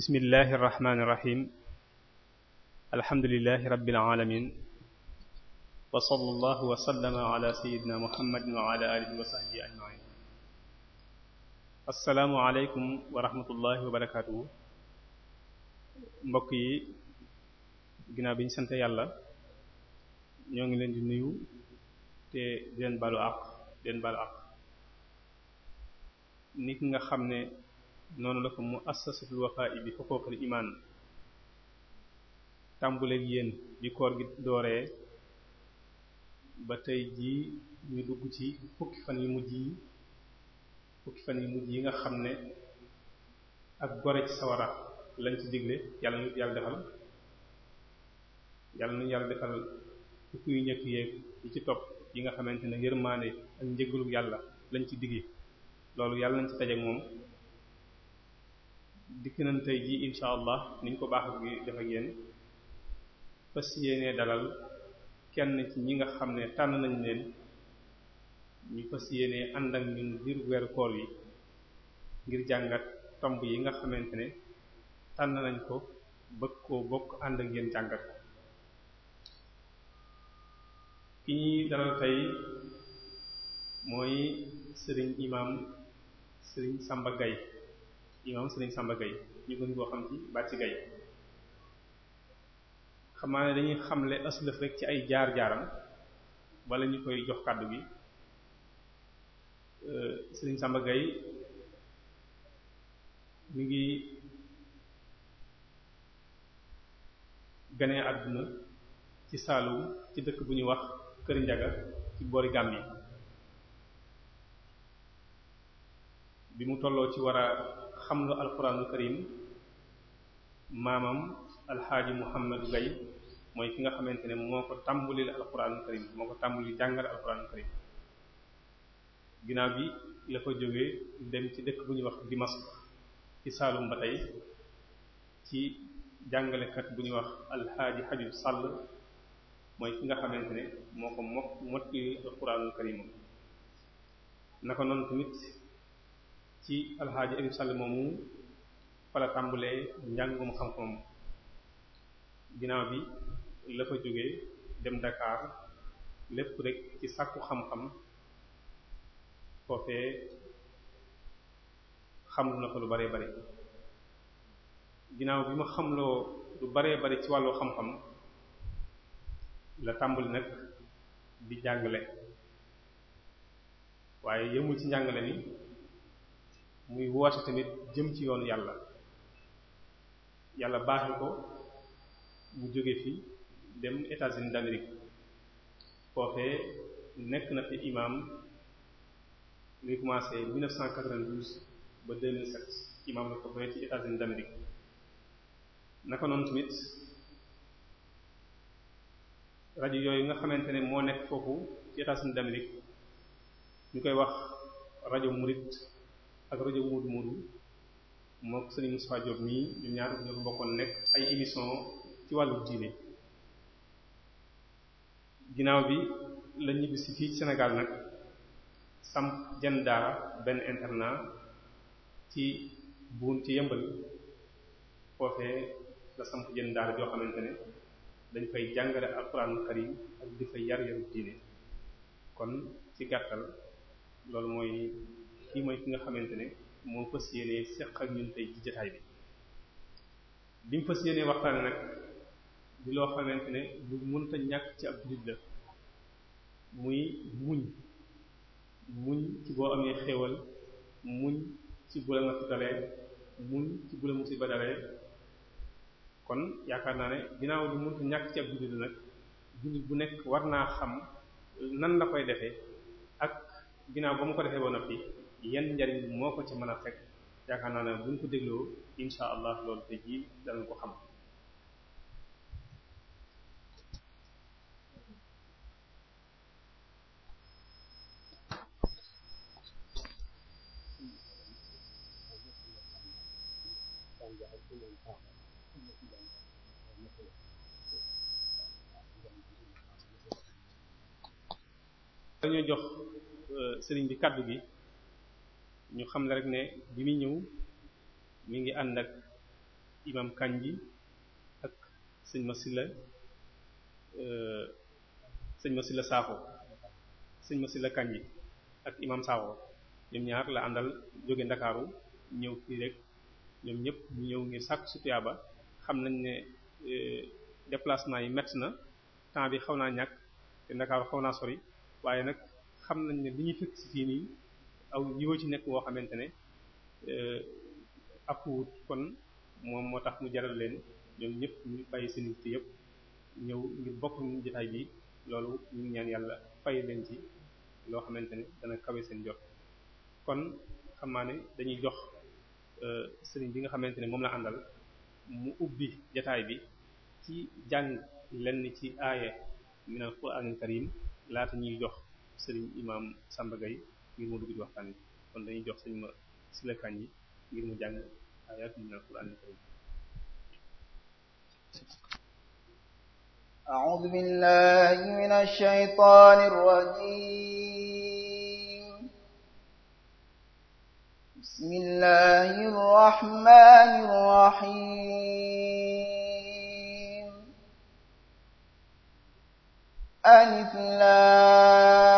bismillahi irrahmani irrahim alhamdulilahi rabbil alamin wa sallallahu wa sallama ala sayyidina muhammadin wa ala alihi wa sahbihi ajmain assalaamu aleykum wa rahmatullahi wa barakatuhu mbokk yi ginnaaw bi ñu sant yàlla ñoo ngi leen di nuyu te di leen balu àq di leen balu àq nit nga xam ne noonu la ko mu assasatul wafa'i bi xuquqil iman tàmbuleeg yéen bi koor gi dooree ba tey jii ñu dugg ci fukki fan yi mujj yi nga xam ne ak gore ci sawara lañ ci digle yàlla nu yàlla defal yàlla nu yàlla defal fukki ñëkk yeeg yi ci topp yi nga xamante ne yërmaande ak njëgalu yàlla lañ ci digge loolu yàlla nañ ci tajeeg moom dikk nañ tey ji insha allah niñ ko baax gi def ak yéen fas dalal kenn ci ñi nga xam ne tànn nañ leen ñu fas yéenee ànd ak ñun biir weeru koor yi ngir jàngat tomb yi nga xamante ne tànn nañ ko bëgg koo bokk ànd ak yéen jàngat ki ñuy dalal tey mooy sëriñ imam sëriñ Samba Gaye imam Serigne Samba Gueye ñu gën koo xam ci Bathie Gueye xam naa ne dañuy xamle aslëf rek ci ay jaar-jaaram wala ñu koy jox kàddu gi euh, Serigne Samba Gueye mi ngi ganee àdduna ci Saalum ci dëkk bu ñuy wax Kër jaga ci boori Gàmbi bi mu tolloo ci war xam nga alquranul karim maamam alxaaji muhammadu gay mooy ki nga xamante ne moo ko tàmbulil alquranul karim moo ko tàmbulil jàngal alquranul karim ginnaaw bi la ko jógee dem ci dëkk bu ñuy wax Dimask ci Saalum ba tey ci jàngalekat bu ñuy wax alxaaji Habib Sall mooy ki nga xamante ne moo ko mokk motti alquranul karim naka noonu tamit ci alxaaji Habib Sall moomu fa la tàmbulee njàngum xam-xamam ginnaaw bi la fa jógee dem Dakar lépp rek ci sàkku xam-xam foofee xam na fa lu bare bari ginnaaw bi ma xamloo lu bare bari ci wàllu xam-xam la tàmbali nag di jàngale waaye yëmul ci njàngale mi muy woote tamit jëm ci yoon yàlla yàlla baaxal ko mu jóge fi dem États-Unis d'Amérique nekk na fi imaam li commencé 1992 ba 2007 ci États-Unis naka noonu tamit rajo yooyu nga xamante ne moo nekk foofu ci États-Unis ñu koy wax rajo Murit ak rajo Moodu Moodu mook sëriñ Moustapha Diop mii ñu ñaar ñoo bokkoon nekk ay émission ci wàllu diine ginnaaw bi lañu ñibbisi fii Sénégal nag samp jenn daara benn internat ci buum ci yëmbal foofee la samp jenn daara joo xamante ne dañ fay jàngale alxuraan karim ak di fay yar yaru diine kon ci gàttal loolu mooy kii mooy ki nga xamante ne moo fas yéenee seq ak ñun tey ci jotaay bi li mu fas yéenee waxtaane nag di loo xamante ne lu mënta ñàkk ci ab jullit la muy muñ muñ boo amee xéewal muñ ci bu la nga dalee kon yaakaar naa ne ginnaaw lu mënta ñàkk ci ab jullit nag jullit bu nekk war naa xam nan la koy defee ak ginnaaw ba mu ko defee ba noppi yan njariñ moo ko ci mën a fekk yaakaar naa ne buñ ko dégloo insha allah loolu te ji danañ ko xam dañoo jox euh, sëriñ bi kàddu bi ñu xam ne rek ne bi muy ñëw mi ngi ànd ak imam Kanji ak sëñ Masila euh, sëñ Masila Sakho sëñ Masila Kanji ak imam Sakho ñoom ñaar la àndal jóge Ndakaaru ñëw fii rek ñoom ñëpp ñu ñëw ngir sàkku si tuyaaba xam nañ ne euh, déplacement yi métti na temps bi xaw naa ñàkk te Ndakaaru xaw naa sori waaye nag xam nañ ne li ñuy fekk si fii nii. aw yiwa ci nekk woo xamante ne euh, akkuwut kon moom moo tax mu jaral leen ñoom ñëpp ñu bàyyi seen yitte yëpp ñëw ngir bokk ñu jotaay bi loolu ñu ñaan yàlla fay leen ci loo xamante ne dana kawe seen jot kon xam naa ne dañuy jox euh, sëriñ bi nga xamante ne moom la àndal mu ubbi jotaay bi ci jàng lenn ci aaya min al laata ñuy jox sëriñ imam Samba Gueye ngir mu dugg ci waxtaan bi kon dañuy jox sëñ ma si la kañ yi ngir mu jàng ayatul min alquran alkarim أعوذ بالله من الشيطان الرجيم بسم الله الرحمن الرحيم ألف لام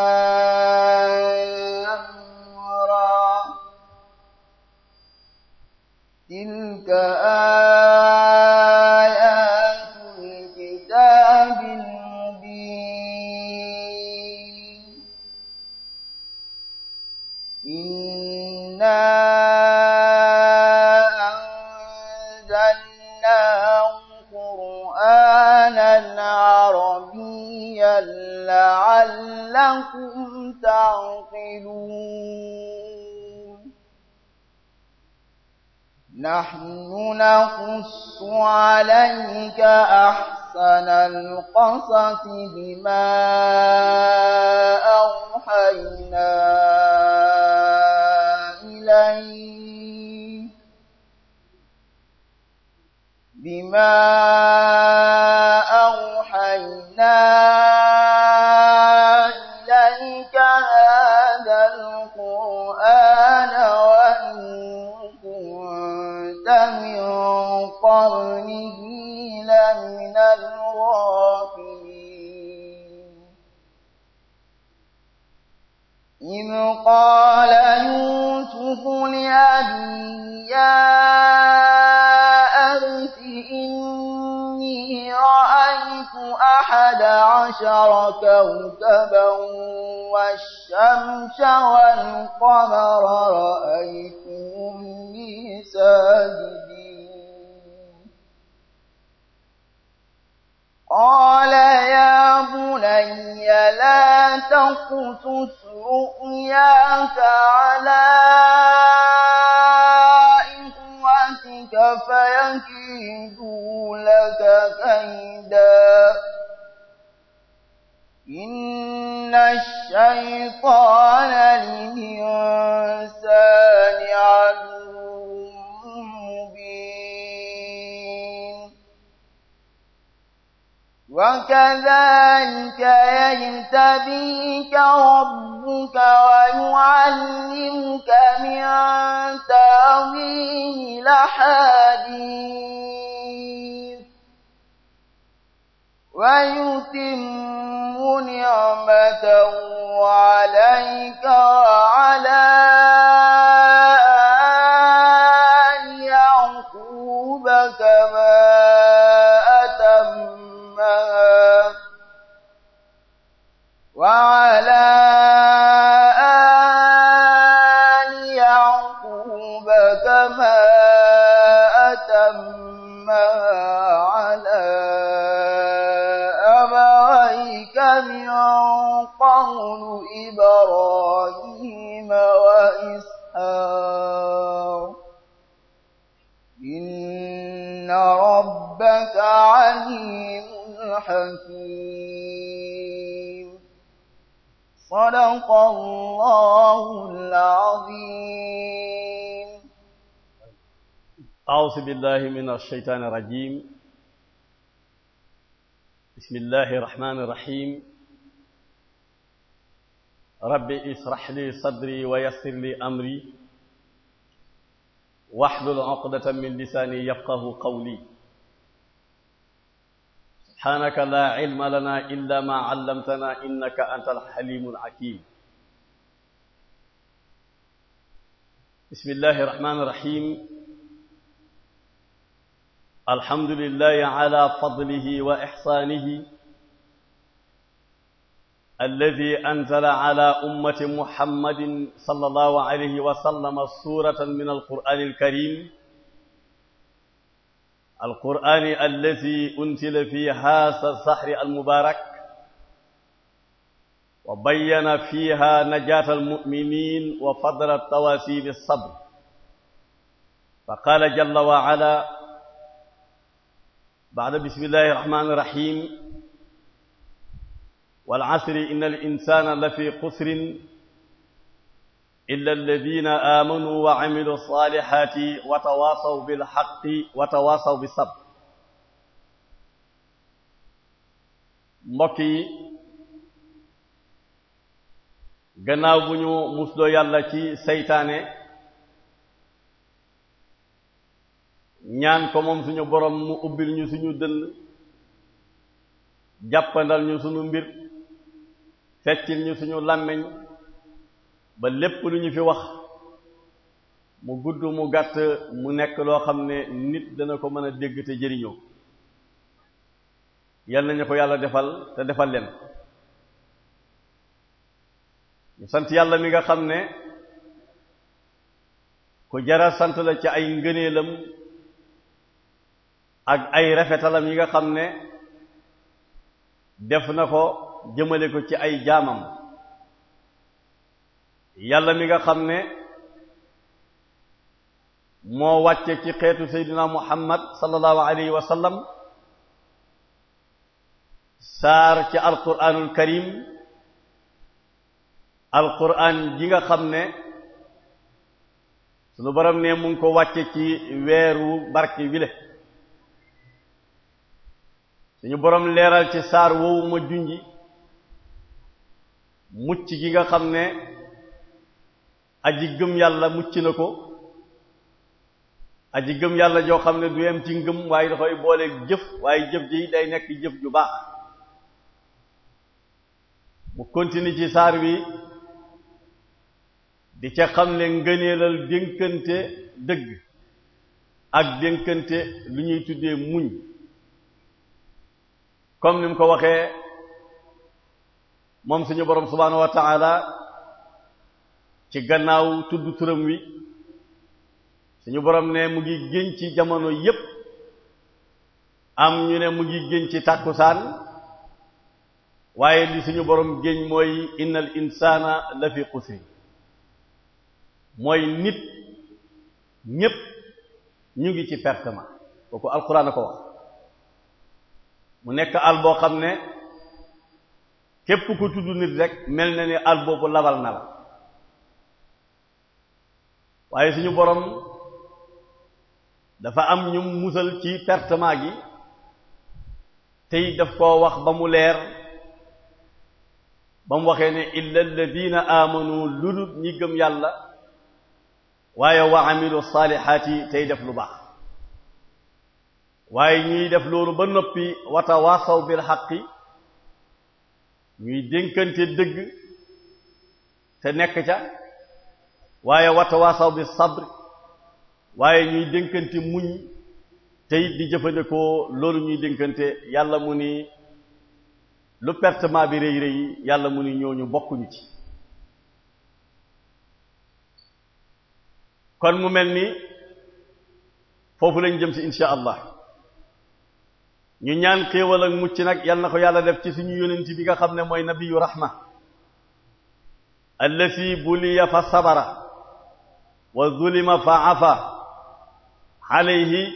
لعلكم تعقلون نحن نقص عليك أحسن القصص بما أوحينا إليك بما الغافلين إذ قال يوسف لأبي يا أبت إني رأيت أحد عشر كوكبا والشمس والقمر رأيتهم لي ساجدين قال يا بني لا تقصص رؤياك على إخوتك فيكيدوا لك كيدا إن الشيطان للإنسان عدو وكذلك يجتبيك ربك ويعلمك من تأويل الأحاديث ويتم نعمته عليك وعلى آل يعقوب كما وعلى آل يعقوب كما أتمها على أبويك من قول إبراهيم وإسحاق إن ربك عليم حكيم صدق الله العظيم أعوذ بالله من الشيطان الرجيم بسم الله الرحمن الرحيم رب اشرح لي صدري ويسر لي أمري واحلل عقدة من لساني يفقه قولي subhaanaka laa ilma lana illa ma allamtana innaka anta alxalimu alxakim bismillahi irrahmani irrahim alhamdulillahi ala fadlihi wa ixsaanihi alladi anzala ala ummati muhammadin sallallahu alayhi wa sallama suratan min alqur'ani alkarim alqur'ani allazi unsila fi haasa sahri almubarak wa bayyana fiha najaata almuminin wa fadla tawaasi bisabr fa qaala jalla wa ala ba'da bismillahi irrahmani irrahim wal asri inna al insana la fi qusrin illa alladina amanu wa amilu salihati wa tawasaw bil haqqi wa tawasaw bis sabr mbokk yi gannaaw bu ñu ci seytaane ñaan ko moom suñu borom mu ubbil ñu suñu dënn jàppandal ñu suñu mbir feccil ñu suñu làmmiñ ba lépp lu ñu fi wax mu gudd mu gàtt mu nekk loo xam ne nit dana ko mën a dégg te jëriñoo yal nañu ko yàlla defal te defal leen sant yàlla mi nga xam ne ku jara sant la ci ay ngëneelam ak ay rafetalam yi nga xam ne def na ko jëmale ko ci ay jaamam yàlla mi nga xam ne moo wàcce ci xeetu seydina muhammad sallallahu alayhi wa sallam saar ci alquranul karim alquran ji nga xam ne sunu borom ne mu ko wàcce ci weeru barke wile suñu borom leeral ci saar woowu ma junji mucc gi nga xam ne aji gëm yàlla mucc na ko aji gëm yàlla joo xam ne du yem ci ngëm waaye dafay boole jëf waaye jëf ji day nekk jëf ju baax mu continu ci saar wi di ca xam ne ngëneelal dénkante dëgg ak dénkante lu ñuy tuddee muñ comme ni mu ko waxee moom suñu borom subhaanahu ci gannaaw tudd turam wi suñu boroom ne mu ngi génn ci jamono yépp am ñu ne mu ngi génn ci tàkkusaan waaye li suñu borom génn mooy innal insana la fi xusri mooy nit ñépp ñu ngi ci pertement kooku alxuraan a ko wax mu nekk al boo xam ne képp ku tudd nit rek mel na ni al boobu labal na la waaye suñu borom dafa am ñu musal ci pertement gi tey daf koo wax ba mu leer ba mu waxee ne illa alladina amanu lu ñi gëm yàlla waaye wa amilu saalihaati tey def lu baax waaye ñuy def loolu ba noppi watawaasaw bil xaqi ñuy dénkante dëgg te nekk ca waaye wata waasaw bi sabr waaye ñuy dénkante muñ tey di jëfandikoo loolu ñuy dénkante yàlla mu ni lu pertement bi rëy rëy yàlla mu ni ñooñu bokkuñu ci kon mu mel ni foofu lañ jëm si insha allah ñu ñaan xéewal ak mucc nag yal na ko yàlla def ci suñu yonent bi nga xam ne mooy nabiyu rahma allazi buliya fa sabara wa zulima fa afa alayhi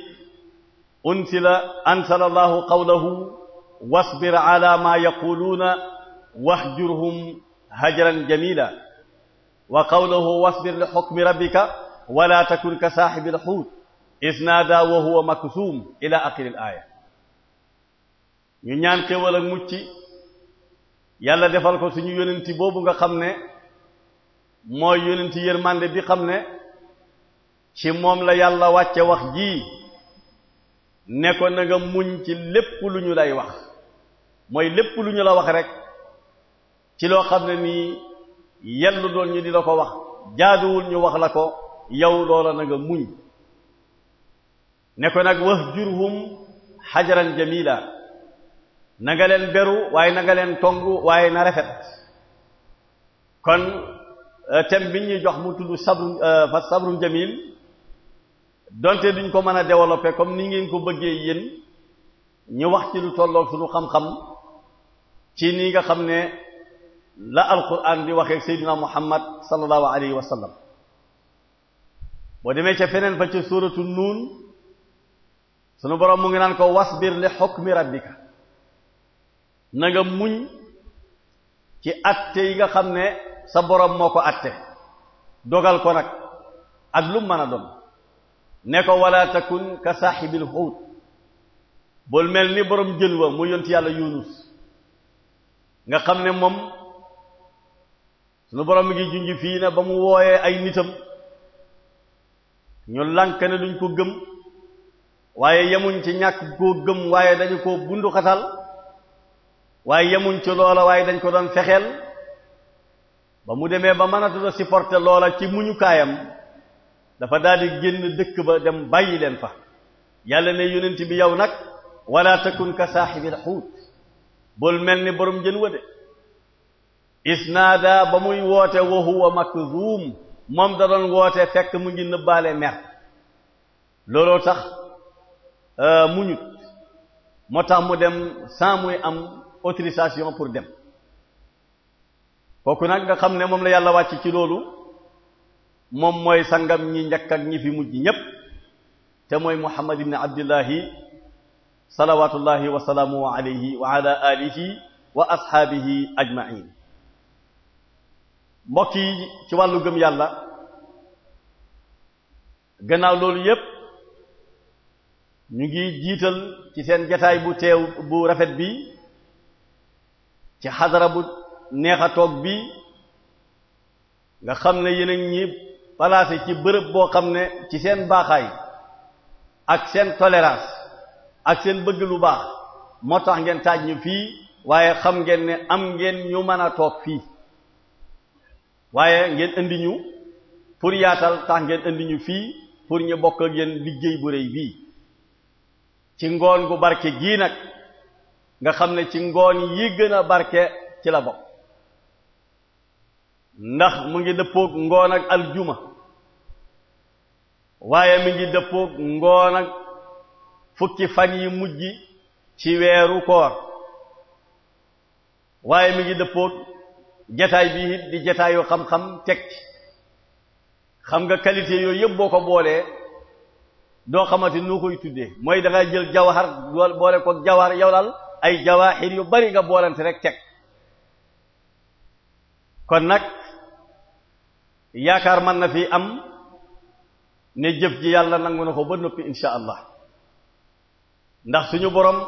unsila ansala allahu qawlahu wasbir ala ma yaquluuna waxjurhum hajran jamila wa qawluhu wasbir li xukmi rabbika wala takun ka saaxibi alxuut isnaada wa huwa maksuum ila axiri l aaya ñu ñaan xéwal ak mucc yàlla defal ko suñu yonenti boobu nga xam ne mooy yonenti yërmande bi xam ne ci moom la yàlla wàcce wax jii ne ko na muñ ci lépp lu ñu lay wax mooy lépp lu ñu la wax rek ci loo xam ne nii yellu doon ñu di la ko wax jaaduwul ñu wax la ko yow loola na nga muñ ne ko nag wahjurhum xajaran jamila na nga leen beru waaye na nga leen tong waaye na rafet kon uh, tem bi ñuy jox mu tudd sabru uh, fa sabrun jamil donte duñ ko mën a développer comme ni ngeen ko bëggee yéen ñu wax ci lu tolloog suñu xam-xam ci ni nga xam ne la alquran di waxee seydina muhammad sallallahu alayhi wa sallam boo demee ca feneen fa ci suuratu nuun sunu boroom mu ngi naan ko biir li hukmi rabbika na nga muñ ci atte yi nga xam ne sa boroom moo ko atte dogal ko nag ak lu mën a doon ne ko wala takun ka saaxibil xuut bul mel ni boroom jën wa mu yont yàlla yunus nga xam ne moom sunu borom mi ngi junj fii ne ba mu wooyee ay nitam ñu lànk ne duñ ko gëm waaye yemuñ ci ñàkk koo gëm waaye dañu ko bundu xatal waaye yemuñ ci loola waaye dañ ko doon fexeel ba mu demee ba mënatu supporter loola ci muñu kaayam dafa daal di génn dëkk ba dem bàyyi leen fa yàlla ne yonent bi yow nag wala takun ka saaxibil xuut bul mel ni borom jën wa de isnaada ba muy woote wa huwa makzuum moom da doon woote fekk mu ngi baale mer looloo tax euh, mu ñut moo tax mu dem sans muy am autorisation pour dem kooku nag nga xam ne moom la yàlla wàcc ci loolu moom mooy sangam ñi njëkk ak ñi fi mujj ñépp te mooy muhammad ibn abdillahi salawatullahi wa salaamuhu alayhi wa ala alihi wa ashaabihi ajmain mbokk yi ci wàllu gëm yàlla gannaaw loolu yépp ñu ngi jiital ci seen jataay bu teew bu rafet bi ci xadara bu neex a toog bi nga xam ne yeneen ñi placé ci bërëb boo xam ne ci seen baaxaay ak seen tolérance ak seen bëgg lu baax moo tax ngeen taaj ñu fii waaye xam ngeen ne am ngeen ñu mën a toog fii waaye ngeen indi ñu pour yaatal tax fii pour ñu bokk ak liggéey bu rëy bii ci ngoon gu barke gii nag nga xam ne ci ngoon yi gën a barke ci la bokk ndax mu ngi dëppoog ngoon ak aljuma waaye mi ngi dëppoog ngoon ak fukki fan yi mujj ci weeru koor waaye mi ngi dëppoog jataay bi it di jataayu xam-xam teg xam nga qualité yooyu yëpp boo ko boolee doo xamante noo koy tuddee mooy da jël jawhar boole ko jawhar yow daal ay jawahir yu bari nga boolante rek teg kon nag yaakaar man na fii am ne jëf ji yàlla nangu na ko ba noppi insha allah ndax suñu borom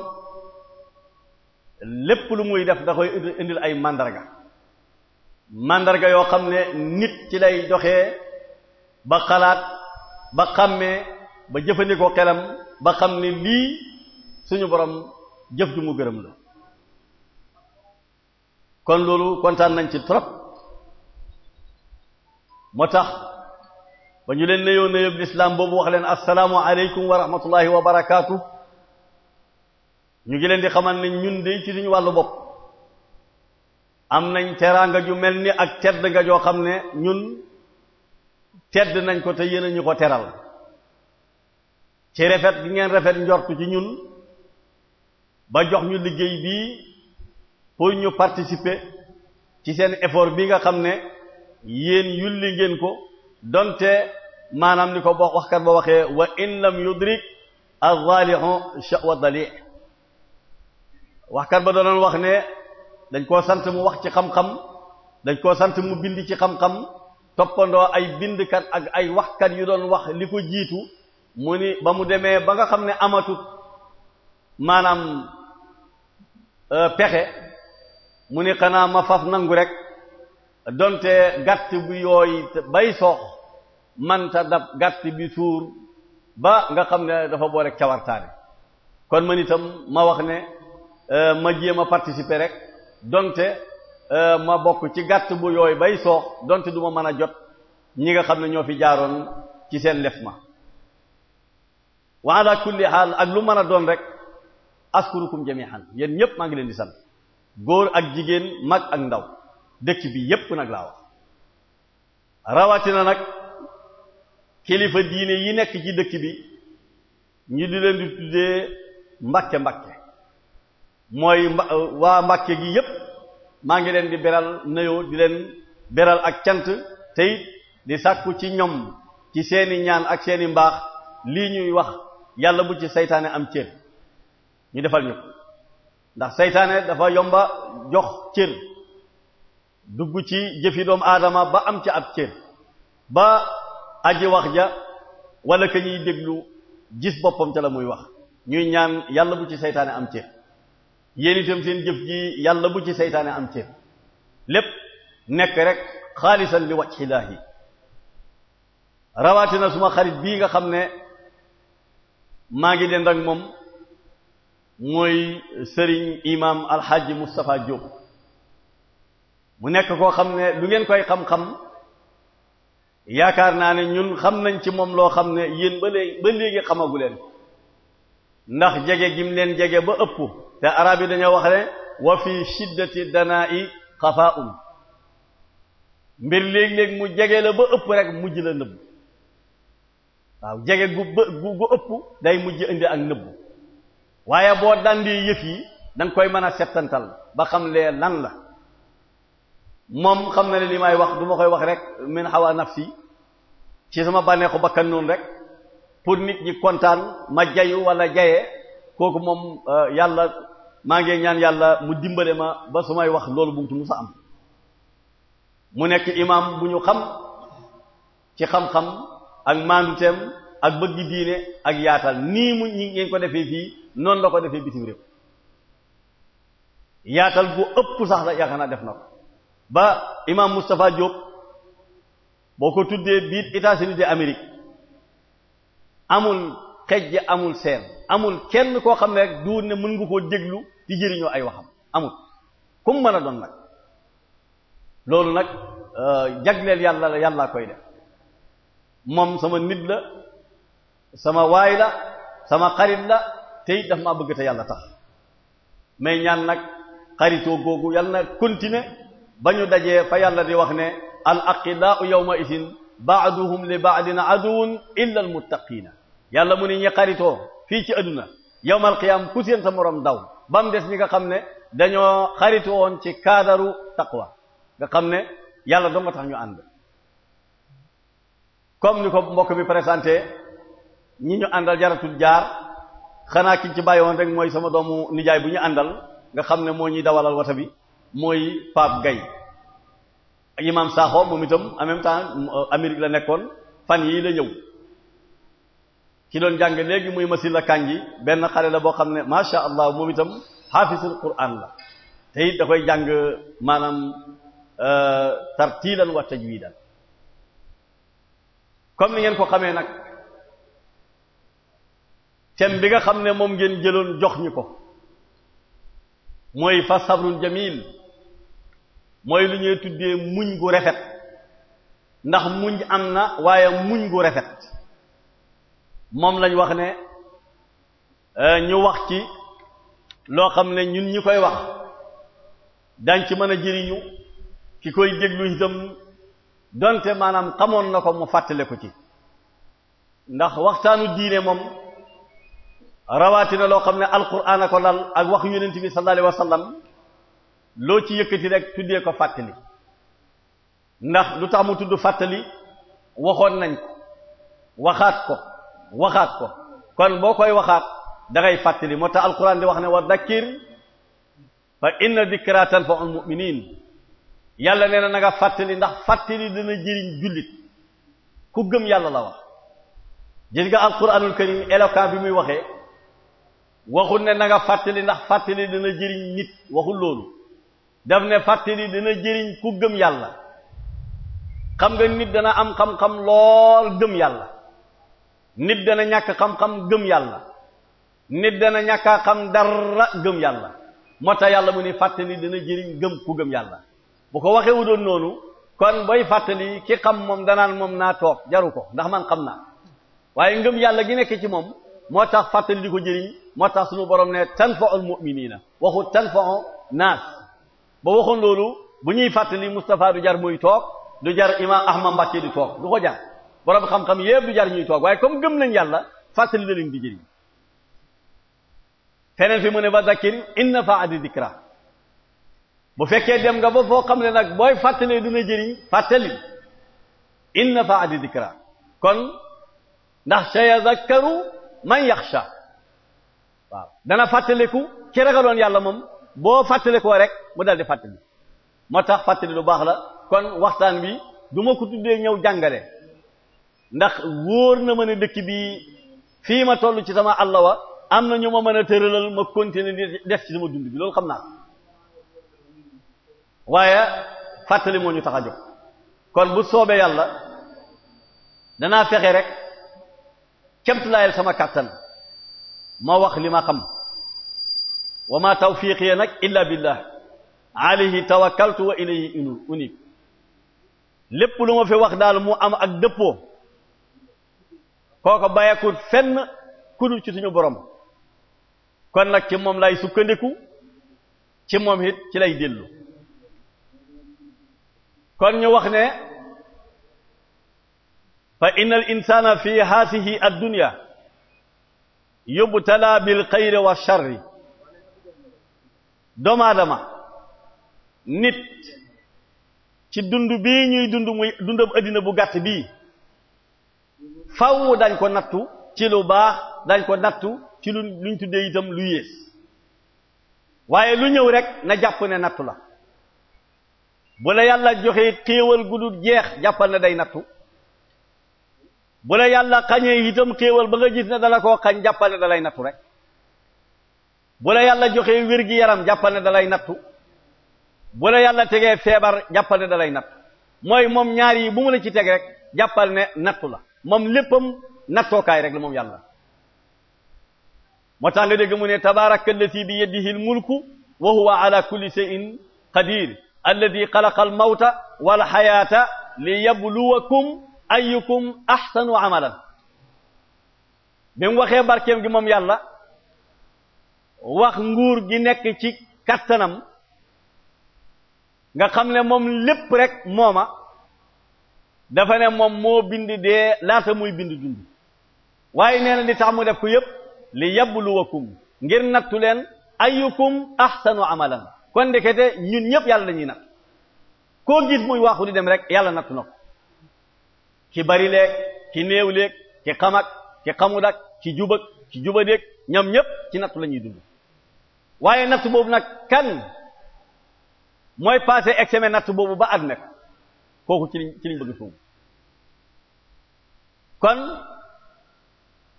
lépp lu muy def da koy indil ay mandarga màndarga yoo xam ne nit ci lay doxee ba xalaat ba xàmmee ba jëfandikoo xelam ba xam ne lii suñu borom jëf ju mu gërëm la kon loolu kontaan nañ ci trop moo tax ba ñu leen nayoo nayob lislaam boobu wax leen assalaamu aleykum wa rahmatullahi wa barakaatu ñu ngi leen di xamal nañ ñun de ci suñu wàllu bopp am nañ teraanga ju mel ni ak tedd nga joo xam ne ñun tedd nañ ko te yéen ñu ko teral ci rafet gi ngeen rafet njortu ci ñun ba jox ñu liggéey bii pour ñu participer ci seen effort bi nga xam ne yéen li ngeen ko donte maanaam ni ko boo waxkat ba waxee wa in lam yudrik az-zalihu sha'wa dali' waxkat ba danoon wax ne dañ koo sant mu wax ci xam-xam dañ koo sant mu bind ci xam-xam toppandoo ay bindkat ak ay waxkat yu doon wax li ko jiitu mu ni ba mu demee ba nga xam ne amatut maanaam euh, pexe mu ni xanaa ma faf nangu rek donte gàtt bu yooy bay sox manta dab gàtt bi suur ba nga xam ne dafa boole cawartaane kon man ma wax ne euh, ma jéem a participer rek donte euh, ma bokk ci gàtt bu yooy bay soox donte du ma mën a jot ñi nga xam ne ñoo fi jaaroon ci seen lef ma wa ala kulli xaal ak lu mën a doon rek askurukum jami'an yéen ñëpp maa ngi leen di sant góor ak jigéen mag ak ndaw dëkk bi yépp nag laa wax rawatina nag kilifa diine yi nekk ci dëkk bi ñu di leen di tuddee mbàkke mbàkke mooy waa mbàkke gi yépp maa ngi leen di beral nuyoo di leen beral ak cant te di sàkku ci ñoom ci seeni ñaan ak seeni mbaax lii ñuy wax yàlla bu ci seytaane am cër ñu defal ñu ndax seytaane dafa yomba jox cër dugg ci jëfi doom aadama ba am ci ab cër ba aji wax ja wala ka ñuy déglu gis boppam ca la muy wax ñuy ñaan yàlla bu ci seytaane am cër yéen itam seen jëf ji yàlla bu ci seytaane am cër lépp nekk rek xaalisan li wajhi laahi rawatina suma xarit bii nga xam ne maa ngi dend ak moom mooy sëriñ imam alxaaji mustafa Diop mu nekk koo xam ne lu ngeen koy xam-xam yaakaar naa ne ñun xam nañ ci moom loo xam ne yéen ba léegi ba xamagu leen ndax jege gim leen jege ba ëpp te arab yi dañoo wax ne wa fi shiddati danaa'i xafaa'un mbir léeg-léeg mu jege la ba ëpp rek mujj la nëbb waaw jege gu ëpp day mujj indi ak nëbb waaye boo dandee yëf yi danga koy mën a settantal ba xam lee lan la moom xam na ne li may wax du ma koy wax rek min xawa nafsi ci sama bànneexu bakkan noonu rek pour nit ñi kontaan ma jayu wala jaye kooku moom euh, yàlla maa ngi ñaan yàlla mu dimbale ma ba su may wax loolu bu mu sa am mu nekk imam bu ñu xam ci xam-xam ak maanduteem ak bëgg diine ak yaatal nii mu ñi ngeen ko defee fii noonu la ko defee bitim réew yaatal bu ëpp sax la yaakaar naa def na ko ba imam Moustapha Diop boo ko tuddee biir États-Unis d'Amérique amul xejj amul seen amul kenn koo xam ne rek du ne mën nga koo déglu di jëriñoo ay waxam amul ku mu mën doon nag loolu nag euh, jagleel yàlla la yàllaa koy def moom sama nit la sama waay la sama xarit la te it daf maa bëgg te yàlla tax mais ñaan nag xaritoo googu yàlla na continuer ba ñu dajee fa yàlla di wax ne al aqidaau yawma idin baaduhum li baadin aduwun illa al muttaqiina yàlla mu ni ñi xaritoo fii ci adduna yawmal qiyaam ku seen sa moroom daw ba mu des ñi nga xam ne dañoo xaritu woon ci kaadaru taqwa nga xam ne yàlla dong nga tax ñu ànd comme ni ko mbokk mi présenté ñi ñu àndal jaratul jaar xanaa kiñ ci bàyyi woon rek mooy sama doomu nijaay bu ñu àndal nga xam ne moo ñuy dawalal wata bi mooy Pape Gaye ak imam moom itam en même temps Amérique la nekkoon fan yii la ñëw ki doon jàng léegi muy Masila Kanji benn xale la boo xam ne ma macha allah moom itam xaafisul Qur'an la te it da koy jàng maanaam euh, tartiilan wa tajwiidan comme ni ngeen ko xamee nag thème bi nga xam ne moom ngeen jëloon jox ñu ko mooy fa sabrun jamil mooy lu ñuy tuddee muñ gu rafet ndax muñ am na waaye muñ gu rafet moom lañ wax ne euh, ñu wax ci loo xam ne ñun ñi koy wax dañ ci mën a jëriñu ki koy déglu itam donte maanaam xamoon na ko mu fàttale ko ci ndax waxtaanu diine moom rawatina loo xam ne alquran a ko lal ak wax yonent bi sallallahu alayhi wasallam loo ci yëkkati rek tuddee ko fàttali ndax lu tax mu tudd fàttali waxoon nañ ko waxaat ko waxaat ko kon boo koy waxaat da fàttali moo tax alquran di wax ne war dakkir fa inna dikra tanfa'ul mu'minin yàlla nee na na nga fàttali ndax fàttali dina jëriñ jullit ku gëm yàlla la wax gis nga alquranul karim éloquent bi muy waxee waxul ne na nga fàttali ndax fàttali dina jëriñ nit waxul loolu daf ne fàttali dina jëriñ ku gëm yàlla xam nga nit dana am xam-xam lool gëm yàlla nit dana ñàkk xam-xam gëm yàlla nit dana ñàkk xam dara gëm yàlla moo tax yàlla mu ni fàttali dina jëriñ gëm ku gëm yàlla bu ko waxee wu doon noonu kon booy fàttali ki xam moom danaan moom naa toog jaru ko ndax man xam naa waaye ngëm yàlla gi nekk ci moom moo tax fàttali di ko jëriñ moo tax suñu borom ne tanfa'ul mu'minina waxu tanfa'u naas ba waxoon loolu bu ñuy fàttali Moustapha du jar muy toog du jar imam Ahmad Mbacké du toog du ko jar borom xam-xam yépp du jar ñuy toog waaye comme gëm nañ yàlla fàttali na leen di jëriñ feneen ne ba zakir inna fa adi dikra bu fekkee dem nga ba foo xam ne nag booy fàttalee dina jëriñ fàttali inna fa adi dikra kon ndax sayazakkaru man yaxsha waaw dana fàttaliku ci ragaloon yàlla moom boo fàttali koo rek mu dal di fàttali moo tax fàttali lu baax la kon waxtaan bi duma ma ko tuddee ñëw jàngale ndax wóor na ma ne dëkk bi fii ma toll ci sama àll wa am na ñu ma mën a tëralal ma continuer di def ci sama dund bi loolu xam naa waaye fàttali moo ñu tax a jóg kon bu soobee yàlla danaa fexe rek kemtulaayal sama kàttan ma wax li ma xam wa ma tawfiqiya nag illa billah alayhi tawakkaltu wa ilayhi unib lépp lu ma fi wax daal mu am ak dëppoo kooko bàyyakut fenn kudul ci suñu borom kon nag ci moom lay sukkandiku ci moom it ci lay dellu kon ñu wax ne fa inna al insana fi haasihi ad dunya yubtala bil xayri wa sharri doomaadama nit ci dund bii ñuy dund muy dundam addina bu gàtt bii faw dañ ko nattu ci lu baax dañ ko nattu ci lu luñ tuddee itam lu yées waaye lu ñëw rek na jàpp ne nattu la bu la yàlla joxe xéewal gu jeex jàppal ne day nattu bu la yàlla xañee itam xéewal ba nga gis ne dala koo xañ jàppal ne dalay nattu rek bu la yàlla joxe wér gi yaram jàppal ne dalay nattu bu la yàlla tegee feebar jàppal ne dalay nattu mooy moom ñaar yi bu mu la ci teg rek jàppal ne nattu la moom léppam nattookaay rek la moom yàlla moo tax nga dégg mu ne tabaraka allati bi yadihi almulku wa huwa ala kulli shay'in qadir alladi xalaqa almawta walxayata li yabluwakum ayukum axsanu amalan bi mu waxee gi moom yàlla wax nguur gi nekk ci kattanam nga xam ne moom lépp rek mooma dafa ne moom moo bind dee laata muy bind dund waaye nee na li tax mu def ko yépp li yabluwakum ngir nattu leen ayyukum ahsanu amalan kon ndekete ñun ñëpp yàlla dañuy natt ko gis muy waxu di dem rek yàlla nattu na ko ci bari leeg ci néew leeg ci xamak ci xamud ak ci jubak ci jubadéeg ñoom ñëpp ci nattu la ñuy dund waaye natt boobu nag kan mooy passé examen natt boobu ba at nag kooku ci liñ ci liñ bëgg suum kon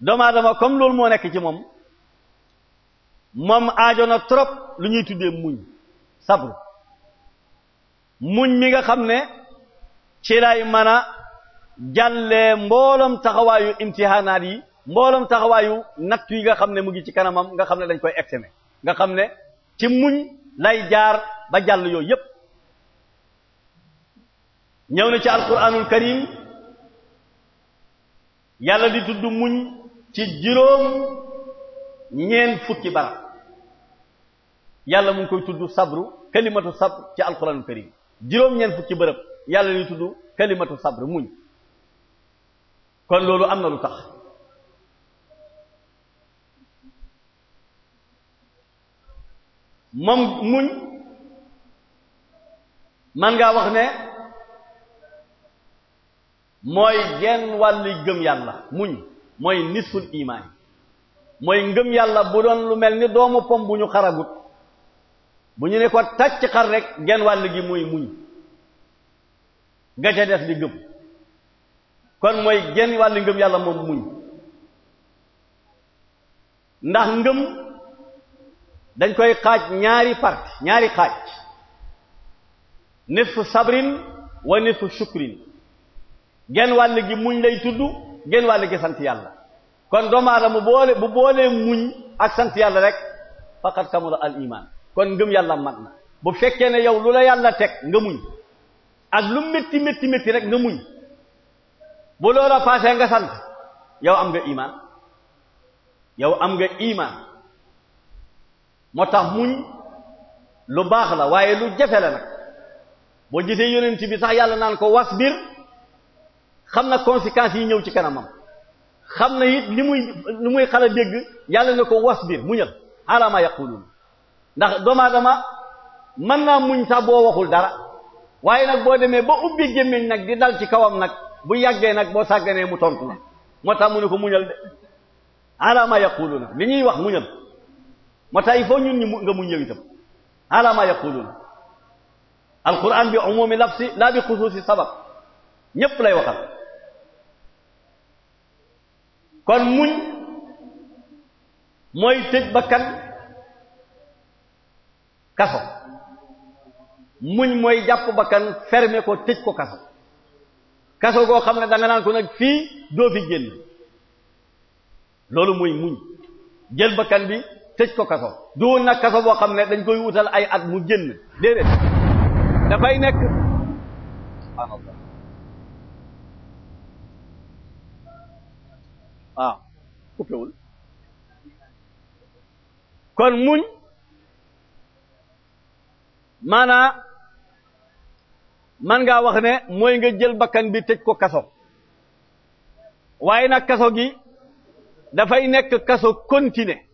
doomu aadama comme loolu moo nekk ci moom moom aajo na trop lu ñuy tuddee muñ sabru muñ mi nga xam ne ci lay mën a jàllee mbooloom taxawaayu imtihaanaat yi mbooloom taxawaayu natt yi nga xam ne mu ngi ci kanamam nga xam ne dañ koy examen nga xam ne ci muñ lay jaar ba jàll yooyu yépp ñëw na ci alquranul karim yàlla di tudd muñ ci juróom ñeen fukki barab yàlla mu koy tudd sabru kalimatu sabr ci alquranul karim juróom ñeen fukki bërëb yàlla di tudd kalimatu sabr muñ kon loolu am na lu tax moom muñ man ngaa wax ne mooy genn wàlli gëm yàlla muñ mooy nisful imaan mooy ngëm yàlla bu doon lu mel ni doomu pom bu ñu xaragut bu ñu ne ko tàcc xar rek genn wàll gi mooy muñ nga ca des di gëm kon mooy genn wàlli ngëm yàlla moom muñ ndax ngëm dañ koy xaaj ñaari parti ñaari xaaj nisfu sabrin wa nisfu shukrin genn wàll gi muñ lay tudd genn wàll gi sant yàlla kon doomu aadama bu boole bu boolee muñ ak sant yàlla rek faqat kamula al iman kon ngëm yàlla mat na bu fekkee ne yow lu la yàlla teg nga muñ ak lu métti métti métti rek nga muñ bu loola paasee nga sant yow am nga iman yow am nga iman moo tax muñ lu baax la waaye lu jafe la nag boo gisee yonent bi sax yàlla naan ko was biir xam na conséquences yi ñëw ci kanamam xam na it li muy li muy xala dégg yàlla na ko wasbir muñal ala ma yaqulun ndax doomu mën naa muñ boo waxul dara waaye nag boo demee ba ubbi gémmiñ nag di dal ci kawam nag bu yàggee nag boo sàgganee mu tontu moo tax mu ne ko muñal de ala ma yaquluna li ñuy wax muñal moo tax il ñun ñu nga muñ yow itam ala ma yaqulun alquran bi umumi lafsi la bi xusuusi sabab ñépp lay waxal kon muñ mooy tëj bakkan kaso muñ mooy jàpp bakkan fermer ko tëj ko kaso kaso goo xam ne da naan ko nag fii doo fi génn loolu mooy muñ jël bakkan bi tëj ko kaso du nag kaso boo xam ne dañ koy wutal ay at mu génn déedéet dafay nekk subhaanallah waaw ah, coupéwul kon muñ maanaa man ngaa wax ne mooy nga jël bakkan bi tëj ko kaso waaye nag kaso gi dafay nekk kaso continuer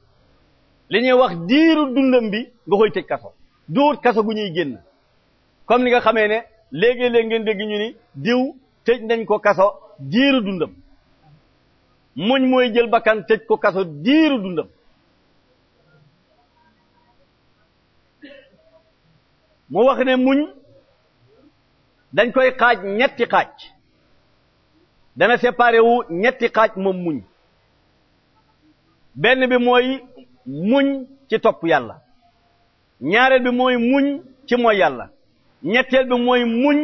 li ñuy wax diiru dundam bi nga koy tëj kaso duut kaso gu ñuy génn comme ni nga xamee ne léegi-léeg ngeen dégg ñu ni diw tëj nañ ko kaso diiru dundam bakkan tëj ko kaso diiru dundam mu wax ne muñ dañ koy xaaj ñetti xaaj dana séparé ñetti xaaj moom muñ benn bi mooy muñ ci topp yàlla ñaareel bi mooy muñ ci mooy yàlla ñetteel bi mooy muñ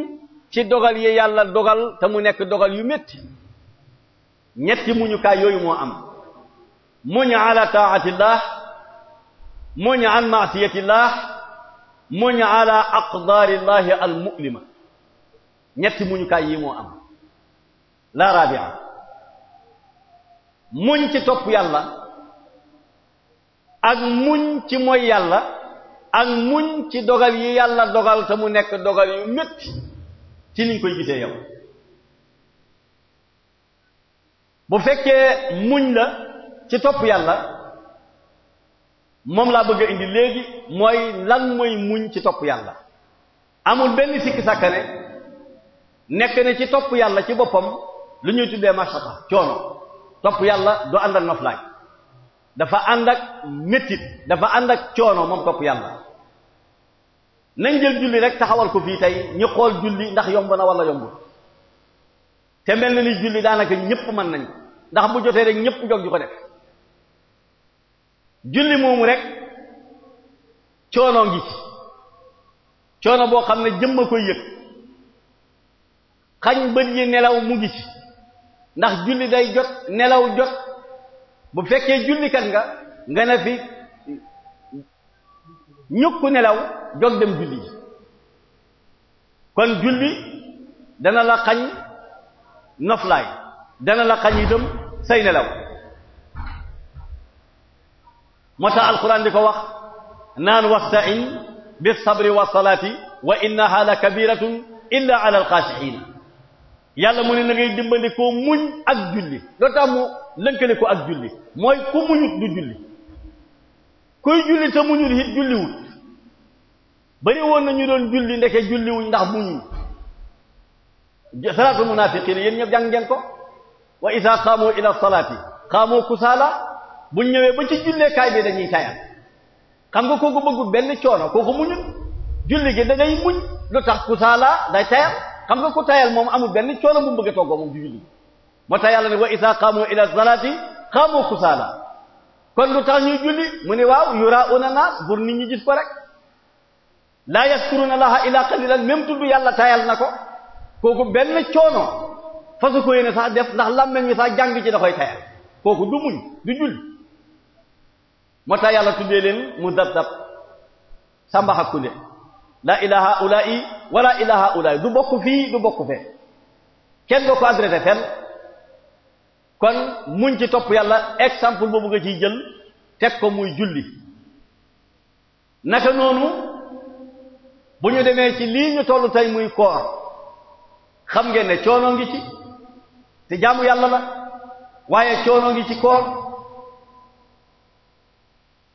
ci dogal yi yàlla dogal te mu nekk dogal yu métti ñetti muñukaay yooyu moo am muñ ala taatillah muñ an maasiyatillah muñ ala aqdaarillahi almu'lima ñetti muñukaay yi moo am la rabia muñ ci topp yàlla ak muñ ci mooy yàlla ak muñ ci dogal yi yàlla dogal te mu nekk dogal yu métti ci niñ koy gisee yow bu fekkee muñ la ci topp yàlla moom laa bëgg a indi léegi mooy lan mooy muñ ci topp yàlla amul benn sikki sàkkane nekk ne ci topp yàlla ci boppam lu ñuy tuddee machata coono topp yàlla du ànd ak noflaay dafa ànd ak métit dafa ànd ak coono moom topp yàlla nañ jël julli rek taxawal ko fii tey ñu xool julli ndax yomb na wala yombul te mel na ni julli daanaka ñëpp mën nañ ndax bu jotee rek ñépp jog ju ko def julli moomu rek coono ngi ci coono boo xam ne jëmm a koy yëg xañ bët yi nelaw mu ngi ci ndax julli day jot nelaw jot bu fekkee jullikat nga nga ne fi ñukku nelaw jog dem julli ji kon julli dana la xañ noflaay dana la xañ itam say nelaw moo tax alquran di ko wax naan wasta'in bis sabri was salaati wa innaha la kabiratun illa ala alxaashiin yàlla mu ne na ngay dimbandikoo muñ ak julli loolu tax mu lënkale ko ak julli mooy ku muñut du julli kuy julli te muñut julliwut bari woon na ñu doon julli ndeke julliwuñ ndax muñuñ salaatul munaafiqiin yéen ñëpp jàng ngeen ko wa isaa xaamoo ila salaati xaamoo kusaala buñ ñëwee ba ci julleekaay bi dañuy tayal xam nga kooku bëggul benn coono kooku muñut julli gi da muñ lu tax kusaala day tayal xam nga ku tayal moom amul benn coono bu mu bëgg a toggoo moom julli moo tax yàlla ne wa isa qaamu ila salaati qaamu kusaala kon lu tax ñuy julli mu ne waaw yuraa'una naas pour nit ñi gis ko rek laa yaskuruna laha ila qalilan même tudd yàlla tayal na ko kooku benn coono fasu ko yéene sax def ndax làmmeñ mi sax jàng ci da koy tayal kooku du muñ du julli moo tax yàlla tuddee leen mu dab dab sàmbaxakkunde laa ilaa haulaa'i wala ilaha ulaay du bokk fii du bokk fe kenn doo ko adressé fenn kon muñ ci topp yàlla exemple boobu nga ciy jël teg ko muy julli naka noonu bu ñu demee ci lii ñu toll tey muy koor xam ngeen ne coono ngi ci te jaamu yàlla la waaye coono ngi ci koor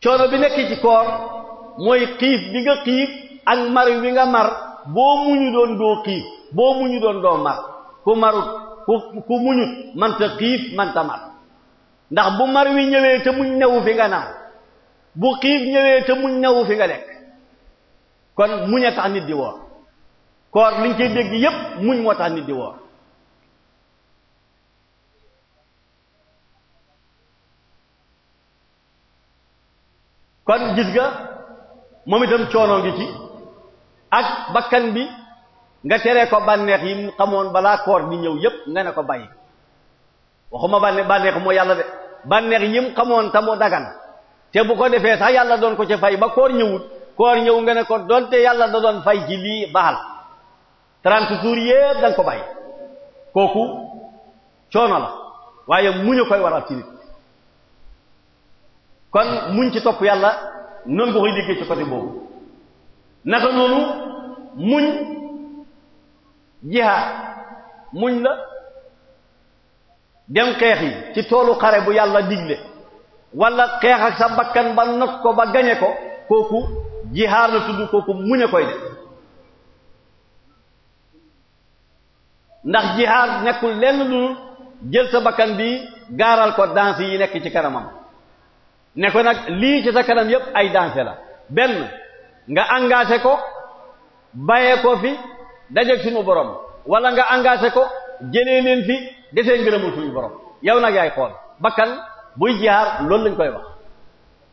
coono bi nekk ci koor mooy xiif bi nga xiif ak mar wi nga mar boo ñu doon doo xiif boo muñu doon doo mar ku marut ku ku muñut manta xiif manta mar ndax bu mar wi ñëwee te muñ newu fi nga naan bu xiif ñëwee te muñ newu fi nga lekk kon muñ a tax nit di tax nit di woor kon gis nga moom itam coono ngi ci ak bakkan bi nga tere ko bànneex yi mu xamoon balaa koor bi ñëw yépp nga ne ko bàyyi waxuma bànne bànneex moo yàlla de bànneex yi mu xamoon te mu dagan te bu ko defee sax yàlla doon ko ci fay ba koor ñëwut koor ñëw nga ne ko te yàlla da doon fay ci lii baal trente jours yépp da ko bàyyi kooku coono la waaye muñu koy waral ci nit kon muñ ci topp yàlla noonu nga koy liggéey ci côté boobu naka noonu muñ jihaad muñ la dem xeex yi ci toolu xare bu yàlla digle wala xeex ak sa bakkan ba not ko ba gañe ko kooku jihaar la tudd kooku muñ a koy def ndax jihaar nekkul lenn lu jël sa bakkan bi gaaral ko danse yi nekk ci kanamam ne ko nag lii ci sa kanam yépp ay danse la benn nga engagé ko bàyyee ko fi dajeeg suñu borom wala nga engagé ko jëlee leen fi desee ngërëmul suñu borom yow nag yaay xool bakkan buy jaar loolu lañ koy wax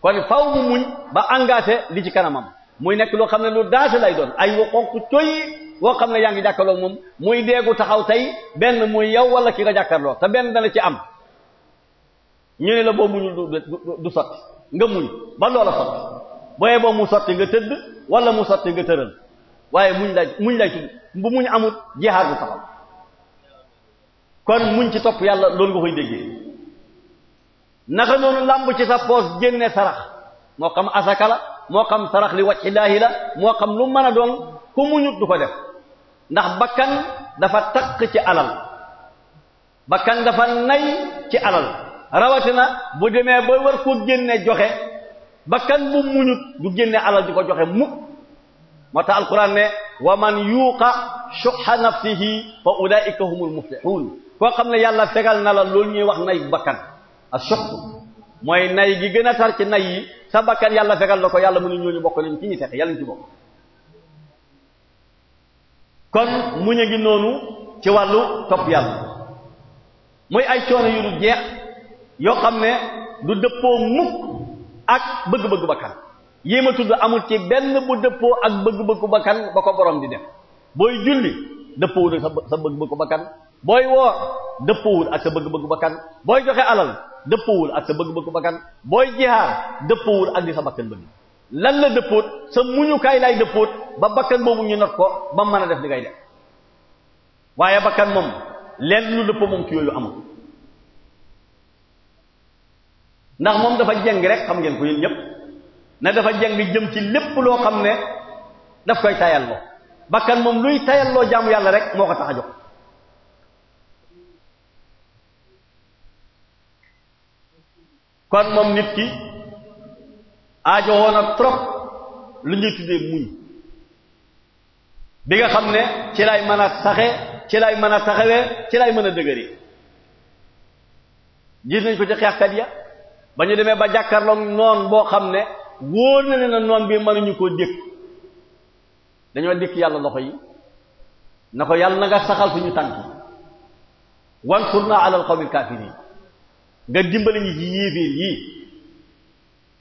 kon faw mu muñ ba engagé li ci kanamam muy nekk loo xam ne lu daase lay doon ay wu xonq coy woo xam ne yaa ngi jàkkarloo moom muy deegu taxaw tey benn muy yow wala ki nga jàkkarloo te benn dana ci am ñu la boo muñul du sotti nga muñ ba loola sotti boye boo mu sotti nga tëdd wala mu sotti nga tëral waaye muñ lay muñ lay tudd bu muñ amul jihaar bu taxaw kon muñ ci topp yàlla loolu nga koy déggee naka làmb ci sa poos génne sarax moo xam asaka la moo xam sarax li wajhillaahi la moo xam lu mën a doon ku muñut du ko def ndax bakkan dafa takk ci alal bakkan dafa nay ci alal rawatina bu demee ba war ko génne joxe bakkan bu muñut du génne alal di ko joxe mukk moo tax alquran ne wa man yuuqa shuha nafsihi fa ulaika humul muflihun koo xam ne yàlla fegal na la loolu ñuy wax nay bakkan a shuh mooy nay gi gën a tar ci nay yi sa bakkan yàlla fegal na ko yàlla mu ne ñooñu bokk nañ ci ñi texe yàlla ñu ci kon muñ ngi noonu ci wàllu topp yàlla muy ay coono yu du jeex yoo xam ne du dëppoo mukk ak bëgg-bëggu bakkan yéema tudd amul ci benn bu dëppoo ak bëgg-bëggu bakkan ba ko borom di def booy julli dëppoowul ak sa bëgg booy woor dëppoowul ak sa bëgg bakkan booy joxe alal dëppoowul ak sa bëgg-bëggu bakkan booy jihaar dëppoowul ak li sa bakkan bëgg lan la dëppoot sa muñukaay lay dëppoot ba bakkan boobu ñu not ko ba mën a def li ngay def waaye bakkan moom lenn lu dëppoo moom ci yooyu amul ndax moom dafa jeng rek xam ngeen ko yéen ñëpp ne dafa jeng jëm ci lépp loo xam ne daf koy tayal loo bakkan moom luy tayal loo jaamu yàlla rek moo ko tax a jóg kon moom nit ki aajowoo na trop lu ñuy tuddee muñ bi nga xam ne ci lay mën a saxe ci lay mën a saxewee ci lay mën a dëgëree gis nañ ko ci xeexkat ya bañu demee ba jàkkaarloog noon boo xam ne wóor na ne na noon bi mënuñu koo dékk dañoo dékk yàlla loxo yi na ko yàlla na nga saxal suñu tànk wansurna ala alqawmil kaafiriin nga dimbali ñi ci yi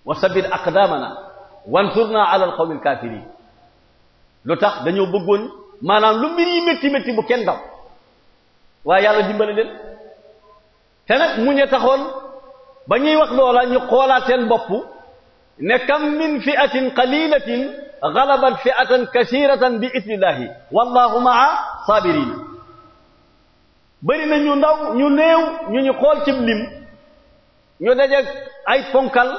wa sabit aqdaamana wansurna ala alqawmil kaafiriin lu tax dañoo bëggoon maanaam lu mbir yi métti métti bu kenn daw waaye yàlla dimbali leen te nag mu ñu taxoon ba ñuy wax loola ñu xoolaat seen bopp ne kam min fi'atin qalilatin galabat fi'atan kasiratan bi idnillahi wallahu maa saabirina bari na ñu ndaw ñu néew ñu ñu xool cib lim ñu dajeeg ay ponkal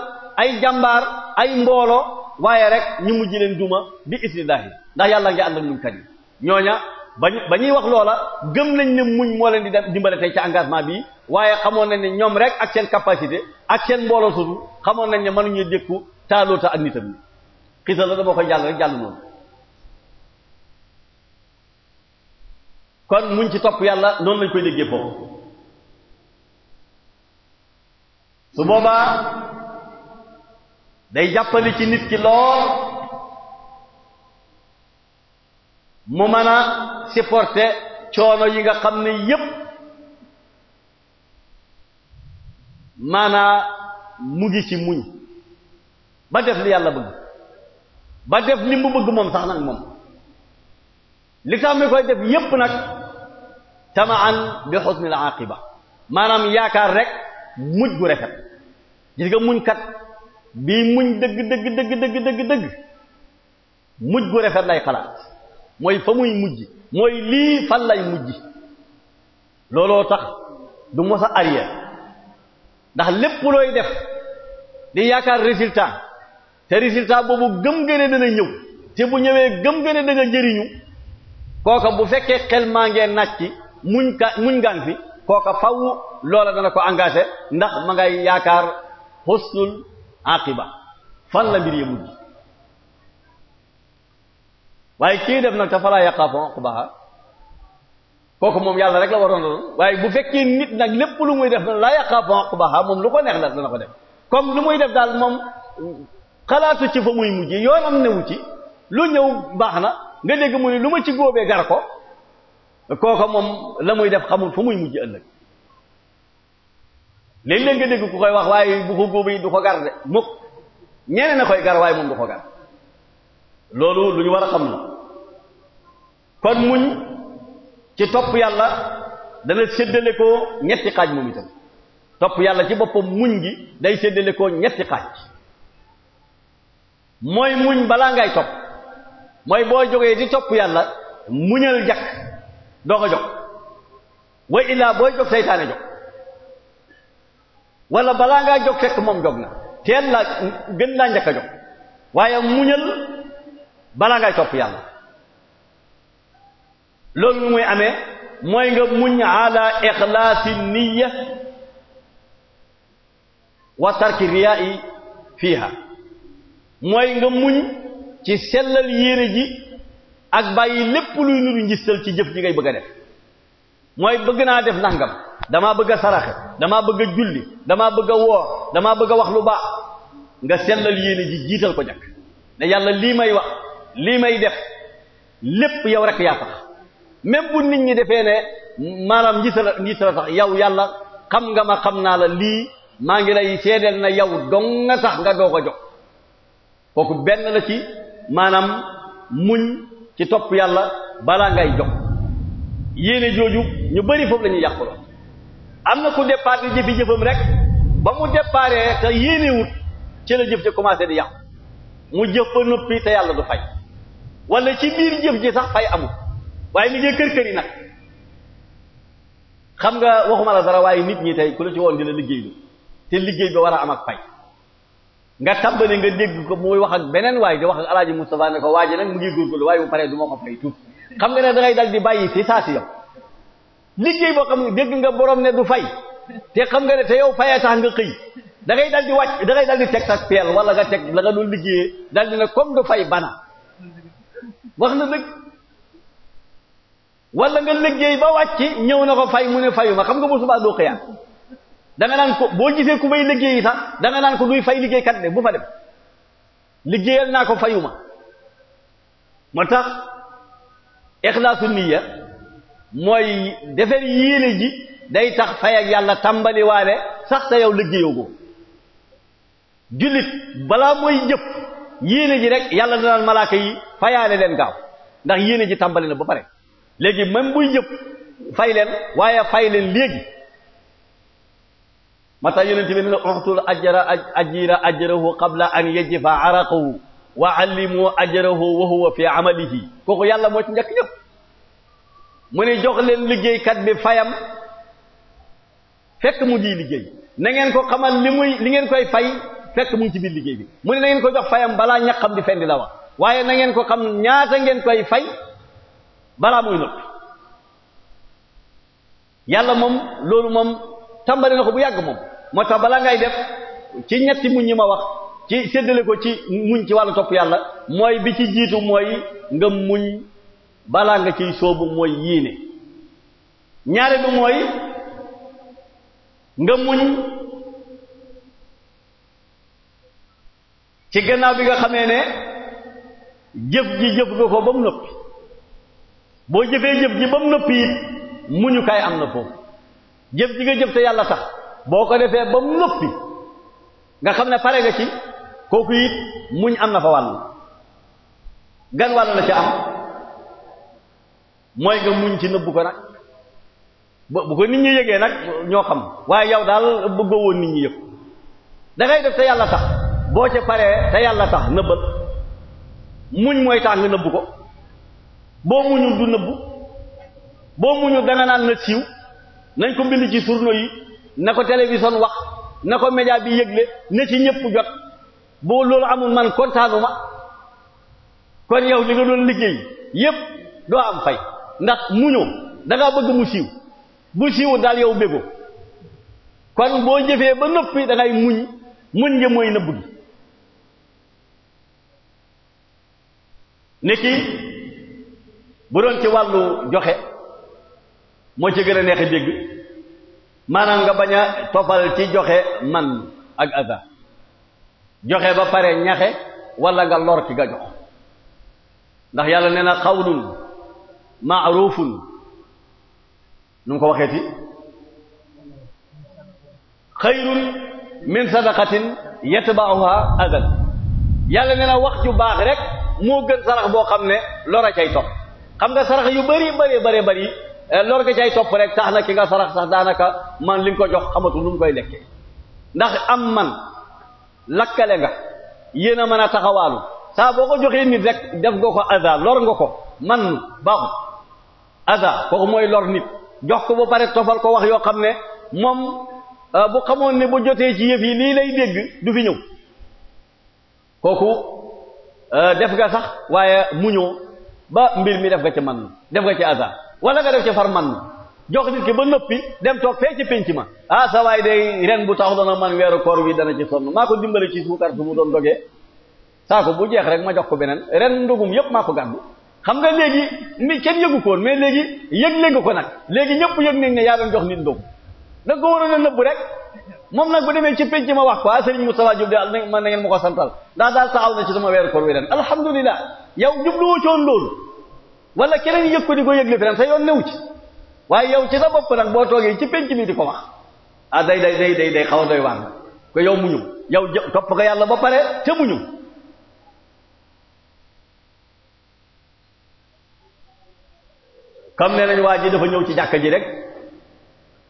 ay jàmbaar ay mboolo waaye rek ñu mujj leen duma bi idnillahi ndax yàlla ngi ànd ak muñ ñooña bañ ba ñuy wax loola gëm nañ ne muñ moo leen di dem dimbale tey ci engagement bi waaye xamoon nañ ne ñoom rek ak seen capacité ak seen mbooloo sutu xamoon nañ ne mënuñu dékku taaloota ak nitam ni xisa la dama koy jàll rek jàll noonu kon muñ ci topp yàlla noonu lañ koy déggee foofu su boobaa day jàppale ci nit ki lool mu mën supporter coono yi nga xam ne yépp maanaa mu ngi ci muñ ba def li yàlla bëgg ba def li mu bëgg moom sax nag moom li tax mi koy def yépp nag tamaan bi xusnil aqiba maanaam yaakaar rek muj gu rafet gis nga muñ kat bii muñ dëgg dëgg dëgg dëgg dëgg dëgg muj gu rafet lay xalaat mooy fa muy mujj mooy lii fan lay mujj looloo tax du mos a ndax lépp looy def di yaakaar résultat te résultat boobu gëm gëne dana ñëw te bu ñëwee gëm gëne da nga jëriñu kooka bu fekkee xel maa ngee naaj ci muñ ka muñ fi kooka faw loola dana ko engagé ndax ma ngay yaakaar xusnul aqiba fan la mbir yi mujj waaye kii def nag te falaa yaqaafu uqbaha kooku moom yàlla rek la waroon doon waaye bu fekkee nit nag lépp lu muy def laa yaqaafu uqbaha moom lu ko neex def dana ko def comme lu muy def daal moom xalaatu ci fa muy mujj yoonam newu ci lu ñëw baax na nga dégg mu ne lu ma ci góobee gar ko moom la muy def xamul fa muy mujj ëllëg léeg nga dégg ku koy wax waaye bu ko góobee du ko gar de mukk ñeneen a koy gar waaye moom du ko gar loolu lu ñu war a xam la kon muñ ci topp yàlla dana séddale koo ñetti xaaj moom itam topp yàlla ci boppam muñ gi day séddale koo ñetti xaaj mooy muñ balaa ngay topp mooy boo jógee di topp yàlla muñal jakk doo ko jóg booy jóg seytaane jóg wala balaa ngaa jóg fekk moom jóg na teel la gën laa waaye muñal balaa ngay topp yàlla loolu nu ame mooy nga muñ ala ixlaasi niya wa tarki riyaai fiiha mooy nga muñ ci sellal yéene ji ak bàyyi lépp luy nuru njistal ci jëf ji ngay bëgg a def mooy bëgg naa def nangam damaa bëgg a saraxe damaa bëgg a julli damaa bëgg a woor damaa bëgg a wax lu baax nga sellal yéene ji jiital ko ñàkk ne yàlla lii may wax lii may def lépp yow rek yaa tax même bu nit ñi defee ne maanaam ngis la ngis la sax yow yàlla xam nga ma xam naa la lii maa ngi lay seedeel na yow dong nga nga doog ko jox kooku benn la ci maanaam muñ ci topp yàlla balaa ngay jox yéene jooju ñu bari foofu la ñuy am na ku départ di jëfi jëfam rek ba mu départee te yéenewut ci la jëf ci commencé di yàqu mu jëf ba noppi te yàlla du fay wala ci biir jëf ji sax fay amul waaye liggéey kër kër yi nag xam nga waxuma la dara waaye nit ñi tey ku la ci woon di la liggéey te liggéey ba war a am ak pay nga tàmbali nga dégg ko muy wax ak beneen waaye di wax ak alaaji Moustapha ne ko waaji nag mu ngi góorgóorlu waaye bu paree du ma ko fay tuut xam nga ne dangay dal di bàyyi si saa si liggéey boo xam ne nga borom ne du fay te xam nga ne te yow fayee tax nga xëy dagay ngay dal di wàcc da ngay dal di peel wala nga teg la nga doon liggéeyee dal di ne du fay bana wala nga liggéey ba wàcc ñëw na ko fay mu ne fayuma xam nga bu subaa doo xëyaat da naan ko boo gisee ku bay liggéey sax da nga naan ko duy fay liggéeykat de bu fa dem liggéeyal naa ko fayuma moo tax ixlaasu niyya mooy defar yéene ji day tax fay ak yàlla tàmbaliwaale sax te yow liggéeyoo ko jullit balaa mooy jëpp yéene ji rek yàlla danaan malaaka yi fayaale leen gaaw ndax yéene ji tàmbali na ba pare léegi même buy yëpp fay leen waaye fay leen léegi mata yonent bi ne na uxtul ajra ajira ajrahu qabla an yajifa araqahu wa allimu ajrahu wa huwa fi amalihi kooku yàlla moo ci njëkk ñëpp mu ne jox leen liggéeykat bi fayam fekk mu di liggéey nangeen ngeen ko xamal li muy li ngeen koy fay fekk mu ngi ci biir liggéey bi mu ne na ko jox fayam balaa ñaqam di fendi la wax waaye na ngeen ko xam ñaata ngeen koy fay balaa muy noppi yàlla moom loolu moom tàmbali na ko bu yàgg moom moo tax balaa ngay def ci ñetti muñ ñi ma wax ci séddale ko ci muñ ci wàll topp yàlla mooy bi ci jiitu mooy nga muñ balaa nga ciy soobu mooy yéene ñaare bi mooy nga muñ ci gannaaw bi nga xamee ne jëf ji jëf nga ko ba mu noppi boo jëfee jëf ji ba mu noppi it muñu kaay am na foofu jëf ji nga jëf te yàlla tax boo ko defee ba mu noppi nga xam ne pare nga ci kooku it muñ am na fa wàll gan wàll la ci am mooy nga muñ ci nëbbu ko nag bu ko nit ñi yëgee nag ñoo xam waaye yow daal bëggoo woon nit ñi yëg da def te yàlla tax boo ca paree te yàlla tax nëbbal muñ mooy tax nga nëbbu ko boo muñul du nëbbu boo muñul danga naan na siiw nañ ko bind ci journaux yi na ko télévision wax na ko media bi yëgle na ci ñëpp jot boo loolu amul man kontaanuma kon yow li nga doon liggéey yépp doo am fay ndax muñoo dangaa bëgg mu siiw bu siiw daal yow bégoo kon boo jëfee ba noppi da ngay muñ muñ nga mooy nëbb gi niki bu doon ci wàllu joxe moo ci gën a neex a dégg maanaam nga bañ a toppal ci joxe man ak aza joxe ba pare ñaxe walla nga lor ki nga jox ndax yàlla nee na xawlun maarufun nu mu ko waxeeti xayrun min ba yatba'uha adan yàlla nee na wax ju baax rek moo gën sarax boo xam ne lor a cay topp xam nga sarax yu bari bëri bëri bëri eh, lor nga cay topp rek tax na ki nga sarax sax daanaka man li nga ko jox xamatul nu mu koy lekke ndax am man lakkale nga yéen a mën a taxawaalu saa boo ko joxee nit rek def nga ko aza lor nga ko man baaxul aza kooku mooy lor nit jox ko ba pare tofal ko wax yoo xam ne moom eh, bu xamoon ni bu jotee ci yëf yi lii lay dégg du fi ñëw kooku eh, def nga sax waaye ñëw ba mbir mi def nga ci man def nga ci azar wala nga def ci far man jox nit ki ba noppi dem toog fee ci pénc ma a ah, sa waay day ren bu tax dana man weeru koor wi dana ci sonn maa ko dimbale ci suukar su mu doon dogee bu jeex rek ma jox ko beneen ren ndugum yépp maa ko gàddu xam nga léegi mi kenn yëgu koon mais léegi leen léegi ko nag léegi ñëpp yëg nañ ne yaa doon jox nit ndugum da nga ko waroon a rek moom nag bu demee ci pénc ma wax ko ah Serigne Moustapha Diop de man na ngeen ma ko santal ndax daal taxaw na yow jubluwu coon loolu wala keneen yëg ko di ko yëgle feneen sa yoon new ci waaye yow ci sa bopp nag boo toogee ci penc mi di ko wax ah day day day day day xaw a doy waar na ko yow muñu topp ga yàlla ba pare te muñu comme nee nañ waa ji dafa ñëw ci jàkka ji rek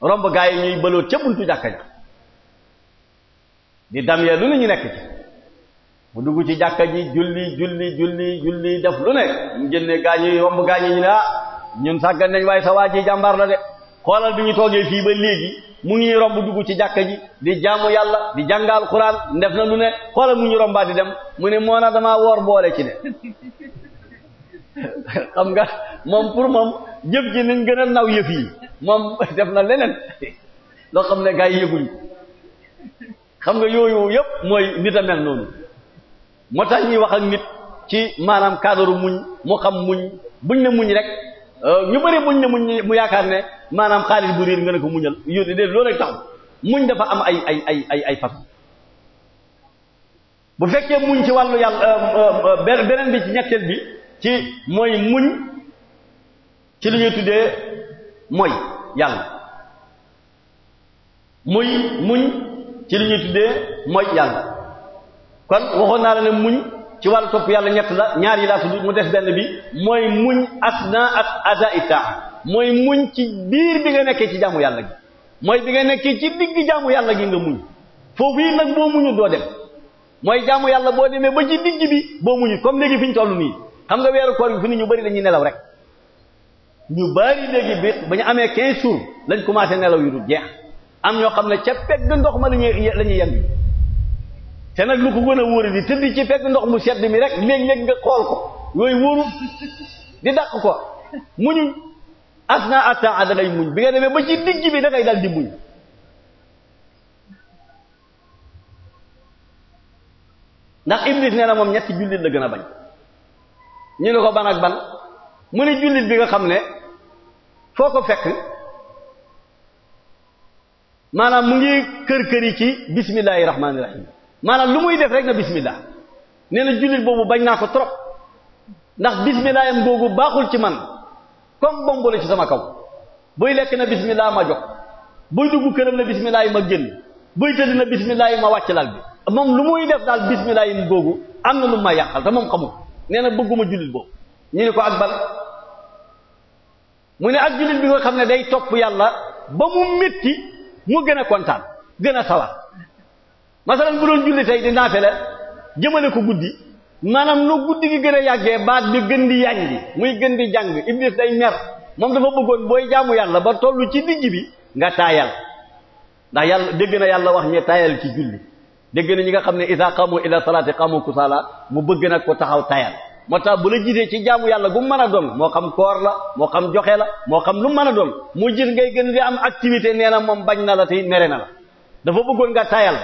romb gaa yi ñuy bëloo ca buntu jàkka ji di dam lu ne ñu nekk ci mu dugg ci jàkka ji julli julli julli julli def lu nekk ñu génne gaañu yomb gaañu ñu ne ah ñun sàggan nañ waaye sa waa ji jàmbaar la de xoolal bi ñu toogee fii ba léegi mu ngi romb dugg ci jàkk ji di jaamu yàlla di jàngal Qur'an def na lu ne xoolal mu ñu rombaa di dem mu ne moo na damaa woor boole ci ne xam nga moom pour moom jëf ji nañ gën a naw yëf yi moom def na leneen loo xam ne gaa yi yëguñ xam nga yooyu yëpp mooy nit a mel noonu moo tax ñuy wax ak nit ci maanaam cadre muñ moo xam muñ buñ ne muñ rek euh, ñu bëri buñ ne muñ mu yaakaar ne maanaam xaalis bu riir nga ne ko muñal yónni de loolu rek tax muñ dafa am ay ay ay ay ay façon bu fekkee muñ ci wàllu yàlla euh, euh, beneen bi ci ñetteel bi ci mooy muñ ci li ñuy tuddee mooy yàlla muy muñ ci li ñuy tuddee mooy yàlla kon waxoon naa la ne muñ ci wàllu topp yàlla ñett la ñaar yi laa tudd mu des benn bi mooy muñ asna ak ada itaa mooy muñ ci biir bi nga nekkee ci jaamu yàlla gi mooy bi nga nekkee ci digg jàmm yàlla gi nga muñ foofu yi nag boo muñu doo dem mooy jàmm yàlla boo demee ba ci digg bi boo muñu comme léegi fi ñu toll nii xam nga weeru koor bi fi ni ñu bari dañuy nelaw rek ñu bari léegi bi ba ñu amee 15 jours lañ commencé nelaw yu dul jeex am ñoo xam ne ca pegg ndox ma lañuy la ñuy yem te nag lu ko gën a wóor di tëdd ci fekk ndox mu sedd mi rek léeg-léeg nga xool ko yooyu wóoru di dàq ko muñu as naa atta da ngay muñ bi nga demee ba ci digg bi da ngay dal di muñ ndax iblis nee na moom ñetti jullit la gën a bañ ñu ne ko ban ak ban mu ne jullit bi nga xam ne foo ko fekk maanaam mu ngi kër kër yi ci bismillaahi rahmaani rahiim maanaam lu muy def rek na bismillah nee na jullit boobu bañ naa ko trop ndax bismillah yam googu baaxul ci man comme bomb la ci sama kaw buy lekk na bismillah ma jox buy dugg këram na bismillah yi ma génn buy tëdd na bismillah yi ma wàcc lal bi moom lu muy def daal bismillah yam googu am na lu ma yàqal te moom xamul nee na bëgguma jullit boobu ñu ni ko ak bal mu ne ak jullit bi nga xam ne day topp yàlla ba mu métti mu gën a kontaan gën a sawar masalan bu doon julli tey di la jëmale ko guddi maanaam no guddi gi gën a yàggee baat bi gën di yànji muy gën di jàng iblis day mer moom dafa bëggoon booy jaamu yàlla ba tollu ci digg bi nga taayal ndax yàlla dégg na yàlla wax ñe taayal ci julli dégg na ñi nga xam ne isa xamu ila salaati xamu kusaala mu bëgg nag ko taxaw taayal moo tax bu la jiitee ci jaamu yàlla gu mën a doon moo xam koor la moo xam joxe la moo xam lu mën a doon mu gis ngay gën am activité nee na moom bañ na la tey mere na la bëggoon nga taayal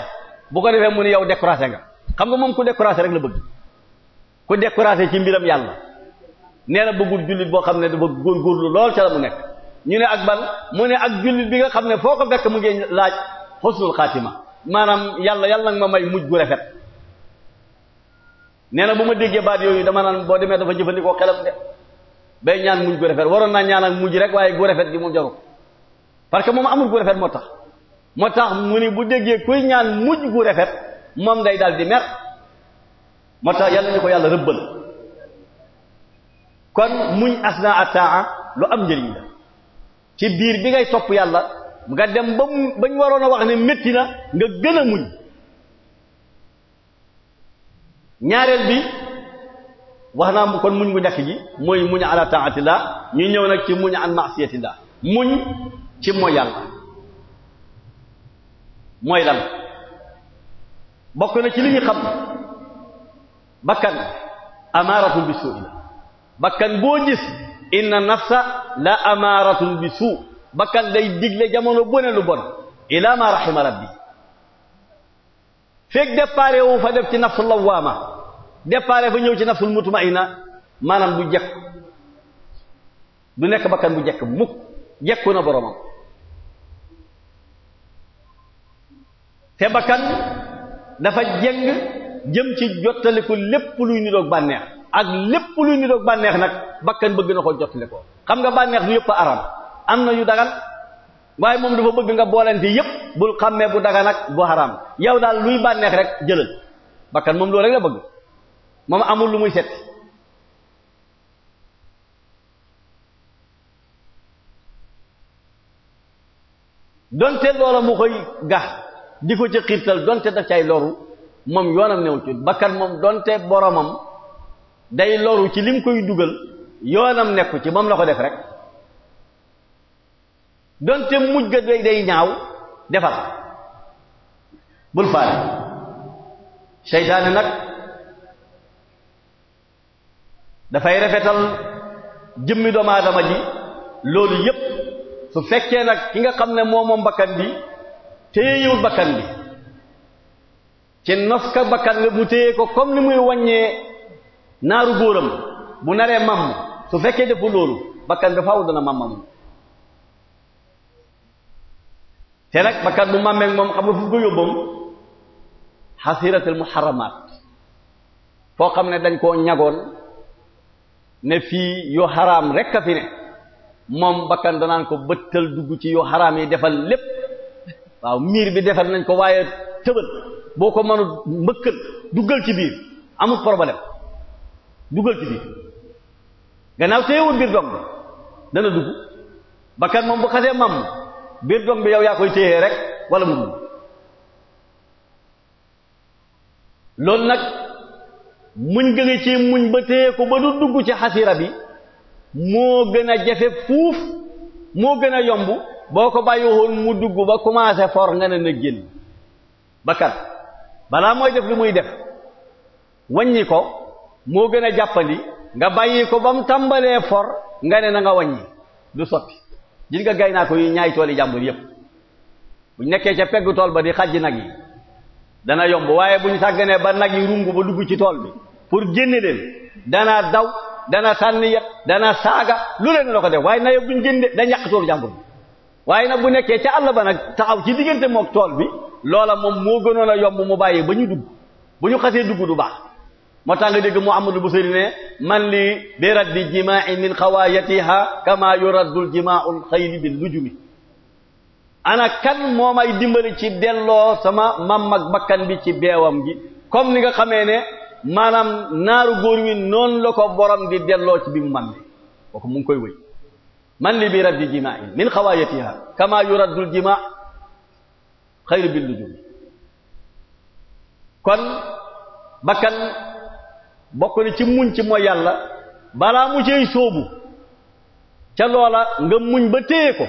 bu ko defee mu ne yow découragé nga xam nga moom ku découragé rek la bëgg ku découragé ci mbiram yàlla nee na bëggul jullit boo xam ne dafa góorgóorlu lool ca la mu nekk ñu ne ak ban mu ne ak jullit bi nga xam ne foo ko fekk mu ngi laaj xusnul xaatima maanaam yàlla yàlla nga ma may mujj gu rafet nee na bu ma déggee baat yooyu dama naan boo demee dafa jëfandikoo xelam de bay ñaan mujj gu rafet waroon naa ñaan mujj rek waaye gu rafet gi moom jarul parce que moom amul gu rafet moo tax moo tax mu ni bu déggee kuy ñaan mujj gu rafet moom day dal di mer moo tax yàlla ñu ko yàlla rëbbal kon muñ asna ataa lu am njëriñ la ci biir bi ngay topp yàlla nga dem ba mu bañ waroon a wax ne metti na nga gën muñ ñaareel bi wax naa kon muñ gu njëkk ji mooy muñ ala taatillah ñu ñëw nag ci muñ an maasiyatillah muñ ci mooy yàlla mooy lan na ci li ñu xam bakkan amaaratun bi suu bakkan boo gis inna nafsa la amaaratun bi suu bakkan day digle jamono bone lu bon ila ma rahima rabbi feeg déparé wu fa def ci nafsul lawaama déparé fa ñëw ci nafsul mutmaina maanaam bu jekk du nekk bakkan bu jekk mukk jekku na boromam te bakkan dafa jëng jëm ci jottaliku lépp luy niroog bànneex ak lépp luy niroog bànneex nag bakkan bëgg na ko jottali ko xam nga bànneex du yépp a aram am na yu dagan waaye moom dafa bëgg nga boolente yëpp bul xàmmee bu dagan ak bu haram yow daal luy bànneex rek jëlal bakkan moom loolu rek la bëgg moom amul lu muy set donte loola mu koy gax di ko ca xiirtal donte daf cay loru moom yoonam new ci bakkan moom donte boromam day loru ci lim koy dugal yoonam nekku ci moom la ko def rek donte mujj ga day day ñaaw defal bul faale seytaane nag dafay rafetal jëmmi doomu aadama ji loolu yépp su fekkee nag ki nga xam ne moomoom moom bi téye yëwul bakkan bi ci nos ka bakkan bi mu téye ko comme ni muy wàññee naaru góoram bu naree mam su fekkee defu loolu bakkan bi faaw dana mammamu te nag bakkan bu mammeeg moom xam nga fu ko yóbbam xasiratul muharramaat foo xam ne dañ koo ñagoon ne fii yoo xaraam rekk a fi ne moom bakkan danaan ko bëttal dugg ci yoo xaraam yi defal lépp waaw miir bi defar nañ ko waaye tëbal boo ko mënul mbëkkal duggal ci biir amul problème duggal ci biir gannaaw téyewul biir dong bi dana dugg bakkan moom bu xasee mam biir bi yow yaa koy téyee rek wala mu dugg loolu nag muñ gën a ci muñ ba téye ko ba du dugg ci xasira bi moo gën a jafe fuuf moo gën a yomb boo ko bàyyiwoon mu dugg ba commencé for nga ne na génn bakkat balaa mooy def li muy def waññi ko moo gën a jàppandi nga bàyyi ko ba mu tàmbalee for nga ne na nga waññi du sotti gis nga gay naa ko yu ñaay tool yi jàmbur bu ñu nekkee ca peggu tool ba di xajji nag yi dana yomb waaye bu ñu sàgganee ba nag yi rungu ba dugg ci tool bi pour génne leen dana daw dana sànni yet dana saaga lu leen la ko def waaye na yóbbu ñu génne da ñàq toolu jàmbur waaye nag bu nekkee ca àll ba nag taxaw ci diggante mook tool bi loola moom moo gënoon a yomb mu bàyyi ba ñu dugg bu ñu xasee dugg du baax moo tax nga dégg Muhammadul Busiri ne man li bi raddi jimaa'i min xawaayatiha kama yuraddul jimaa'ul xayli bil lujumi ana kan moom ay dimbali ci delloo sama mam mag bakkan bi ci beewam gi comme ni nga xamee ne maanaam naaru góor wi noonu la ko borom di delloo ci bi mu man ne kooku mu ngi koy wëy man li bi raddi jimaain min xawaayatiha kama yuraddu ljimaa xayr bil lujum kon bakkan bokk ci muñ ci mooy yàlla balaa mu cey soobu ca loola nga muñ ba téye ko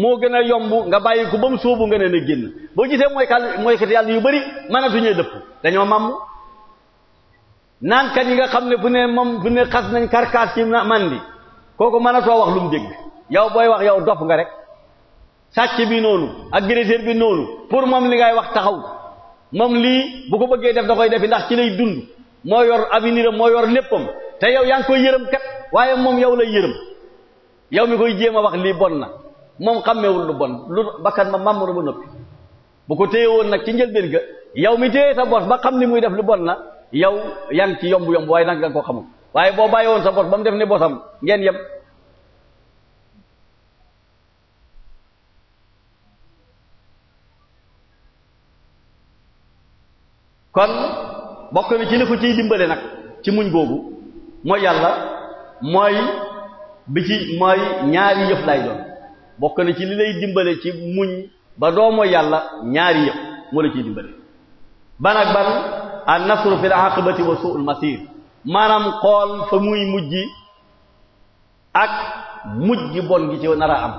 moo gën a yomb nga bàyyi ko ba mu sóobu nga ne na génn boo gisee mooy kal mooy kat yàlla yu bëri mënatuñee dëpp dañoo màmm naankat yi nga xam ne fu ne moom fu ne xas nañ karkaas ci mandi kooku mënatoo wax lu mu dégg yow booy wax yow dof nga rek sàcc bi noonu agresseur bi noonu pour moom li ngay wax taxaw moom lii bu ko bëggee def da koy defi ndax ci lay dund moo yor avenir moo yor léppam te yow yaa ngi koy yërëm kat waaye moom yow lay yërëm yow mi koy jéem a wax lii bon na moom xam xàmmewul lu bon lu bakkan ma màmm na ba noppi bu ko téye woon nag ci njëlbeen ga yow mi téye sa bos ba xam ni muy def lu bon na yow yaa ci yomb yomb waaye nag nga ko xamul waaye boo bàyyi woon sa bos ba mu def ni bosam ngeen yem kon bokk na ci li ko ciy dimbale nag ci muñ googu mooy yàlla mooy bi ci mooy ñaari yëf lay doon bokk na ci li dimbale ci muñ ba doo mooy yàlla ñaari yëf moo la ciy dimbale ban ak ban an nasru fil aqibati wa su'ul masir maanaam xool fa muy mujj ak mujj bon ngi ci nar a am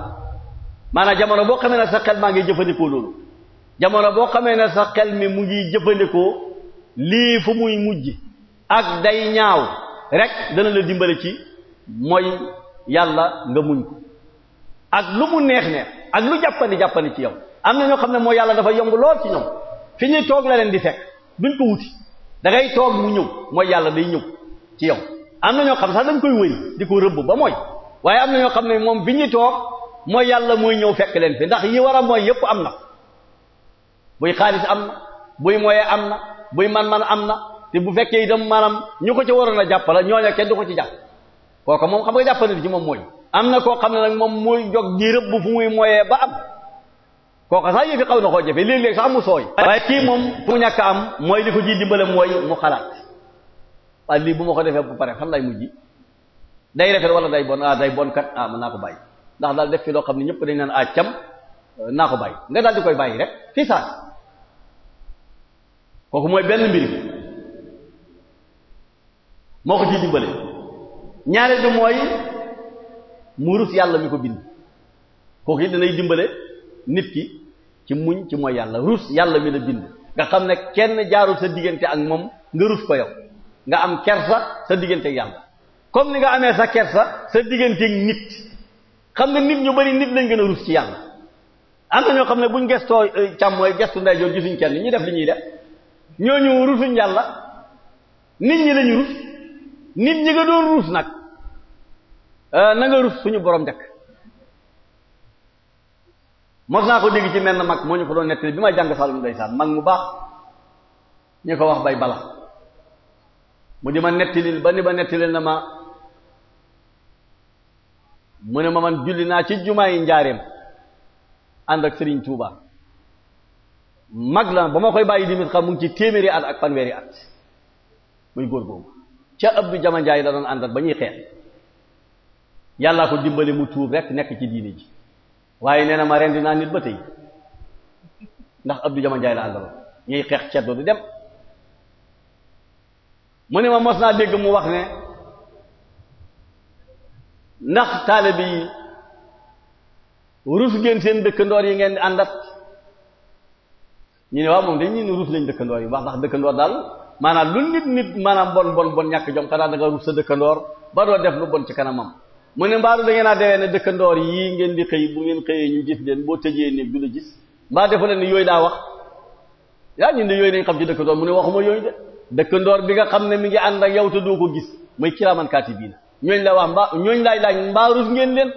maanaam jamono boo xamee ne sa xel maa ngi jëfandikoo loolu jamono boo xamee na sa xel mi mu ngi jëfandikoo lii fu muy mujj ak day ñaaw rek dana la dimbale ci mooy yàlla nga muñ ko ak lu mu neex neex ak lu jàppandi jàppandi ci yow am na ñoo xam ne mooy yàlla dafa yomb lool ci ñoom fi ñuy toog leen di fekk duñ ko wuti da ngay toog mu ñëw mooy yàlla day ñëw ci yow am na ñoo xam sax dañ koy wëri di ko rëbb ba mooy waaye am na ñoo xam ne moom bi ñuy toog mooy yàlla mooy ñëw fekk leen fi ndax yi war a mooy yépp am na buy xaalis am na buy moye am na buy man-man am na te bu fekkee itam maanaam ñu ko ci waroon a ñoo ñooña kenn du ko ci jàpp kooku moom xam nga jàppandi ci moom mooy am na koo xam ne nag moom muy jog di rëbb fu muy moyee ba am kooka sax yëfi xaw na koo jafe léeg-léeg sax mu sooy waaye kii moom mu ñàkk am mooy li ko ji dimbale mooy mu xalaat waaye lii bu ma ko defee bu pare fan lay mujj day rafet wala day bon ah day bon kat ah, naa ko bàyyi ndax daal def fi loo xam ne ñëpp dañ naan ah cam euh, naa ko bàyyi nga daal di koy bàyyi rek fii sax kooku mooy benn mbir moo ko ji dimbale ñaareel bi mooy mu rus yàlla mi ko bind kooku it danay dimbale nit ki ci muñ ci mooy yàlla rus yàlla mi la bind nga xam ne kenn jaarul sa diggante ak moom nga rus ko yow nga am kersa sa diggante ak yàlla comme ni nga amee sa kersa sa diggante nit xam nga nit ñu bari nit lañ gën a rus ci yàlla am na ñoo xam ne buñ gestoo euh, càmmooy gestu ndeyjoor gisuñ kenn ñu def li ñuy def ñooñu rusuñ yàlla nit ñi lañu rus nit ñi nga doon rus nag euh, na nga suñu borom njëkk mos naa ko dégg ci menn mag moo ñu ko doon nettali bi may jàng Saalum ndeysaan mag mu baax ñu ko wax bay bala mu di ma nettalil ba ni ba nettalil na ma mu ne ma man julli naa ci jumaa yi njaareem ànd ak Serigne mag la ba ma koy bàyyi di mit xam mu ngi ci téeméeri at ak fanweeri at muy góor googu ca Abdou Jama Njaay la doon ànd ba ñuy xeex yàllaa ko dimbale mu tuub rek nekk ci diine ji waaye nee na ma ren dinaa nit ba tey ndax Abdou Jama Njaay la àndal ñuy xeex ceddo du dem mu ne ma mos naa dégg mu wax ne ndax taalibe yi rus ngeen seen dëkkandoor yi ngeen di àndat ñu ne waaw moom dañ ñu ne rus lañ dëkkandoor yi wax ndax dëkkandoor daal maanaam lu nit nit maanaam bon bon bon ñàkk jom xanaa da nga rus sa dëkkandoor ba doo def lu bon ci kanamam mu ne mbaalu da ngeen a dewee ne dëkkandoor yii ngeen di xëy bu ngeen xëyee ñu gis leen boo tëjee néeg du la gis mbaa defa leen ne yooyu daa wax yaa ñu de yooyu nañ xam ci dëkkandoor mu ne waxuma yooyu de dëkkandoor bi nga xam ne mi ngi ànd ak yow te doo ko gis mooy kiraaman kaatibiina ñooñ la wax mbaa ñooñ laay laaj mbaa ngeen leen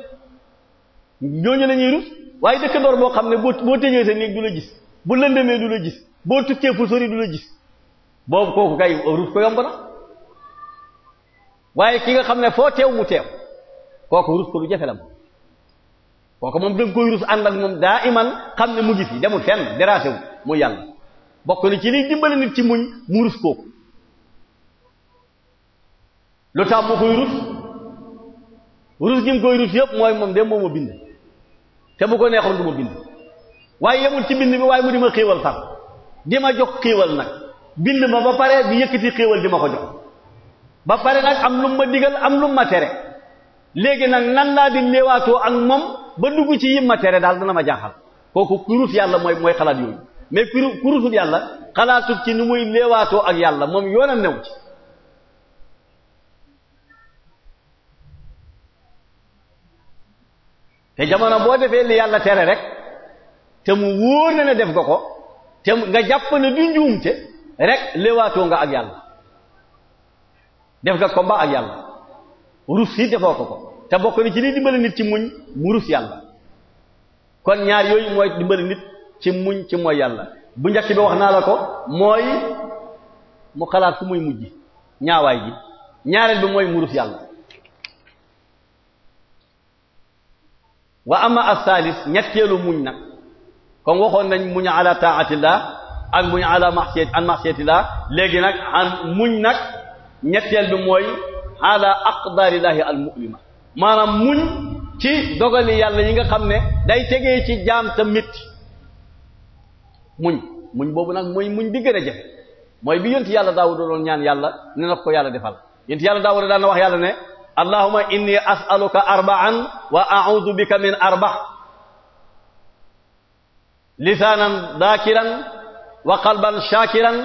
ñooñu la ñuy rus waaye boo xam ne boo boo tëjee sa néeg du la gis bu lëndëmee du la gis boo tukkee fu sori du la gis boobu kooku kay rus ko yomb na waaye ki nga xam ne foo teew mu teew kooku rus ko lu jafe la moom kooku moom danga koy rus ànd ak moom daa iman xam ne mu ngi fi demul fenn déranger wu muy yàlla bokk na ci liy dimbali nit ci muñ mu rus kooku lu tax mu koy rus rus gi koy rus yëpp mooy moom de moo ma bind te bu ko neexoon du ma bind waaye yemul ci bind bi waaye mu di ma xéewal sax di ma jox xéewal nag bind ma ba pare di yëkkati xéewal di ma ko jox ba nag am lu ma digal am lu ma tere léegi nag nan laa di léewaatoo ak moom ba dugg ci yimma tere daal dana ma jaaxal kooku kurut yàlla mooy mooy xalaat yooyu mais kuru kurutul yàlla xalaatut ci nu muy léewaatoo ak yàlla moom yoon a ci te jamono boo defee li yàlla tere rek te mu wóor na def nga ko te nga jàpp ne du njuumte rek léewaatoo nga ak yàlla def nga combat ak yàlla rus yi defoo ko ko te bokk ni ci liy dimbali nit ci muñ mu rus yàlla kon ñaar yooyu mooy dimbali nit ci muñ ci mooy yàlla bu njëkk bi wax naa la ko mooy mu xalaat fu muy mujj ñaawaay ji ñaareel bi mooy mu rus yàlla wa ama asaalis ñetteelu muñ nag kon waxoon nañ muñ ala taatillah ak muñ ala maxsiyati an maxsiyati léegi nag an muñ nag ñetteel bi mooy ala aqdarillahi almu'lima maanaam muñ ci dogali yàlla yi nga xam ne day tegee ci jaam te métti muñ muñ boobu nag mooy muñ bi gën a jafe mooy bi yonti yàlla daawuda doon ñaan yàlla ne na ko yàlla defal yonti yàlla daawuda daan na wax yàlla ne allahumma inni as'aluka arba'an wa a'udhu bika min arba' lisaanan dhaakiran wa qalban shaakiran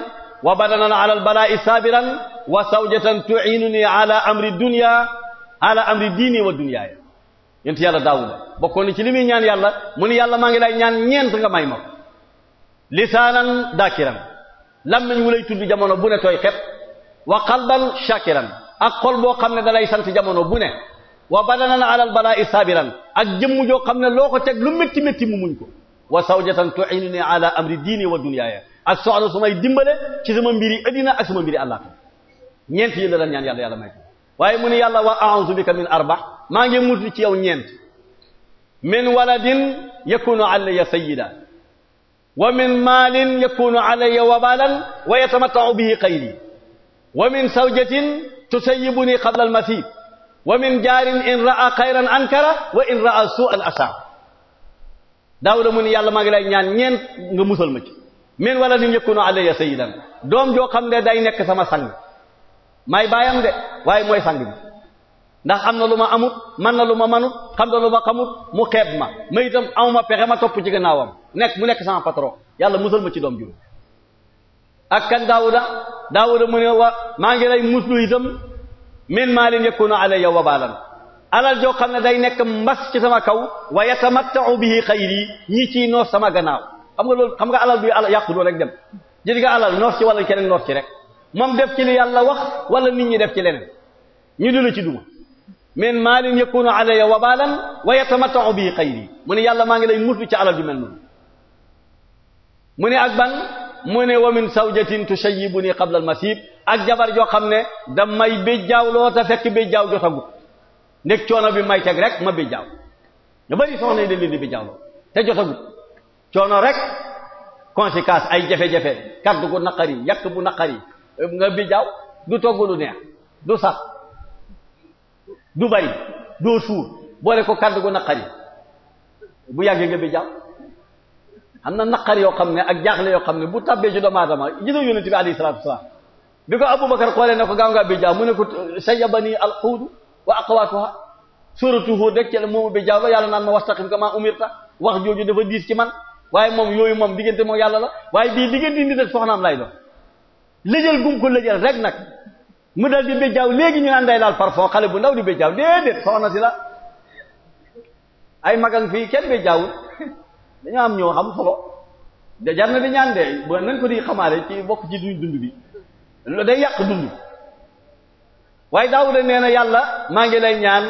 wa badanan ala al balaa'i wa zawjatan tu'inuni ala amri dunya ala amri diini wa dunyaaya yent yàlla daawuda bokkoon na ci li muy ñaan yàlla mu ne yàlla maa ngi lay ñaan ñeent nga may ma ko lisaanan daakiran lammiñ wu lay tudd jamono bu ne tooy xep wa qalban shakiran ak xol boo xam ne dalay sant jamono bu ne wa badanan alal balaa'i saabiran ak jëmm joo xam ne loo ko teg lu métti métti mu muñ ko wa sawjatan tu'inuni ala amri diini wa dunyaaya ak soxna su may ci sama mbiri addina ak sama mbiri àllaaxira ñeent yi la la ñaan yàlla yàlla may ko waaye mu ne yàlla wa a'udhu bika min arba maa ngi muslu ci yow ñeent min waladin yakunu alayya sayyida wa min maalin yakunu alayya wabalan wa yatamatta'u bihi qayli wa min zawjatin tusayyibuni qabla al-masib wa min jaarin in ra'a xayran ankara wa in ra'a su'an asaa daawuda mu ni yàlla maa ngi lay ñaan ñeent nga musal ma ci min waladin yakunu alayya sayyidan doom joo xam ne day nekk sama sang may baayam de waaye mooy sang bi ndax am na lu ma amut man na lu ma manut xam na lu ma xamut mu xeeb ma may itam amuma pexe ma topp ci gannaawam nekk mu nekk sama patron mu musal ma ci doom juróom ak kan daawuda daawuda mu ne wa maa ngi lay muslu itam min maalin yakunu alayya wabalan alal joo xam ne day nekk mbas ci sama kaw wa yatamatta'u bihi xayri ñi ci noos sama gannaaw xam nga loolu xam nga alal du yàqu doo rek dem jël nga alal noos ci wala keneen noos ci rek moom def ci li yàlla wax wala nit ñi def ci leneen ñu dula ci duma min maalin yakunu alayya wabalan wa yatamatau bii xayri mu ne yàlla maa ngi lay muslu ci alal ju mel noonu mu ne ak ban mu ne wa min sawjatin tushayibuni qabla almasib ag jabar joo xam ne da may béjjaaw loo ta fekk béjjaaw jotagut ndég coono bi may teg rek ma béjjaaw ñu bari soxna yi dañ leen di béjjaaw loo te jotagut coono rek conséquence ay jafe-jafe kaddu gu naqari yàq bu naqari nga bijaaw du togg lu neex du sax du bari doo suur boole ko kàddu gu naqari bu yàggee nga bijaaw am na naqar yoo xam ne ak jaaxle yoo xam ne bu tàbbee ci doomu aadama gis nga yonent bi alayhi salaatu wasalaam bi ko Abubakar xoolee ne ko gaaw ngaa bijaaw mu ne ko sayyabani alxuudu wa aqwaatuha suuratu Huud rek ci la moomu bijaaw la yàlla naan ma wastaqim kamaa umirta wax jooju dafa diis ci man waaye moom yooyu moom diggante moom yàlla la waaye bii diggante nit ak soxnaam lay lëjal gum ko lëjal rek nag mu dal di béjjaaw léegi ñu naan day daal parfum xale bu ndaw di béjjaaw déedéet soxna si la ay magang fii kenn béjjaawul dañoo am ñëw xam solo da jar di ñaan de ba nañ ko di xamaale ci bokk ci duñ dund bi day yàq dund waaye daawuda nee na yàlla maa ngi lay ñaan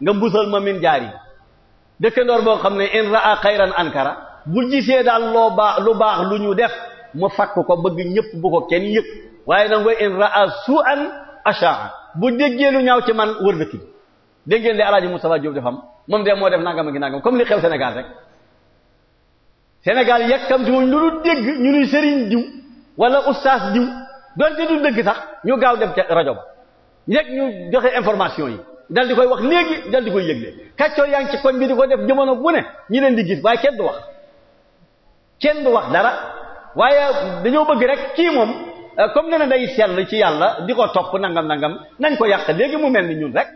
nga mbusal ma min jaar yi dëkkandoor boo xam ne in raa xayran ankara bu gisee daal lu baax lu ñu def mu fakk ko bëgg ñëpp bu ko kenn yëg waaye nag wa in ra'a su'an asha'a bu déggee lu ñaaw ci man wër dëkk bi dégg ngeen de alaaji Moustapha Diop di moom de moo def nangam ak nangam comme li xew Sénégal rek Sénégal yàkkam ci wuñ lu dul dégg ñu nuy sëriñ diw wala ustaas diw donte du dëgg sax ñu gaaw dem ca rajo ba njëkk ñu joxe information yi dal di koy wax léegi dal di koy yëgle kàccoo yaa ngi ci koñ bi di ko def jamono bu ne ñi leen di gis waaye kenn du wax kenn wax dara waaye dañoo bëgg rek kii moom euh, comme nee na day sell ci yàlla di ko topp nangam nangam nañ ko yàq léegi mu mel ni ñun rek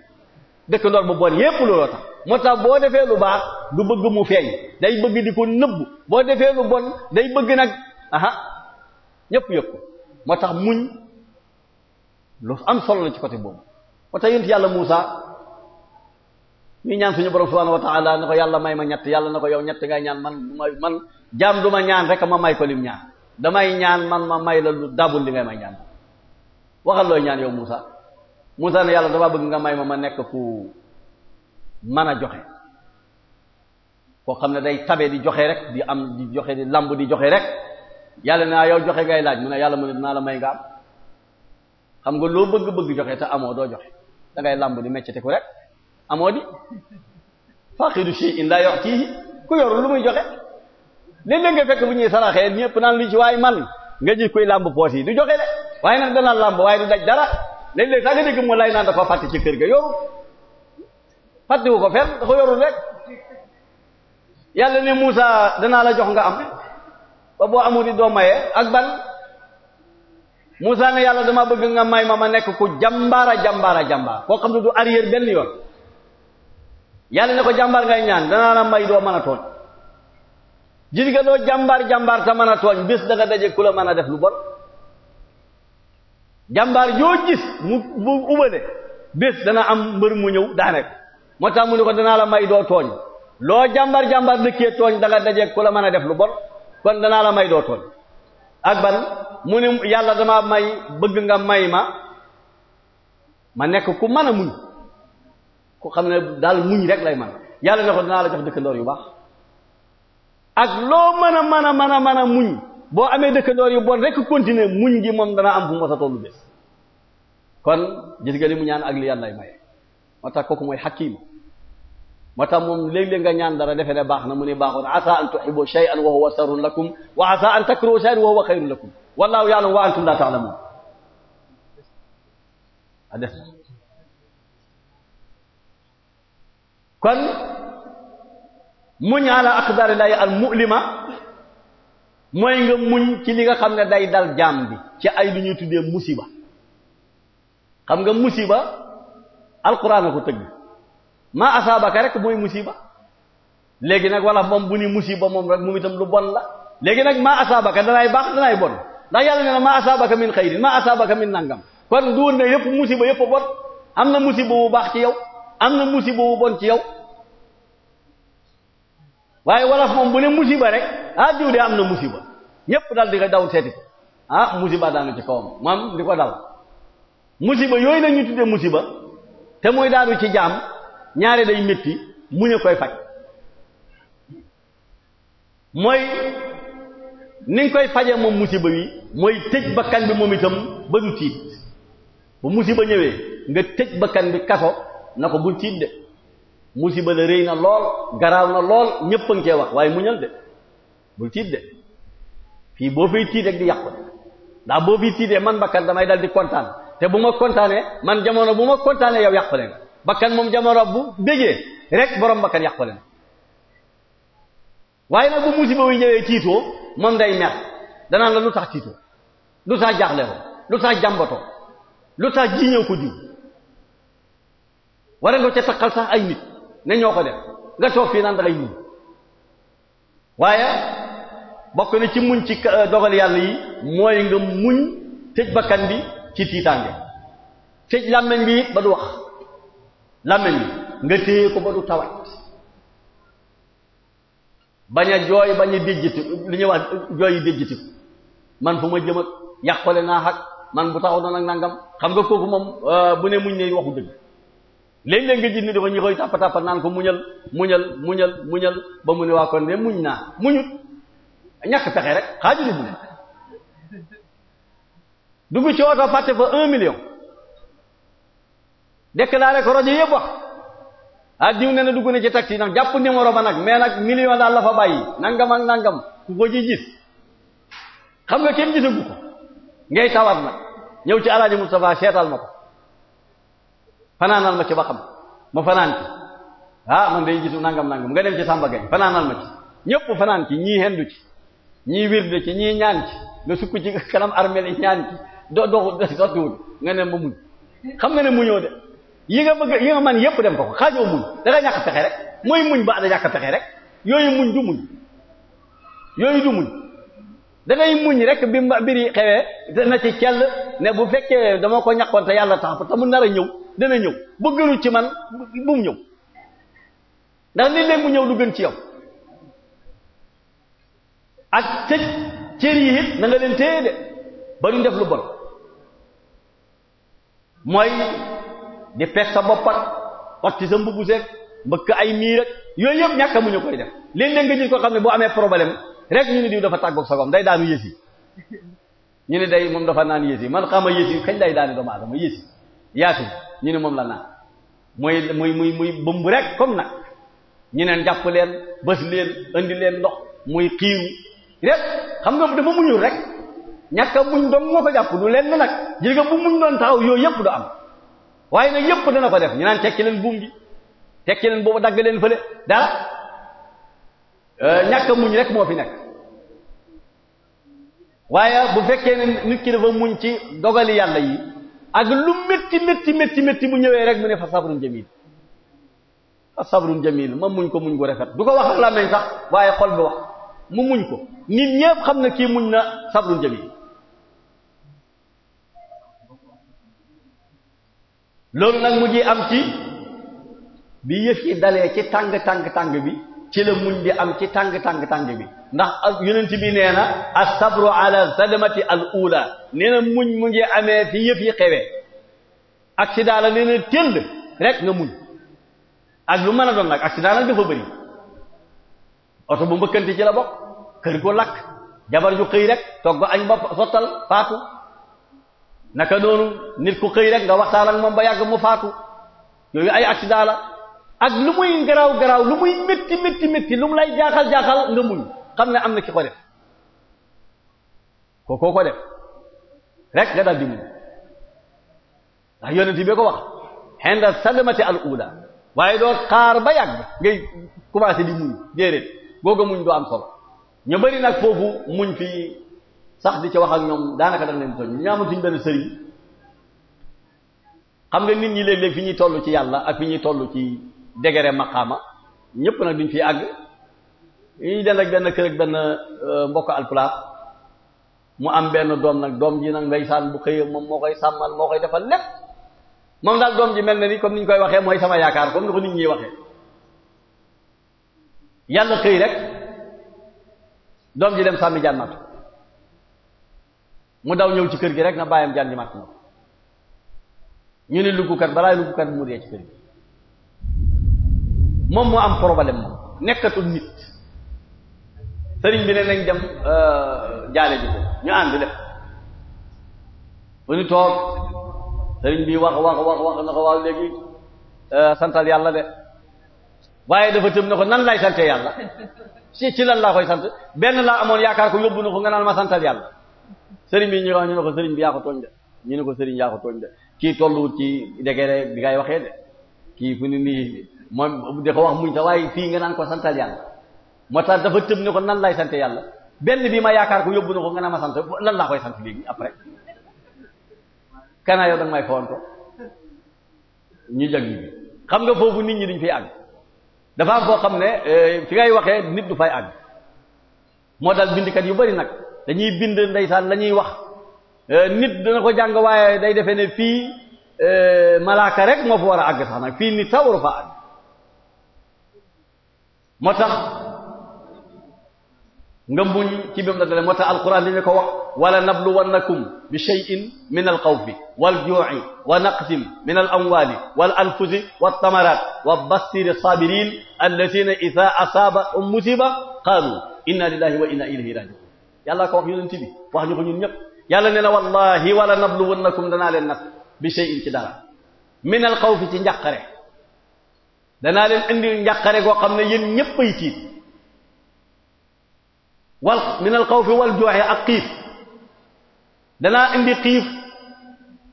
dëkk ndoor bu bon yépp looloo tax moo tax boo defee lu baax du bëgg mu feeñ day bëgg di ko nëbb boo defee lu bon day bëgg nag aha ñëpp yëpp moo tax muñ lu am solo la ci côté boobu moo tax yonent yàlla Muusa ñu ñaan suñu borom subhanahu wa ta'ala na ko yàlla may ma ñett yàlla na ko yow ñett ngay ñaan man man jaam du ma ñaan rek ma may ko lim ñaan damay ñaan man ma may la lu dabul li ngay may ñaan waxal looy ñaan yow Moussa Moussa ne yàlla dafa bëgg nga may ma ma nekk ku man a joxe koo xam ne day tabe di joxe rek di am di joxe di lamb di joxe rek yàlla naa yow joxe ngay laaj mu ne yàlla mu ne dinaa la may nga am xam nga loo bëgg-bëgg joxe te amoo doo joxe da ngay lamb di meccete ko rek amoo di faqidu shay'in la yu'tihi ku yorul lu muy joxe léeg-léeg nga fekk bu ñuy saraxee ñëpp naan lu ci waay man nga ji koy làmb poos yi du joxe de waaye nag dana lamb waaye du daj dara léeg-léeg sax nga dégg mu lay naan dafa fàtte ci kër ga yoru fàttewu ko fenn dafa yorul rek yàlla ne Moussa danaa la jox nga am ba boo amul di doo maye ak ban Moussa ne yàlla dama bëgg nga may ma ma nekk ku jàmbaara jàmbaara jàmbaar koo xam ne du arrière benn yoon yàlla ne ko jàmbaar ngay ñaan danaa la may doo mën a tooñ gis nga doo jàmbaar jàmbaar te mën a tooñ bés da daje ku la mën a def lu bon jàmbaar joo gis mu ubale bés dana am mbër mu ñëw daane moo tax mu ne ko danaa la may doo tooñ loo jàmbaar jàmbaar dëkkee tooñ da nga daje ku la mën a def lu bon kon danaa la may doo tooñ ak ban mu ne yàlla damaa may bëgg nga may ma ma nekk ku mën a muñ ku xam ne daal muñ rek lay man yàlla ne ko danaa la jox dëkkandoor yu baax ak loo mën a mën a mën muñ boo amee dëkkandoor yu bon rek continuer muñ gi moom dana am fu mu sa tollu bés kon gis nga mu ñaan ak li yàllay maye moo tax mooy xakiim moo tax moom léeg-léeg nga ñaan dara defe ne baax na mu ne baaxoon asa an tuhibbu shay'an wa huwa sharrun lakum wa asa an takrahu shay'an wa huwa khayrun lakum wallahu ya'lamu wa antum la ta'lamun a def kon muñ ala aqdari lay al mu'lima mooy nga muñ ci li nga xam ne day dal jaam bi ci ay lu ñuy tuddee musiba xam nga musiba alquran a ko tëgg maa asaabaka rek mooy musiba léegi nag wala moom bu ni musiba moom rek moom itam lu bon la léegi nag maa asaabaka danay baax danay bon ndax yàlla nee na maa asaabaka min xayrin maa asaabaka min nangam kon duur ne yëpp musiba yëpp bon am na musiba bu baax ci yow am na musiba bu bon ci yow waaye wolof moom bu ne musiba rek ah diw de am na musiba ñëpp dal di ko daw seeti ko ah musiba daanu ci kawam moom di ko dal musiba yooyu la ñu tudde musiba te muy daanu ci jaam ñaare day métti mu ne koy faj mooy ni koy faje moom musiba wi mooy tëj bakkan bi moom itam ba du tiit bu musiba ñëwee nga tëj bakkan bi kaso na ko bul tiit de musiba la rëy na lool garaaw na lool ñëpp a ngi cee wax waaye muñal de bul tiit de fii boo fay tiit rek di yàqu de ndax boo fiy tiitee man bakkan damay dal di kontaan te bu ma kontaanee man jamono bu ma kontaanee yow yàqule nga bakkan moom jamono bu bégee rek borom bakkan yàqule na waaye nag bu musiba wi ñëwee tiitoo moom day mer danaan la lu tax tiitoo lu tax jaaxle ko lu tax jàmbatoo lu tax jiiñëw ko diw wara nga ca takkal sax ay nit ne ñoo ko def nga toog fii naan waaye bokk na ci muñ ci euh, dogal yàlla yi mooy nga muñ tëj bakkan bi ci tiitaange tëj làmmeñ bi it ba du wax làmmeñ bi nga téye ko ba du tawat bañ a jooy bañ a déjjiti li ñuy wax euh, jooy yi déjjiti man fu ma jëm ak yàqole naa xak man bu taxaw noon ak nangam xam nga kooku moom euh, bu ne muñ ne waxu dëgg léeg-léeg nga ji ni dafa ñu koy tàpp tàpp naan ko muñal muñal muñal muñal ba mu ne waa kon de muñ naa muñut ñàkk pexe rek xaajuli bu dugg ci oto fàtte fa un million déclaré ko rajo yëpp wax ah diw ne na dugg na ci taxi ndax jàpp numéro ba nag mais nag million daal la fa bàyyi nangam nangam ku ko ji gis xam nga kenn gisagu ko ngay tawat nag ñëw ci alaaji Moustapha seetal ma fanaanal ma ci ba xam ma fanaan ci ah man day gisu nangam nangam nga dem ci Samba Gaye fanaanal ma ci ñëpp fanaan ci ñii hendu ci ñii wirde ci ñii ñaan ci nga sukk ci kanam armeel ñaan ci do doxu sottiwul nga ne ma muñ xam nga ne muñoo de yi nga bëgg yi man yëpp dem ko ko xaajoo muñ da nga ñàkk rek mooy muñ ba da ñàkk pexe rek yooyu muñ du muñ yooyu du muñ rek bi mbir yi xewee na ci kell ne bu fekkee dama ko ñàkkoon te yàlla tax te mu nar a ñëw dana ñëw ba gënu ci man bu mu ñëw ndax léeg-léeg mu ñëw du gën ci yow a tëj cër yi it na nga leen téye de ba duñ def lu bon mooy di pes sa bopp ak ci sa mbubbu seeg mbëkk ay miir ak yooyu yëpp ñàkk mu ñu koy def léeg-léeg nga ko xam ne boo amee problème rek ñu ne diw dafa tàggoog sagom day daanu yées yi ñu ne day moom dafa naan yées yi man xama yées yi day daani doomu aadama yées yi yaatu ñu ne moom la naan muy muy muy muy rek kom nag ñu neen jàpp leen bës leen indi leen ndox muy xiiw rek xam nga dafa muñul rek ñàkk muñ doom moo ko jàpp du leen na nag jël nga bu muñ doon taxaw yooyu yëpp du am waaye nag yëpp dana ko def ñu naan tekki leen buum gi tekki leen boobu dagg leen fële dara euh, ñàkk muñ rek moo fi nekk waaye bu fekkee ne nit ki muñ ci dogali yàlla yi ak lu metti métti métti métti ñëwee rek mu ne fa sabrun jamil fa sabrun jamil ma muñ ko muñ ko rafet du ko wax ak làmmiñ sax waaye xol bi wax mu muñ ko nit ñëpp xam na kii muñ na sabrun jamil loolu nag mu ji am ci bi yëf yi dalee ci tàng tàng tàng bi ci la muñ di am ci tàng tàng tàng bi ndax yonent bi nee na a sabru ala sadmati al ula nee na muñ mu ngi amee fi yëf yi xewee accident la nee na tëll rek nga muñ ak lu man a doon nag accident la dafa bëri oto bu mbëkkanti ci la bokk kër gu lakk jabar ju xëy rek toog añ ba sottal faatu naka noonu nit ku xëy rek nga waxtaan moom ba yàgg mu faatu yooyu ay accident la ak lu muy garaaw garaaw lu muy métti métti métti lu mu lay jaaxal jaaxal nga muñ xam ne am na ki ko ko koo ko def rek nga daal di muñ ndax yonent bi ko wax xenda sadamati al ula waaye doo xaar ba yàgg ngay commencé di muñ déedéet googa muñ doo am solo ñu bari nag foofu muñ fii sax di ca wax ak ñoom daanaka danga leen tooñ ñaamatuñ benn sëriñ xam nga nit ñi léeg-léeg fi ñuy toll ci yàlla ak fi ñuy toll ci degere maqaama ñëpp nag duñ fi àgg yi den ak benn kër ak benn euh, mbokk alpulaar mu am benn doom nag doom ji nag ndeysaan bu xëyee moom moo koy sàmmal moo koy defal lépp moom daal doom ji mel na ni comme ni ñu koy waxee mooy sama yaakaar comme ni ko nit ñi waxee yàlla ji dem sàmmi mu daw ñëw ci kër gi rek na bàyyam ñu ne luggukat balaa luggukat bi mu dee ci kër gi moom mu am problème moom nekkatul nit sëriñ bi ne nañ dem euh, jaale ji ko ñu ànd def bu toog sëriñ bi wax wax wax na ko waaw léegi euh, santal yàlla de waaye dafa tëm na ko nan lay sante yàlla ci ci lan laa koy sant benn laa amoon yaakaar ko yóbbu na ko nga naan ma santal yàlla sëriñ bi ñu ko sëriñ bi yaa ko tooñ de ñu ne ko sëriñ yaa ko tooñ de kii tollu ci degere bi ngay waxee de kii fu ni nii moom di ko wax muñ ta waaye fii nga naan ko santal yàlla moo tax dafa tëb ne ko nan lay sant yàlla benn bi ma yaakaar ko yóbbu na ko nga naa ma sant lan laa koy sant léegi après kanaa yow danga nga foofu nit ñi duñ fay àgg dafa xam ne eh, fi ngay waxee nit du fay àgg moo daal yu bari nag dañuy bind ndeysaan la wax eh, nit dana ko jàng waaye day defe ne fii eh, malaaka rek moo fa war a àgg sax nag fii nit sax waru fa àgg moo tax nga muñ ci bimu la dale moo tax alquran li ñu ko wax wala nabluwannakum bi shay'in min alxawfi walju'i wa naqsim min alamwali wal anfusi waltamarat wa bassiri sabirin alladina ida asaabahum musiba qaalu inna lillahi wa inna ilayhi raji'un yàllaa ko wax yonent bi wax ñu ko ñun ñëpp yàlla nee na wallahi wala nabluwannakum danaa leen nag bi shay'in ci dara min alxawfi ci njàqare danaa leen indil njàqare goo xam ne yéen ñépp ay tiit wal min al xawfi wal jooxe ak xiif danaa indi xiif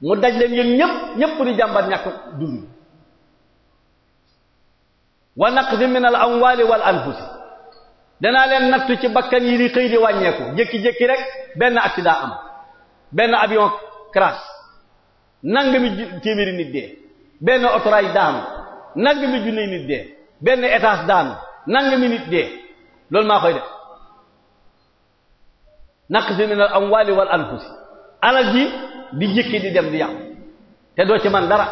mu daj leen yéen ñépp ñépp di jàmbat ñàkk dund wa naqsi min al amwaali wal anfusi danaa leen nattu ci bakkan yi di xëy di wàññeeku jékki-jékki rek benn accident am benn avion crash nangami téeméeri nit dee benn autorail daanu nangami junni nit de benn étage daanu nangami nit de loolu maa koy def naqsi min am amwali wal anfusi alal ji di jikki di dem di yàqu te doo ci man dara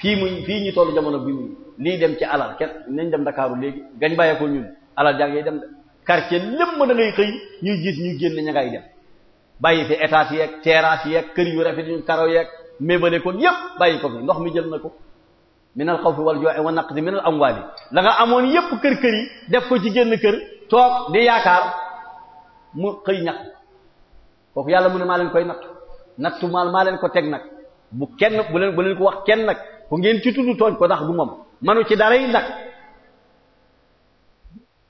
fii mu fii ñu tollu jamono bi mu lii dem ci alal kenn nañ dem Ndakaaru léegi gañ bàyyeekoo ñun alal jaa ngay dem de quartier lépp da ngay xëy ñuy jiit ñu génn ña ngay dem bàyyi fi état yeeg terrasse yeeg kër yu rafet yu karo yeeg mébale kon yépp bàyyi ko fi ndox mi jël na ko min al xawfi wal joo'i wa naqsi min al amwaali la nga amoon yépp kër-kër def ko ci génn kër toog di yaakaar mu xëy ñàkk kooku yàlla mu ne maa leen koy natt nattu maal maa leen ko teg nag bu kenn bu leen bu ko wax kenn nag ku ngeen ci tudd tooñ ko dax du moom manu ci dara yi nag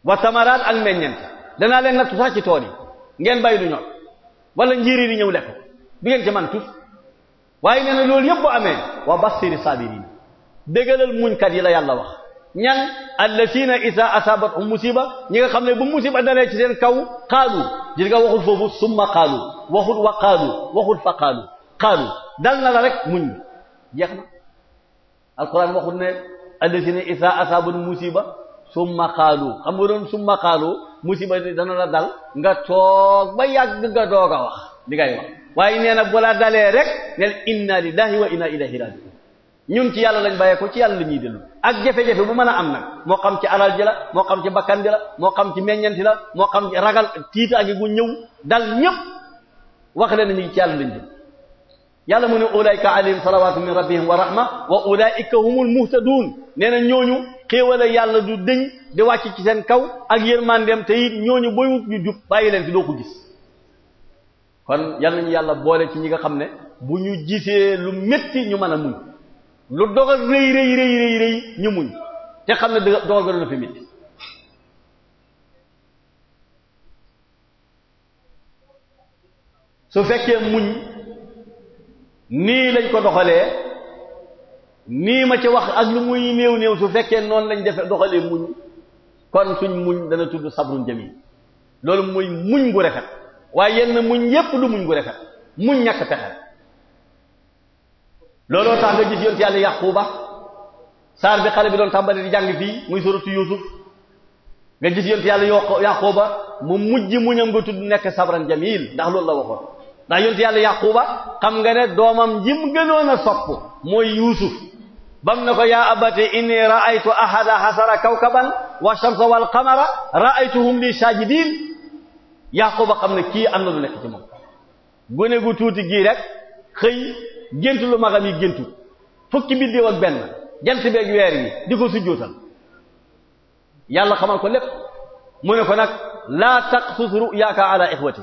wa samaraat ak meññent danaa leen nattu sax ci tool yi ngeen bay du ñor wala njiiri di ñëw lekk du ngeen ci man tus waaye nee na loolu yépp boo amee wa bassiri saabiriin bégalal muñkat yi la yàlla wax ñan allatiina isa asaabathum musiba ñi nga xam ne bu musiba dalee ci seen kaw xaalu gis nga waxul foofu summa xaalu waxul waxul fa kaalu dal na la rek muñ jeex na alquran waxul ne allatiina isa asaabathum musiba summa xaalu xam nga doon summa xaalu musiba dana la dal nga toog ba yàgg nga doog a wax li ngay wax waaye nee na bu la dalee rek nel inna lillahi wa inna ilayhi rajiun ñun ci yàlla lañ ko ci yàlla la ñuy dellu ak jafe-jafe bu mën a am nag moo xam ci alal ji la moo xam ci bakkan bi la moo xam ci meññanti la moo xam ci ragal tiitaange gu ñëw dal ñëpp wax leen ne ñu ngi ci yàlla lañ jëm yàlla mu ne ulaika alayhim salawatu min rabbihim wa rahma wa ulaika humul muhtadun nee na ñooñu xéewale yàlla du dëñ di wàcc ci seen kaw ak yërmandeem te it ñooñu boyut ñu jub bàyyi leen ci doo ko gis kon yàlla nañu yàlla boole ci ñi nga xam ne bu ñu gisee lu métti ñu mën a muñ lu dogal rëy rëy rëy ñu muñ te xam ne dogal gënoon na fi métti su fekkee muñ nii lañ ko doxalee nii ma ci wax ak lu muy néew néew su fekkee noonu lañ defe doxalee muñ kon suñ muñ dana tudd sabrun jamil loolu mooy muñ gu rafet waaye yenn muñ yépp du muñ gu rafet muñ ñàkk pexe looloo tax nga gis yonent yàlla yaquba saar bi xale bi doon tàmbali di jàng fii muy suratu yusuf nga gis yonent yàlla yaquba mu mujj muñam nga tudd nekk sabran jamil ndax loolu la waxoon ndax yonent yàlla yaquba xam nga ne doomam jim gënoon a sopp mooy yusuf bam na ko yaa abati inni raaytu ahada hasara kawkaban wa shamsa wal qamara raaytuhum li sajidin yaquba xam ne kii am na lu nekk ci moom gu tuuti gii rek gént lu magam yi géntu fukki bi ak benn jant beeg weer yi di ko sujjóotal yàlla xamal ko lépp mu ne ko nag laa taqsus yaakaar ala ixwati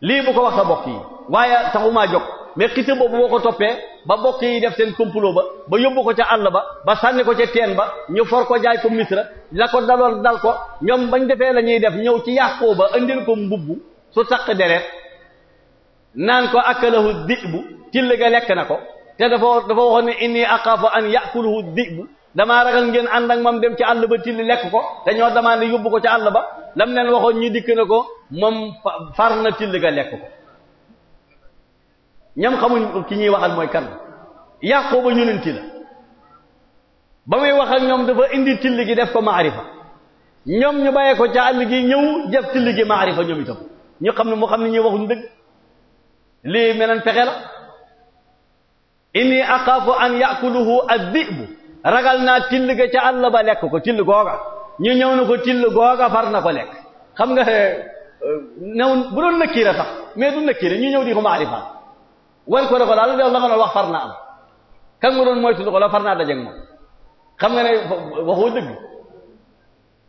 lii bu ko wax sa bokk yi waaye taxumaa jog mais xisa boobu boo ko toppee ba bokk yi def seen complot ba ba yóbbu ko ca àll ba ba sànni ko ca teen ba ñu for ko jaay ko misra la ko daloon dal ko ñoom bañ defee la ñuy def ñëw ci yàqoo ba indil ko mbubb su taq deret naan ko ak akalahu bu till ga lekk na ko te dafa dafa waxoon ne inni aqaafu an ya'kuluhu di'bu damaa ragal ngeen ànd ak moom dem ci àll ba till lekk ko te ñoo demandé yóbbu ko ci àll ba lam leen waxoon ñi dikk ko ñoom far na till ga lekk ko ñam xamuñ ki ñuy waxal mooy kan yàqoo ba yonenti la ba muy wax ñoom dafa indi till gi def ko maarifa ñoom ñu bàyyee ko ca àll gi ñëw def till gi maarifa ñoom itam ñu xam ne moo xam ne ñuy waxuñ dëgg lii meneen pexe la inni axaafu an yakuluhu ad-di'bu ragal naa till ga ca àll ba lekk ko till googa ñu ñëw na ko till googa far na ko lekk xam nga eh, eh, new bu doon nakkiira sax mais du nakkiira ñu ñëw di ko maarifaan war ko ko daal def la nga wax far am kan nga doon moytu ko la far naa dajeeg moom xam nga ne waxoo dëgg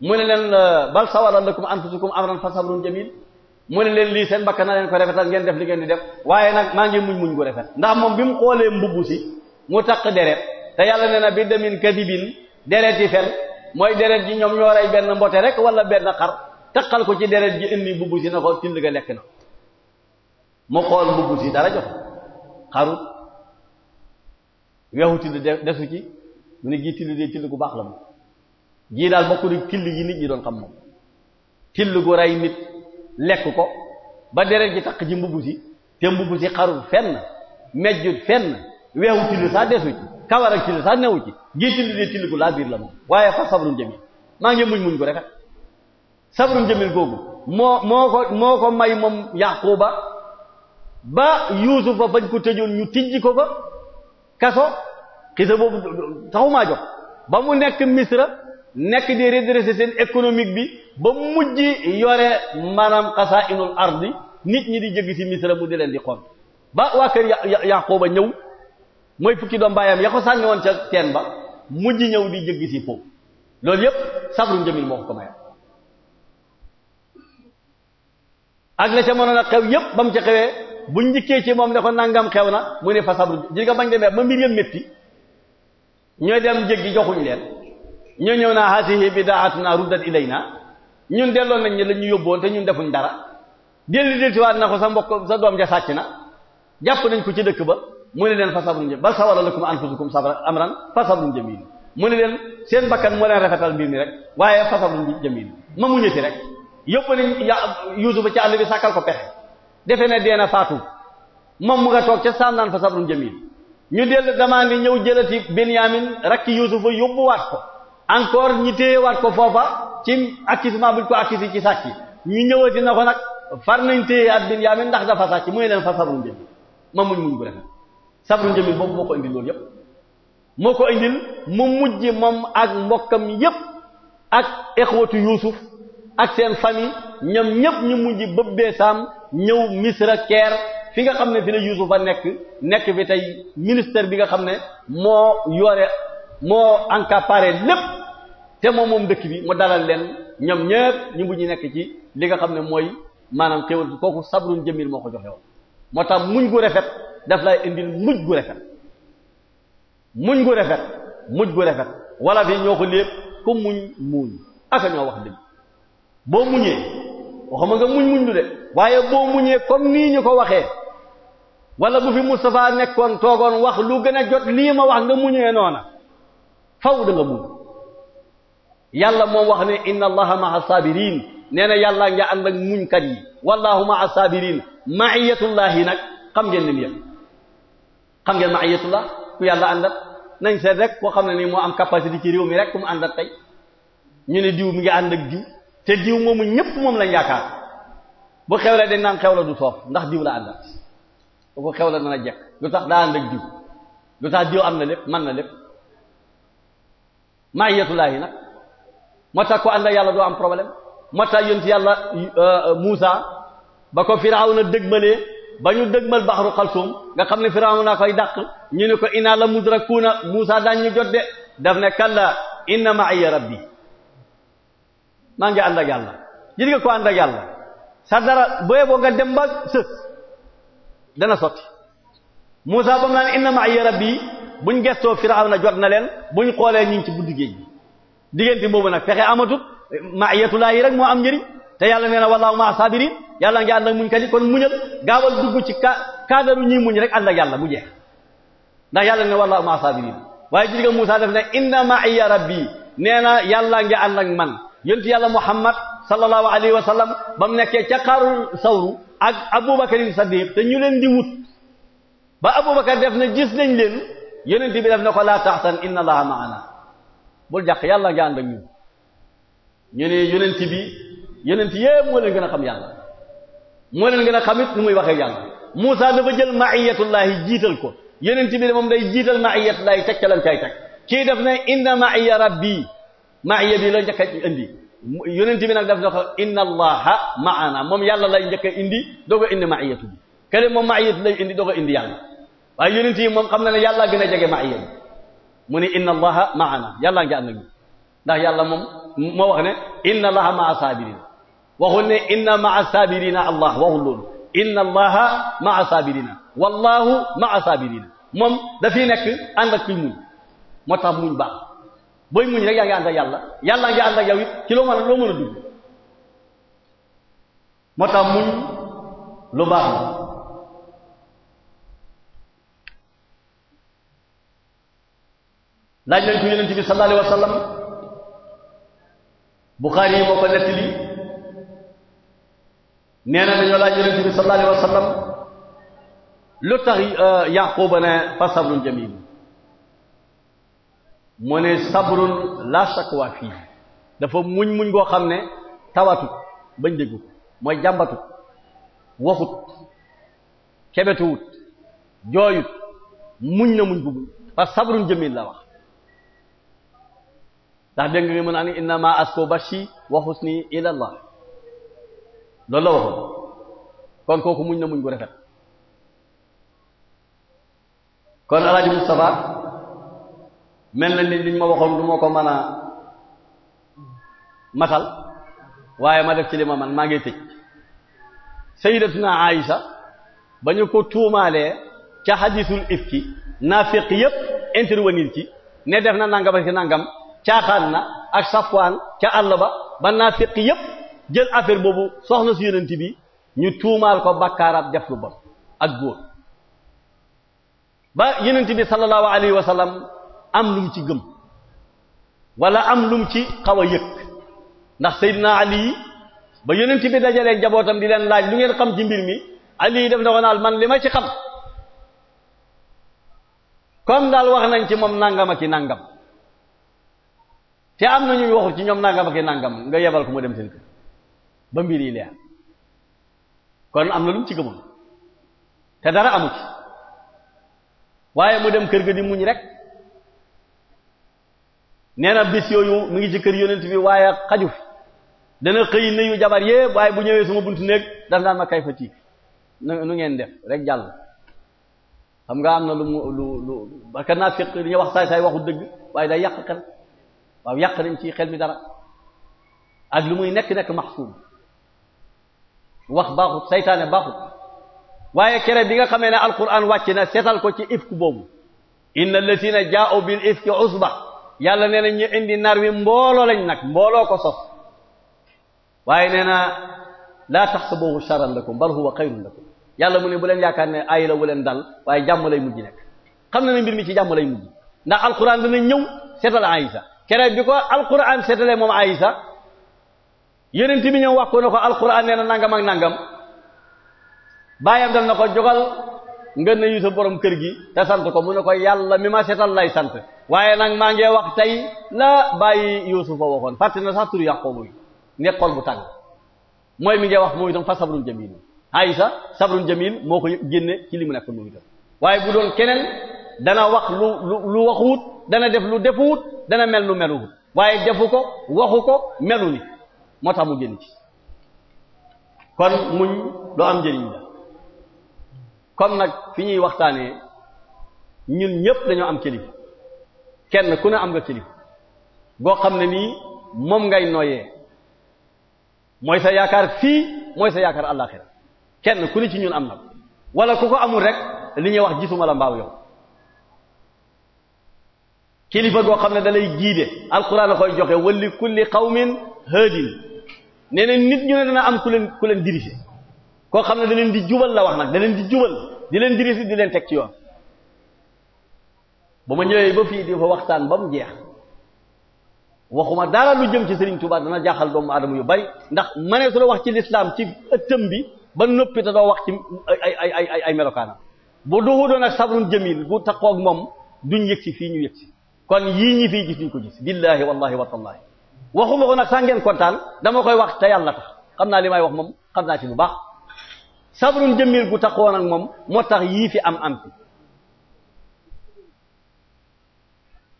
mu ne leen eh, bal sawala lakum anfusukum amran fa sabrun jamil mu ne leen lii seen bakkan na leen ko rafetal ngeen def li ngeen di def waaye nag maa ngi muñ muñ ko rafet ndax moom bi mu xoolee mbubb si mu takk deret te yàlla nee na bi demin kadibin deret yi fen mooy deret ji ñoom ñoo rey benn mbote rek wala benn xar takkal ko ci deret ji indi mbubb si na ko till ga lekk na mu xool mbubb si dara jot xarut weexu till desu ci mu ne gii till dee till gu baax la moom gii daal bokku till yi nit ñi doon xam moom till gu rey lekk ko ba deret ji takk ci mbubb si te mbubb si xarul fenn mejjut fenn weexu tilli saa desu ci kawar ak tilli saa newu ci gii tilli dee tilli ko laa biir la moom waaye fa sabrun jamil maa ngi muñ muñ ko rek sabrun jamil googu moo moo ko moo may moom yaquba ba yuusufa bañ ko tëjoon ñu tijji ko ko kaso xisa boobu taxumaa jox ba mu nekk misra nekk di redresser seen économique bi ba mujj yore maanaam xasaa'inul ardi nit ñi di jëgg ci misra mu di leen di xool ba waa kër ya Yaquba ñëw mooy fukki doom baayam ya ko sànni woon ca teen ba mujj ñëw di jëgg ci foofu loolu yépp sabru jamil moo ko ko ak la ca mënoon a xew yépp ba mu ca xewee bu njëkkee ci moom ne ko nangam xew na mu ne fa sabru ji nga bañ demee ba mbir yëpp métti ñooy dem jéggi joxuñ leen ñu ñëw naa hasihi bidaatuna ruddat ilayna ñun delloo nañ ñu la ñu yóbboon te ñu defuñ dara delli del waat na ko sa mbokk sa doom ja sàcc na jàpp nañ ko ci dëkk ba mu ne leen fa sabrun jamiil bal sawala lakum anfusukum sabra amran fa sabrun jamiil mu ne leen seen bakkan moo leen rafetal mbir mi rek waaye fa sabrun jamiil ma muñati rek yóbbu nañ Yuusufa ci àll bi sàkkal ko pexe defe na dee na faatu moom mu nga toog ca sànnaan fa sabrun jamiil ñu dellu demande yi ñëw jëlati Benyamin rakki Yuusufa yóbbuwaat ko encore ñi téyewaat ko foofa ci acquittement buñ ko acquitté ci sàcc ñu ñëwati na ko nag far nañ téye at bin yaa ndax dafa sàcc mu ne leen fa sabru njëmil ma muñ muñ bu rafet sabru moo ko indil loolu yépp moo ko indil mu mujj moom ak mbokkam yépp ak exwatu yuusuf ak seen famille ñoom ñépp ñu mujj bëbbee saam ñëw misra keer fi nga xam ne fi la yuusuf a nekk nekk fi tey ministère bi nga xam ne moo yore moo encaparé lépp te moom moom dëkk bi mu dalal leen ñoom ñëpp ñu mujj nekk ci li nga xam ne mooy maanaam xéwal bi kooku sabrun jamil moo ko joxe moo tax muñ gu rafet daf lay indi mujj gu rafet muñ gu rafet mujj gu rafet wala bi ñoo ko lépp ku muñ muuñ aka ñoo wax dëgg boo muñee waxuma nga muñ muñ lu de waaye boo muñee comme nii ñu ko waxee wala bu fi Moustapha nekkoon toogoon wax lu gën a jot lii ma wax nga muñee noona faw da nga muñ moom wax ne inna allaha maa saabiriin nee na yàlla nga ànd ak muñkat yi wallahu maa saabiriin maiyatullahi nag xam ngeen ni mu yem xam ngeen maiyatullah ku yàlla àndat nañ seet rek koo xam ne ni moo am capacité ci réew mi rek ku mu àndat tey ñu ne diw mi ngi ànd ak diw te diw moomu ñëpp moom lañ yaakaar bu xewle dañ naan xew du soof ndax diw la àndat bu ko xew na dana jekk lu tax daa ànd ak diw am na lépp mën na lépp maayatulaahi nag moo tax ko ànd ak yàlla doo am problème moo tax yonent yàlla euh, euh, Muusa ba ko Firawna dëgmalee ba ñu dëgmal baxaru xalsum nga xam ne Firawna koy dàq ñu ne ko inna la mudrakuuna Muusa daañu jot de daf ne kalla inna ma'iya rabbi maa ngi ànd ak yàlla ko ànd sa dara booyee boo nga dem ba sës dana sotti Muusa ba mu naan inna ma'iya rabbi buñ gestoo na jot na leen buñ xoolee ñu ngi ci buddi géej bi diggante boobu nag fexe amatut ma'iyatullah yi rek mu am njëriñ te yàlla nee na wallahu ma'a sabirin yàlla ngi ànd mu muñ kat yi kon muñal gaawal dugg ci ka kaadaru ñi muñ rek ànd ak yàlla bu jeex ndax yàlla ne wallahu ma'a sabirin waaye ci digga Muusaa def ne inna ma'iya rabbi nee na yàlla ngi ànd ak man yonent yàlla Muhammad sallallahu alayhi wa sallam ba mu nekkee ca xaaru sawru ak Abubakar Siddiq te ñu leen di wut ba Abubakar def na gis nañ leen yeneen bi def na ko laa taxsan inna allaha maana bul jàq yàlla nga ànd ak ñun ñu ne yeneen bi yeneen yépp moo leen gën a xam yàlla moo leen gën a xam it nu muy waxee yàlla Muusa dafa jël maiyatullahi jiital ko yeneen bi de moom day jiital maiyatullahi teg ca lan cay teg kii na in inna maiya rabbi maiya bi la njëkk a indi yonent bi nag def na ko inna allaha maana moom yàlla lay njëkk a indi dooga indi maiyatu bi kele moom maiyatu lay indi dooga indi yàlla waaye yonent yi moom xam na ne yàllaa gën a jege ma yéen mu ne inna allaha maana yàllaa ngi ànd ak ñu moo wax ne inna allaha maa saabiriin waxul ne inna maa saabiriina allah waxul loolu inna allaha maa saabiriina wallahu maa saabiriina moom dafiy nekk ànd ak kuy muñ moo tax muñ baax booy muñ rek yaa ngi ànd ak yàlla yàlla ngi ànd ak ci loo mën a loo mën a dugg moo tax muñ lu baax la laaj nañ ko yonent bi sallallahu alayhi wa sallam Buxaari yi moo ko nettali nee na dañoo laaj yonent bi sallallahu alayhi wa sallam lu tax euh, Yaquba ne fa sabrun jamil mu ne sabrun la shakwa fii dafa muñ muñ goo xam ne tawatut bañ déggu mooy jàmbatut wofut kebetuwut jooyut muñ na muñ bu fa sabrun jamil la wax ndax dégg nga mu naan innama asko bashi wa husni ila la waxoon kon kooku muñ na muñ gu rafet kon alaaji Mustafa mel na ni liñ ma waxoon du ma ko mën a matal waaye ma def ci li man maa ngi tëj sayyidatuna Aisha ba ñu ko tuumaalee ca hadisul ifki naafiq yépp intervenir ci ne def na nangam ak nangam caaxaan na ak safwaan ca àll ba ba yépp jël affaire boobu soxna si yonent bi ñu tuumaal ko bakkaarab def lu bon ak góor ba yonent bi sallallahu alayhi wa sallam am lum ci gëm walla am lum ci xaw a yëg ndax Seydina Ali ba yonent bi dajalee jabootam di leen laaj lu ngeen xam ci mbir mi Ali def na ko man li ma ci xam comme daal wax nañ ci moom nangam ak i nangam te am na ñuy waxu ci ñoom nangam ak nangam nga yebal ko mu dem seen kër ba mbir yi leer kon am na lu mu ci gëmoon te dara amu waaye mu dem kër ga di muñ rek nee na bés yooyu mu ngi ci kër yonent bi waaye xaju fi dana xëy nayu jabar yépp waaye bu ñëwee suma buntu nekk daf daan ma kay fa ci nu ngeen def rek jàll xam nga am na lu mu lu lu parce que naa fekk dañuy wax saay saay waxu dëgg waaye day yàq kan waaw yàq nañ ci xel mi dara ak lu muy nekk nekk maxsuum wax baaxut saytaane baaxut waaye kere bi nga xamee ne alquran wàcc na seetal ko ci ifk boobu inna allatina jaa'u bil ifki usba yàlla nee na ñu indi nar wi mbooloo lañ nag mbooloo ko sos waaye nee na laa taxsabuhu sharran lakum bal huwa xayrun lakum yàlla mu ne bu leen yaakaar ne ay la wu leen dal waaye jàmm lay mujj nekk xam na ne mbir mi ci jàmm lay mujj ndax alquran dana ñëw seetal Aysa keneen bi ko alquran seetalee moom Aysa yonent bi ñëw wax ko ne ko alquran nee na nangam ak nangam bàyyam dal na ko jogal nga nuyu sa borom kër gi te sant ko mu ne ko yàlla mi ma seetal lay sant waaye nag maa ngi wax tey la bàyyi Yuusufa waxoon fàtte na sax tur Yaqoob bi nekk xol bu tàng mooy mi ngi wax moom itam fa sabrun jamil Aysa sabrun jamil moo ko génne ci li mu nekk moom itam waaye bu doon keneen dana wax lu lu lu waxuut dana def lu defuwut dana mel lu meluwut waaye defu ko waxu ko melu ni moo tax mu génn ci kon muñ lu am njëriñ la comme nag fi ñuy waxtaanee ñun ñëpp dañoo am kilifa kenn ku ne am nga kilifa goo xam ne nii moom ngay noyee mooy sa yaakaar fii mooy sa yaakaar àllaaxira kenn ku ne ci ñun am na wala ku ko amul rek li ñuy wax gisuma la mbaaw yow kilifa goo xam ne dalay giide alquran a koy joxe walli kulli qawmin haadin nee na nit ñu ne dana am ku leen ku leen dirigé koo xam ne da di jubal la wax nag da di jubal di leen di leen teg ci yoon ba ma ñëwee ba fii di fa waxtaan ba mu jeex waxuma dara lu jëm ci Serigne Touba dana jaaxal doomu aadama yu bari ndax mënee su la wax ci lislaam ci ëttëm bi ba noppi te doo wax ci ay ay ay ay melokaanam bu duhu doon ak sabrun jamil bu taqoog moom duñ yëg si fii ñu kon yii ñi fii gis duñ ko gis billahi wallahi wa tallahi waxuma ko nag saa ngeen kontaan dama koy wax te yàlla tax xam naa li may wax moom xam naa ci bu baax sabrun jëmmil gu taxoon ak moom moo tax yii fi am am fi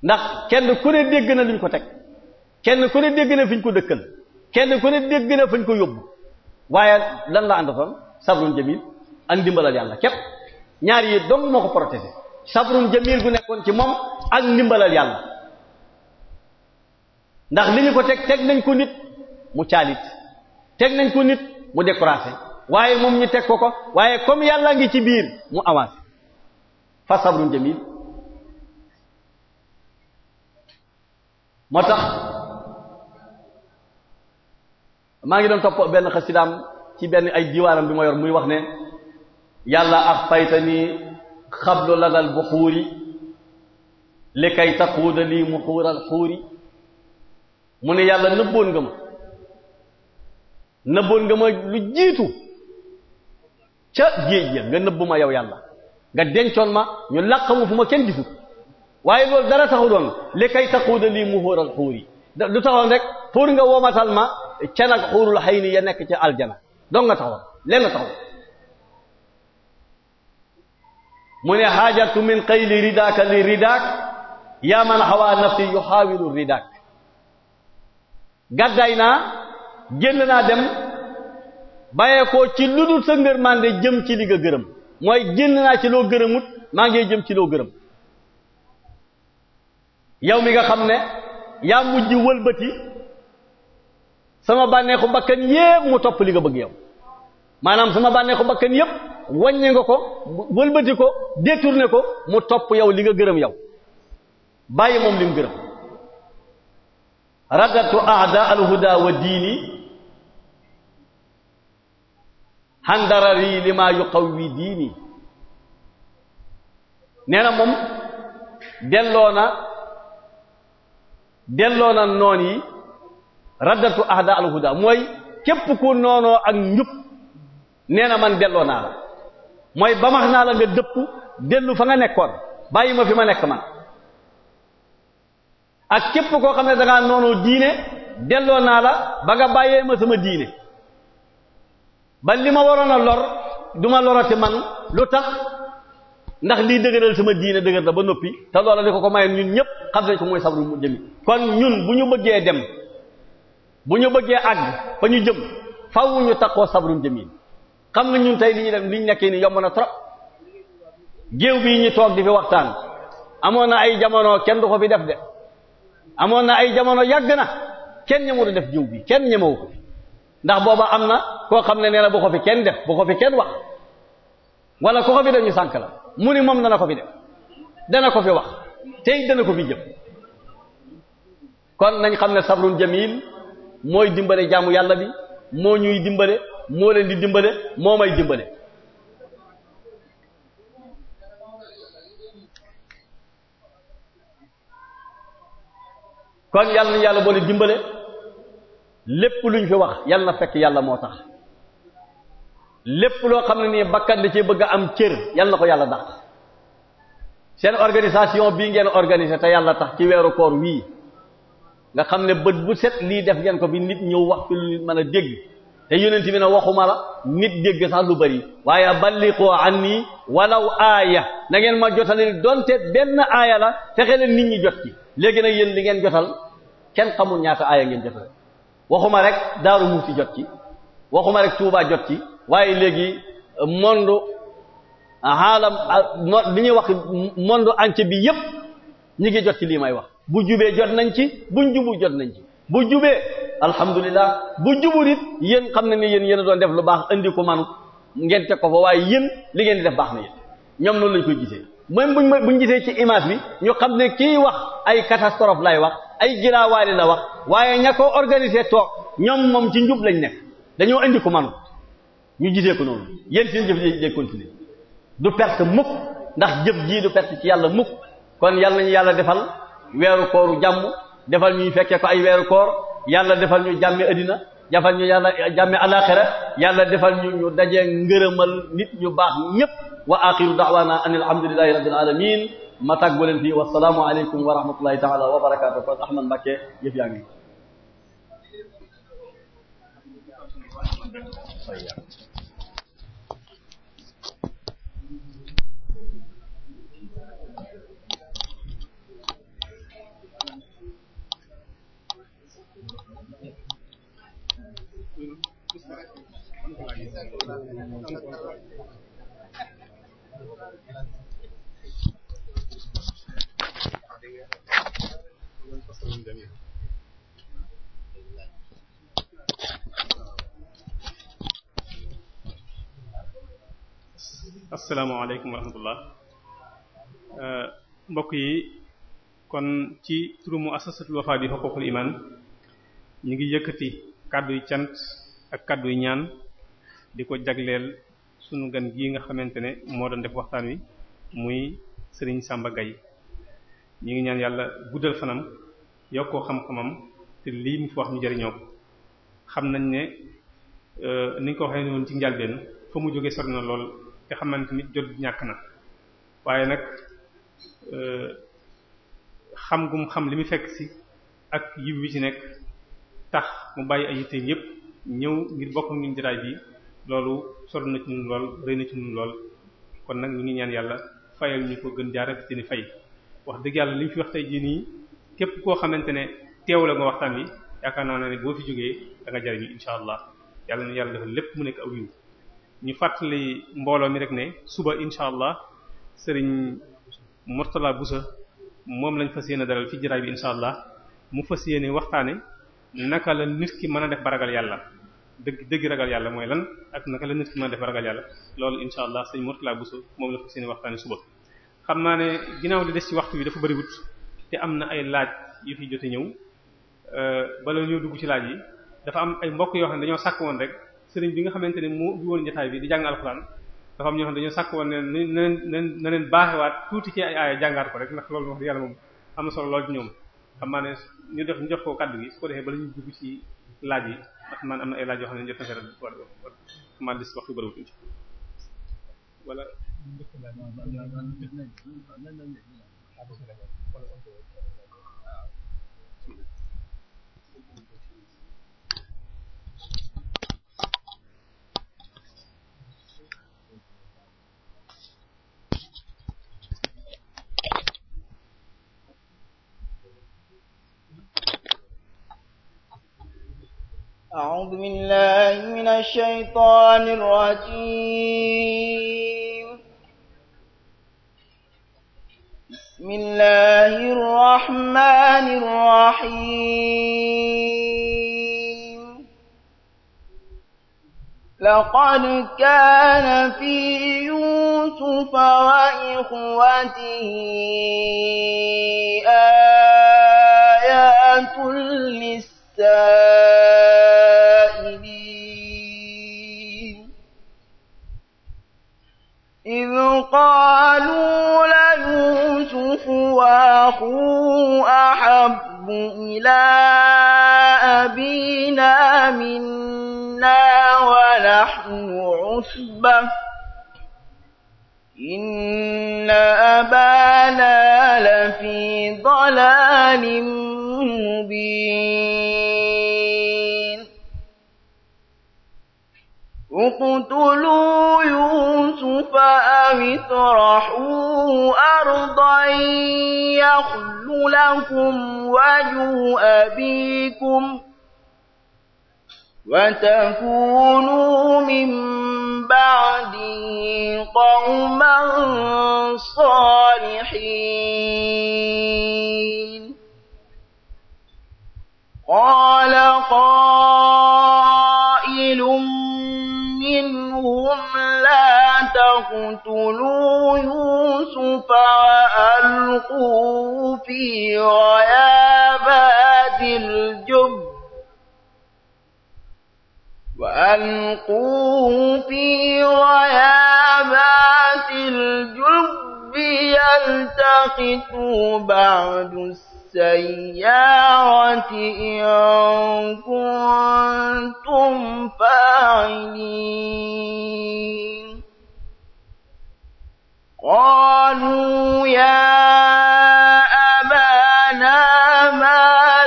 ndax kenn ku ne dégg na luñ ko teg kenn ku ne dégg na fiñ ko dëkkal kenn ku ne dégg na fañ ko yóbbu waaye lan la àndatoon sabrun jëmmil ak ndimbalal yàlla képp ñaar yi dong moo ko protégé sabrun jëmmil gu nekkoon ci moom ak ndimbalal yàlla ndax li ñu ko teg teg nañ ko nit mu caalit teg nañ ko nit mu découragé waaye moom ñu teg ko ko waaye comme yàlla ngi ci biir mu avancé fa sabrun jamil moo tax maa ngi doon topp benn xasidaam ci benn ay diwaanam bi ma yor muy wax ne yàlla axfaytani xablu ladal buxuuri likay taquudanii muxuural xuuri mu ne yàlla nëbboon nga ma nëbboon nga ma lu jiitu ca géej ya nga nëbb ma yow yàlla nga dencoon ma ñu làq ma fu ma kenn gisul waaye loolu dara taxu doon likay taquudanii muxuural xuuri du taxoon rek pour nga womatal ma ca nag xuurul xëy ni ya nekk ci aljana donc nga taxoon lenn taxoon mu ne xaajatu min xayli ridaaka li ridaak yaa man xawaa nafsi yu xaawilu ridak gàddaay naa génn naa dem bàyyeekoo ci lu dul sa ngërmande jëm ci li nga gërëm mooy génn naa ci loo gërëmut maa ngi jëm ci loo gërëm yow mi nga xam ne yaa mujj wëlbati sama bànneexu bakkan yépp mu topp li nga bëgg yow maanaam sama bànneexu bakkan yépp wàññi nga ko wëlbati ko détourné ko mu topp yow li nga gërëm yow bàyyi moom lim gërëm radatu aada alhuda wa diini xandarari lima yuqawwi diini nee na moom delloo na delloo na noon yi raddatu ahda alhuda mooy képp ku noonoo ak njub nee na man delloo naa la mooy ba max naa la nga dëpp dellu fa nga nekkoon bàyyi ma fi ma nekk man ak képp koo xam ne dangaa noonu diine delloo naa la ba nga bàyyee ma sama diine ba li ma waroon a lor duma ma lorati man lu tax ndax lii dëgëral sama diine dëgër la ba noppi te loola di ko ko maye ñun ñëpp xam nañ ko mooy sabru mu jëmi kon ñun bu ñu bëggee dem bu ñu bëggee àgg fa ñu jëm faw ñu takkoo sabru jëmi xam na ñun tey li ñu dem li ñu nekkee ni yomb na trop géew bi ñu toog di fi waxtaan amoon na ay jamono kenn du ko fi def de amoon na ay jamono yàgg na kenn ñemoo def jiw bi kenn ñemoo ko ndax booba am na koo xam ne nee na bu ko fi kenn def bu ko fi kenn wax wala ku ko fi def ñu sànk la mu ni moom dana ko fi def dana ko fi wax tey dana ko fi jëm kon nañ xam ne sabrun jamil mooy dimbale jaamu yàlla bi moo ñuy dimbale moo leen di dimbale moo may dimbale kon yàlla nañ yàlla boole dimbale lépp luñ fi wax yàlla na fekk yàlla moo tax lépp loo xam ne nii bakkan da ci bëgg a am cër yàlla na ko yàlla dàq seen organisation bii ngeen organisé te yàlla tax ci weeru koor wii nga xam ne bët bu set lii def ngeen ko bi nit ñëw wax fi lu nit a dégg te yonent bi ne waxuma la nit dégg sax lu bari waaye balliqu anni walaw aaya na ngeen ma jotalil donte benn aaya la fexe leen nit ñi jot ci léegi nag yéen li ngeen jotal kenn xamul ñaata aaya ngeen jotal waxuma rek Daaru Muxti jot ci waxuma rek Tuubaa jot ci waaye léegi euh, monde xaalam ah, ah, li ñuy wax monde entier bi yépp ñi ngi jot ci lii may wax bu jubee jot nañ ci buñ jubu jot nañ ci bu jubee alhamdulilah bu jubur it yéen xam na ni yéen yéen a doon def lu baax indi ko man ngeen ko fa waaye yéen li ngeen di def baax na yéen ñoom noonu lañ koy gisee même buñ buñ gisee ci image bi ñu xam ne kii wax ay catastrophe lay wax ay giraawaali la wax waaye ña ko organisé toog ñoom moom ci njub lañ nekk dañoo indi ko man ñu gisee ko noonu yéen seen jëf ji day continuer du perte mukk ndax jëf jii du perte ci yàlla mukk kon yàlla nañu yàlla defal weeru kooru jàmm defal ñuy fekkee ko ay weeru koor yàlla defal ñu jàmmi addina jafal ñu yàlla jàmmi alaxira yàlla defal ñu ñu dajee ngërëmal nit ñu baax ñëpp wa axiru da'wana an alhamdulillahi rabbil alamin ma tàggu leen fii wasalaamu aleykum wa rahmatullahi taala wa barakatuh kon Ahmad Mbacké yëf yaa ngi asalaamaaleykum wa rahmatullah uh, mbokk yi kon ci turu mu asasatul wafa bi fa kookul iman ñu ngi yëkkati kàddu yu cant ak kàddu yu ñaan di ko jagleel sunu gan gii nga xamante ne moo doon def waxtaan wi muy sëriñ Samba Gaye ñu ngi ñaan yàlla guddal fanam yokkoo xam-xamam te lii mu fi wax ñu jëriñoo xam nañ ne euh, ni ñu ko waxee noonu ci njàlbeen fa mu jógee sori na lool te xamante nit jot ñàkk na waaye nag euh, xam gum xam li mu fekk si ak yiw wi ci nekk tax mu bàyyi ay yitteem yépp ñëw ngir bokk ñun jataay bi loolu sori na ci ñun lool rëy na ci ñun lool kon nag ñu ngi ñaan yàlla fayal ñu ko gën jaarale si ni fay wax dëgg yàlla li ñu fi jii nii képp koo xamante ne teew la nga waxtaan wi yaakaar naa ne boo fi jógee da nga jariñu allah yàlla na yàlla defal lépp mu nekk aw yiw ñu fàttali mbooloo mi rek ne suba incha allah sëriñ Mourtala Boussa moom lañ fas yéene dalal fi jaraay bi incha allah mu fas yéene waxtaane naka la nit ki mën a def baragal yàlla. dëgg dëgg ragal yàlla mooy lan ak naka la nit ki mën a def ragal yàlla loolu insha allah sëñ Mourtala Bousso moom la fa seen waxtaane suba xam naa ne ginnaaw li des ci waxtu wi dafa bëriwut te am na ay laaj yi fi jote ñëw bala ñëw dugg ci laaj yi dafa am ay mbokk yoo xam ne dañoo sàkk woon rek sëriñ bi nga xamante ne moo ubbi woon bi di jàng alxuraan dafa am ñoo xam ne dañoo sàkk woon ne neen na leen baaxewaat tuuti ci ay aaya jàngaat ko rek ndax loolu wax dëgg yàlla moom am na solo lool ci ñoom xam naa ne ñu def ñu jox ko kaddu gi su ko defee bala ñu dugg ci laaj yi ndax na ay laaj yoo xam ne jot na fexe war ma des wala. أعوذ بالله من الشيطان الرجيم بسم الله الرحمن الرحيم لقد كان في يوسف وإخوته آيات للسلام السائلين إذ قالوا ليوسف وأخوه أحب إلى أبينا منا ونحن عصبة إن أبانا لفي ضلال مبين اقتلوا يوسف أم اطرحوه أرضا يخل لكم وجه أبيكم وتكونوا من بعده قوما صالحين قال قال اقتلوا يوسف وألقوه في غيابات الجب وألقوه في غيابات الجب يلتقطوا بعد السيارة إن كنتم فاعلين قالوا يا أبانا ما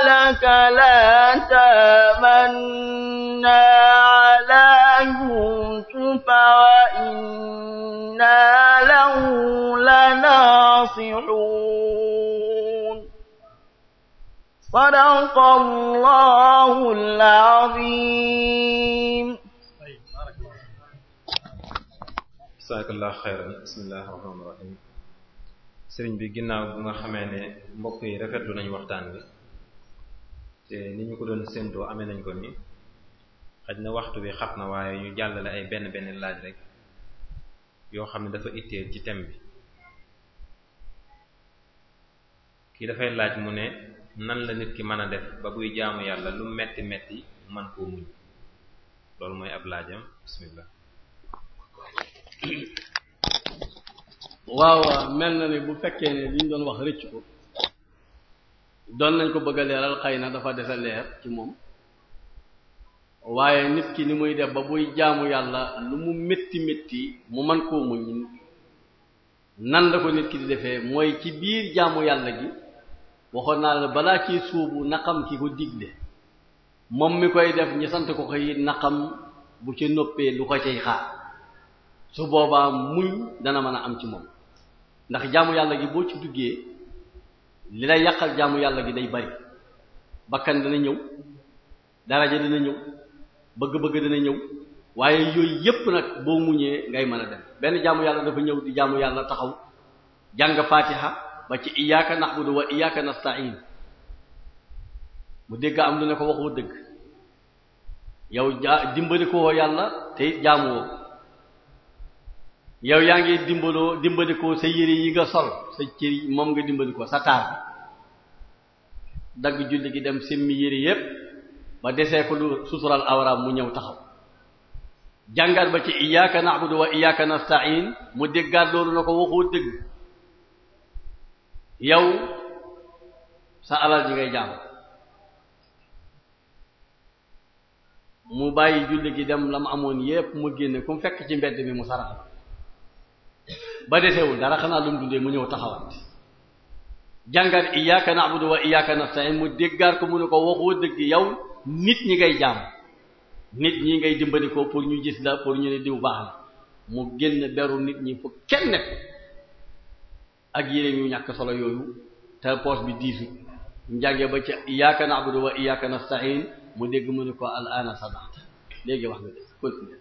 لك لا تامنا على يوسف وإنا له لناصحون صدق الله العظيم jazaakallah xayran bismillahir rahmanir rahim sëriñ bi ginnaaw bu nga xamee ne mbokk yi rafetlu nañu waxtaan bi te ni ñu ko doon séentoo amee nañ ko ni xaj na waxtu wi xat na waaye ñu jàllale ay benn benn laaj rek yoo xam ne dafa itteel ci thème bi kii dafay laaj mu ne nan la nit ki mën a def ba buy jaamu yàlla lu metti metti man koo muñ loolu mooy ab laajam bismillah waaw mel na ni bu fekkee ne liñ doon wax rëcc ko doon nañ ko bëgg a leeral xëy na dafa des leer ci moom waaye nit ki ni muy def ba buy jaamu yàlla lu mu métti métti mu man koo muñ nan la ko nit ki di defee mooy ci biir jaamu yàlla gi waxoon naa la balaa ci suubu naqam ki ko digle moom mi koy def ñi sant ko koy naqam bu ci noppee lu ko cay xaar su boobaa muñ dana mën a am ci moom ndax jaamu yàlla gi boo ci duggee li lay yàqal jaamu yàlla gi day bari bakkan dana ñëw daraja dana ñëw bëgg-bëgg dana ñëw waaye yooyu yépp nag boo muñee ngay mën a dem benn jaamu yàlla dafa ñëw di jaamu yàlla taxaw jàng fatiha ba ci iyyaka na'budu wa iyyaka nasta'in mu dégg am lu ne ko waxoo dëgg yow jaa dimbali ko yàlla te jaamu yow yaa ngi dimbaloo dimbalikoo sa yére yi nga sol sa cër moom nga dimbalikoo sa taar bi dagg julli gi dem simmi yére yépp ba desee ko lu sutural awraam mu ñëw taxaw jàngaat ba ci iyyaka na'budu wa iyyaka nasta'in mu déggaat loolu na ko waxoo dëgg yow sa alal ji ngay jàng mu bàyyi julli gi dem la mu amoon yépp mu génne ku mu fekk ci mbedd mi mu sarax ba desewul dara xanaa lu mu dundee mu ñëw taxawaat jàngat iyyaka na'budu wa iyyaka nasta'in mu déggaar ko mu ne ko waxoo dëgg yow nit ñi ngay jaam nit ñi ngay dimbali ko pour ñu gis la pour ñu ne diw baax la mu génn beru nit ñi fu kenn ak yére ñu ñàkk solo yooyu te poche bi diisu njànge ba ci iyyaka na'budu wa iyyaka nasta'in mu dégg mu ne ko al'aana sadaqta léegi wax nga dëgg continuer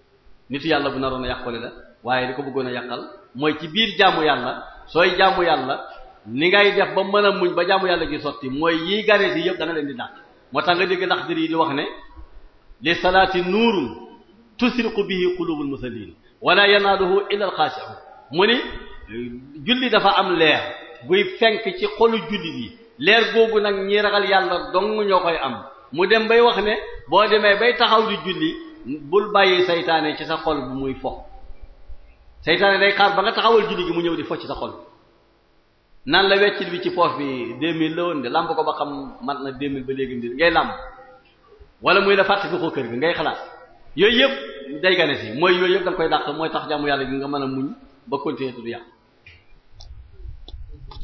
nit yàlla bu naroon a yàqule la waaye di ko bëggoon a yàqal mooy ci biir jaamu yàlla sooy jaamu yàlla ni ngay def ba mën a muñ ba jaamu yàlla gi sotti mooy yiy garee yi yëpp da nga leen di dàq moo tax nga dégg Laxdari yi di wax ne li salaati nuurun tusriqu bihi qulubul musallin wala yanaaluhu illa alxaashi'un mu ni julli dafa am leer buy fenk ci xolu julli bi leer googu nag ñi ragal yàlla dong ñoo koy am mu dem bay wax ne boo demee bay taxaw di julli bul bàyyi saytaane ci sa xol bu muy fo seytaane day xaar ba nga taxawal julli gi mu ñëw di focc sa xol nan la weccit bi ci poche bi 2000 la woon de làmb ko ba xam mat na 2000 ba léegi ndi ngay làmb wala muy la fàtte ko kër gi ngay xalaat yooyu yëpp day gane si mooy yooyu yëpp da koy dàq mooy tax jàmm yàlla gi nga mën a muñ ba continuer tudd yàq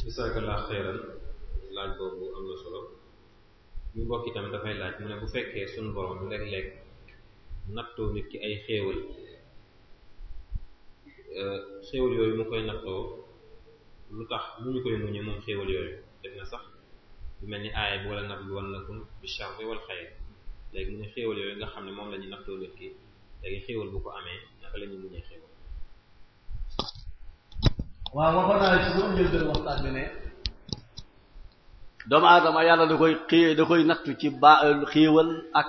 bisakala xeyran laaj boobu am na solo ñu bokk itam dafay laaj mu ne bu fekkee suñu borom léeg-léeg nattoo nit ki ay xéewal Euh, xéewal yooyu mu koy nattoo lu tax lu ñu koy muñee moom xéewal yooyu def na sax lu mel ni aaya bi wala nabluwannakum nga xam ne moom la ñu nattoo nit ki léegi xéewal bu ko amee naka la muñee xéewal waaw waxoon naa ne ci bu njël dën waxtaan koy xé da koy nattu ci ba xéewal ak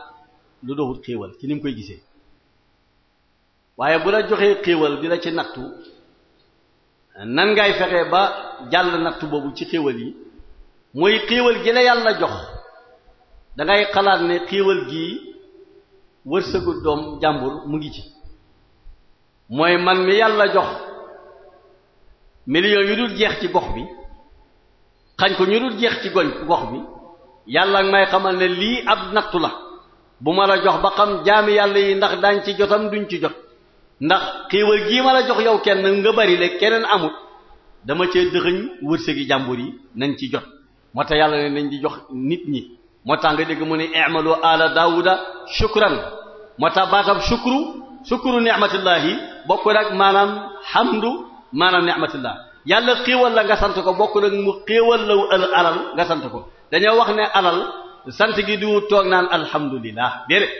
lu doxul xéewal ci ni mu koy gisee waaye bu la joxee xéewal di la ci nattu nan ngay fexe ba jàll nattu boobu ci xéewal yi mooy xéewal gi la yàlla jox dangay xalaat ne xiiwal gii wërsëgu doom jàmbur mu ngi ci mooy man mi yàlla jox millions yu dul jeex ci gox bi xañ ko ñu dul jeex ci goñ gox bi yàlla ak may xamal ne lii ab nattu la bu ma la jox ba xam jaami yàlla yi ndax daañ ci jotam duñ ci jot ndax xiiwal gii ma la jox yow kenn nga bari le keneen amut dama cee dëxëñ wërsëgi jàmbur yi nañ ci jot moo tax yàlla ne nañ di jox nit ñi moo tax nga dégg mu ne i'malu ala daawuda shukran moo tax baatam shukru shukru ni'matillahi bokk rek maanaam hamdu maanaam ni'matillah yàlla xéewal la nga sant ko bokk rek mu xéewal la al alal nga sant ko dañoo wax ne alal sant gi du toog naan alhamdulillah déedéet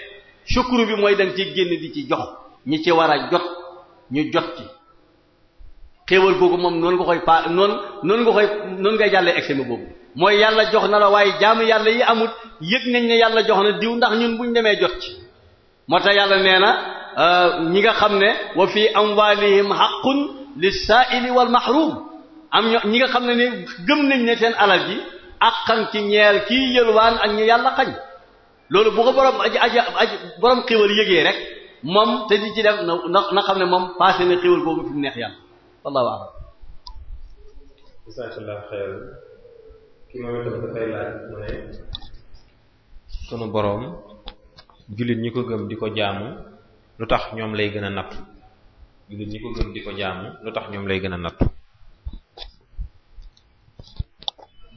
shukru bi mooy danga ci génn di ci jox ñi ci war a jot ñu jot ci xéewal googu moom noonu nga koy pa noon noonu nga koy noonu ngay jàllee examen boobu mooy yàlla jox na la waaye jàmm yàlla yi amul yëg nañ ne yàlla jox na diw ndax ñun bu ñu demee jot ci moo tax yàlla nee na euh, ñi nga xam ne wa fi amwalihim haqqun lis-sa'ili wal mahrum am ño ñi nga xam ne ni gëm nañ ne seen alal ji àqan ci ñeel kii yëlwaan ak ñu yàlla xañ loolu bu ko borom aji aji boroom xéewal yégee rek moom te di ci def na xam ne moom passé na xéwal boobu fi mu neex yàlla wallahu a'lam bismillah xeyr ki moom itam dafay laaj mu ne sunu boroom jullit ñi ko gëm di ko jaamu lu tax ñoom lay gën a nattu jullit ñi ko gëm ko jaamu lu tax ñoom lay gën a natt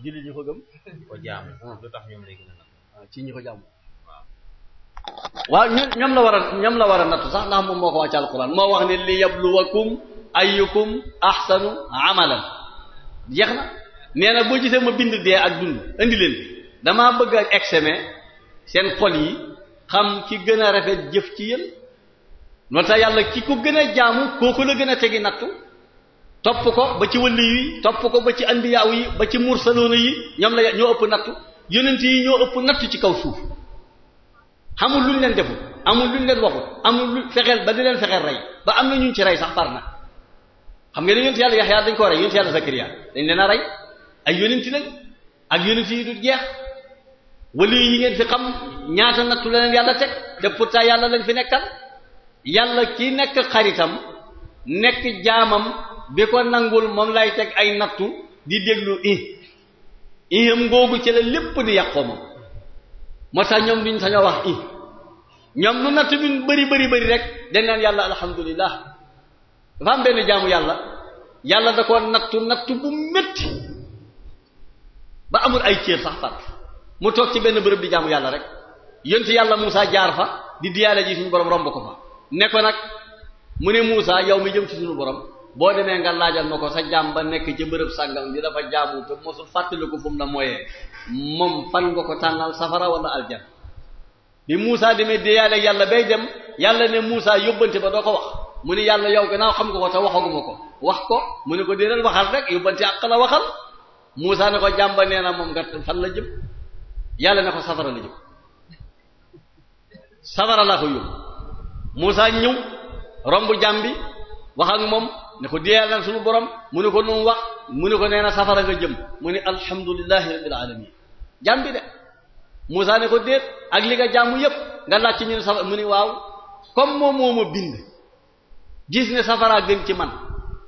jullit ñi ko gëm di ko ah, ci ñi ko jaamu waaw ñun ñoom la war a ñoom la war a nattu sax ndax moom moo ko wax ci alquran moo wax ne li yabluwakum ayyukum ahsanu amalan jeex na nee na boo gisee ma bind dee ak dund indi leen damaa bëgg ak seen xol yi xam ki gën a rafet jëf ci yéen loolu tax yàlla ki ko gën a jaamu kooku la gën a tegi nattu topp ko ba ci wëlli yi topp ko ba ci andiyaaw yi ba ci mursaloona yi ñoom la ñoo ëpp nattu yonent yi ñoo ëpp nattu ci kaw suuf xamul luñ leen deful amul luñ leen waxul amul lu fexeel ba di leen fexeel rey ba am na ñun ci rey sax par xam nga ne yonent yàlla Yaxya dañ koo rey yonent yàlla Zakariya dañ leen a rey ay yonent lañ ak yonent yi du jeex wali yi ngeen fi xam ñaata nattu la leen yàlla teg te pourtant yàlla lañ fi nekkal yàlla ki nekk xaritam nekk jaamam bi ko nangul moom lay teg ay nattu di déglu i iham ngoogu ci la lépp di yàqoo moo tax ñoom duñ sañ a wax i ñoom nu natt bi bëri bëri rek dañ yàlla alhamdulilah dafa am benn jaamu yàlla yàlla da koo nattu nattu bu métti ba amul ay cër sax far mu toog ci benn bërëb di jaamu yàlla rek yonent yàlla Muusa jaar fa di diyaale ji suñu borom romb ko fa ne ko ne Muusa yow mi jëm ci suñu borom boo demee nga laajal ma ko sa jaam ba nekk ci bërëb sàngam di dafa jaamu te mosul fàttaliku fu mu la mooyee moom fan nga ko tànnal safara wala aljan bi Muusa demee déeyaale yàlla bay dem yàlla ne Muusa yóbbante ba doo ko wax mu ne yàlla yow gannaaw xam nga ko te waxaguma ko wax ko mu ne ko déedéet waxal rek yóbbante àq la waxal Muusa ne ko jàmba na moom nga fan la jëm yàlla ko safara la jëm safara laa jàmbi wax moom ko déeyaale nag suñu borom mu ne ko nu mu wax mu ne ko nee na safara nga jëm mu ne alhamdulillahi rabbil alamin jàmm bi de Moussa ne ko déet ak li nga jàmm yépp nga laaj ci ñu ne safara mu ni waaw comme moom moo ma bind gis ne safara gën ci man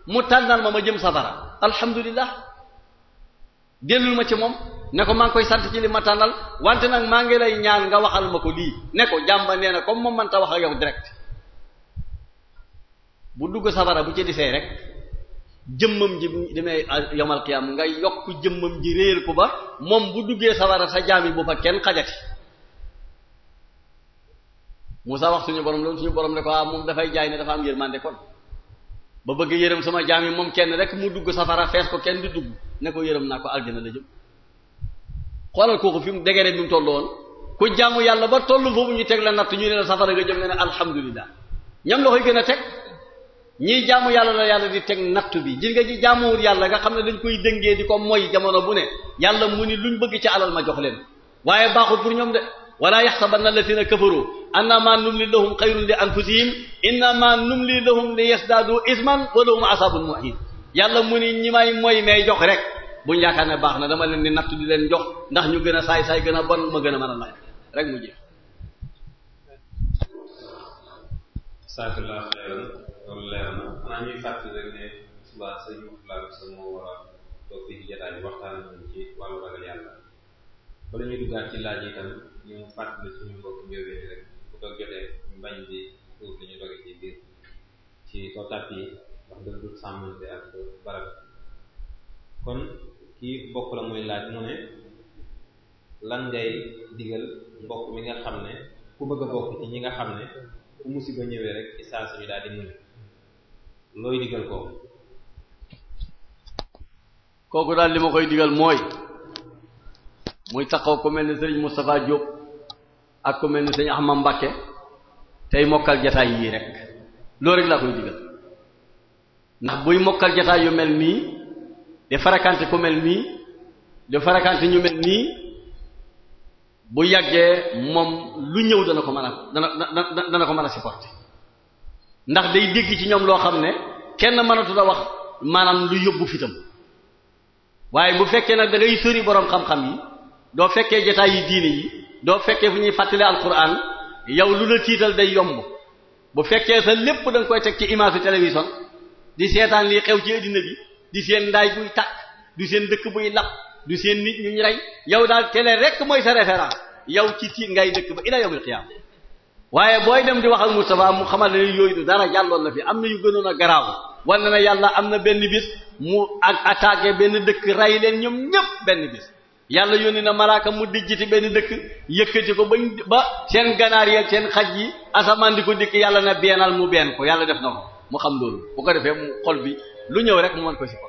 mu tànnal ma ma jëm safara alhamdulillah dellul ma ci moom ne ko maa ngi koy sant ci li ma tànnal wante nag maa ngi lay ñaan nga waxal ma ko lii ne ko jàmba nee na comme moom manta wax ak yow direct bu dugg safara bu ci disee rek jëmmam ji demee ah, yomal qiyaam nga yokk jëmmam ji réyal ko ba moom bu duggee sawara sa jaami bu fa kenn xajati Musaa wax suñu borom loolu suñu borom ne ko ah moom dafay jaay ne dafa am yërmande kon ba bëgg yërëm sama jaami moom kenn rek mu dugg safara fees ko kenn di dugg ne ko yërëm naa ko aljana la jëm xoolal kooku fi mu degere bi mu toll woon ku jaamu yàlla ba tollu foofu ñu teg la natt ñu ne la safara nga jëm nga ne alhamdulillah ñam la koy gën a teg ñiy jaamu yàlla la yàlla di teg nattu bi gis nga ji jaamuwul yàlla nga xam ne dañ koy déngee di ko moy jamono bu ne yàlla mu ni luñ bëgg ci alal ma jox leen waaye baaxul pour ñoom de wala yaxsabanna allatina kafaru annama numli lahum xayrun li anfusihim innama numli lahum li yasdaadu isman wa lahum asabun muhin yàlla mu ni ñi may moy may jox rek buñ yaakaar ne baax na dama leen di nattu di leen jox ndax ñu gën a saay saay gën a bon ma gën a a laaj rek mu loolu leer na xanaa ñuy fàttali rek a toog fii ci ci wàllu yi itam ñu ak barab kon kii bokk la muy laaj mu ne lan ngay digal mbokk mi nga xam ne ku bëgg a bokk ci ñi nga xam ne ku musiba ñëwee rek ci saa suñu daal di muñ looy digal kooku kooku daal li ma koy digal mooy muy taxaw ku mel ni sëriñ Moustapha Diop ak ku mel ni sëriñ Ahmad Mbacké tey mokkal jataay yii rek loolu rek laa koy digal ndax buy mokkal jataay yu mel nii di farakante ku mel nii di farakante ñu mel nii bu yàggee moom lu ñëw dana ko mën a dana dana dana ko mën a supporter ndax day dégg ci ñoom loo xam ne kenn mënatul a wax maanaam lu yóbbu fitam waaye bu fekkee nag da ngay sori boroom xam-xam yi doo fekkee jotaay yi diine yi doo fekkee fu ñuy fàttale alquran yow lu la tiital day yomb bu fekkee sa lépp da koy teg ci image télévision di seetaan lii xew ci addina bi di seen ndaay buy tàkk du seen dëkk buy lap du seen nit ñu ñu rey yow daal télé rekk mooy sa référence yow ci tiit ngay dëkk ba ila yawmil qiyaama waaye booy dem di wax ak Moustapha mu xamal ne yooyu du dara yàlloon na fi am na yu gënoon a garaaw wala na yàlla am na benn bis mu ak attaqué benn dëkk ray leen ñoom ñëpp benn bis yàlla yónni na malaaka mu dijjiti benn dëkk yëkkati ko bañ ba seen ganaar yeeg seen xaj yi asamaan di ko dikk yàlla na beenal mu benn ko yàlla def na ko mu xam loolu bu ko defee xol bi lu ñëw rek mu mën ko si ko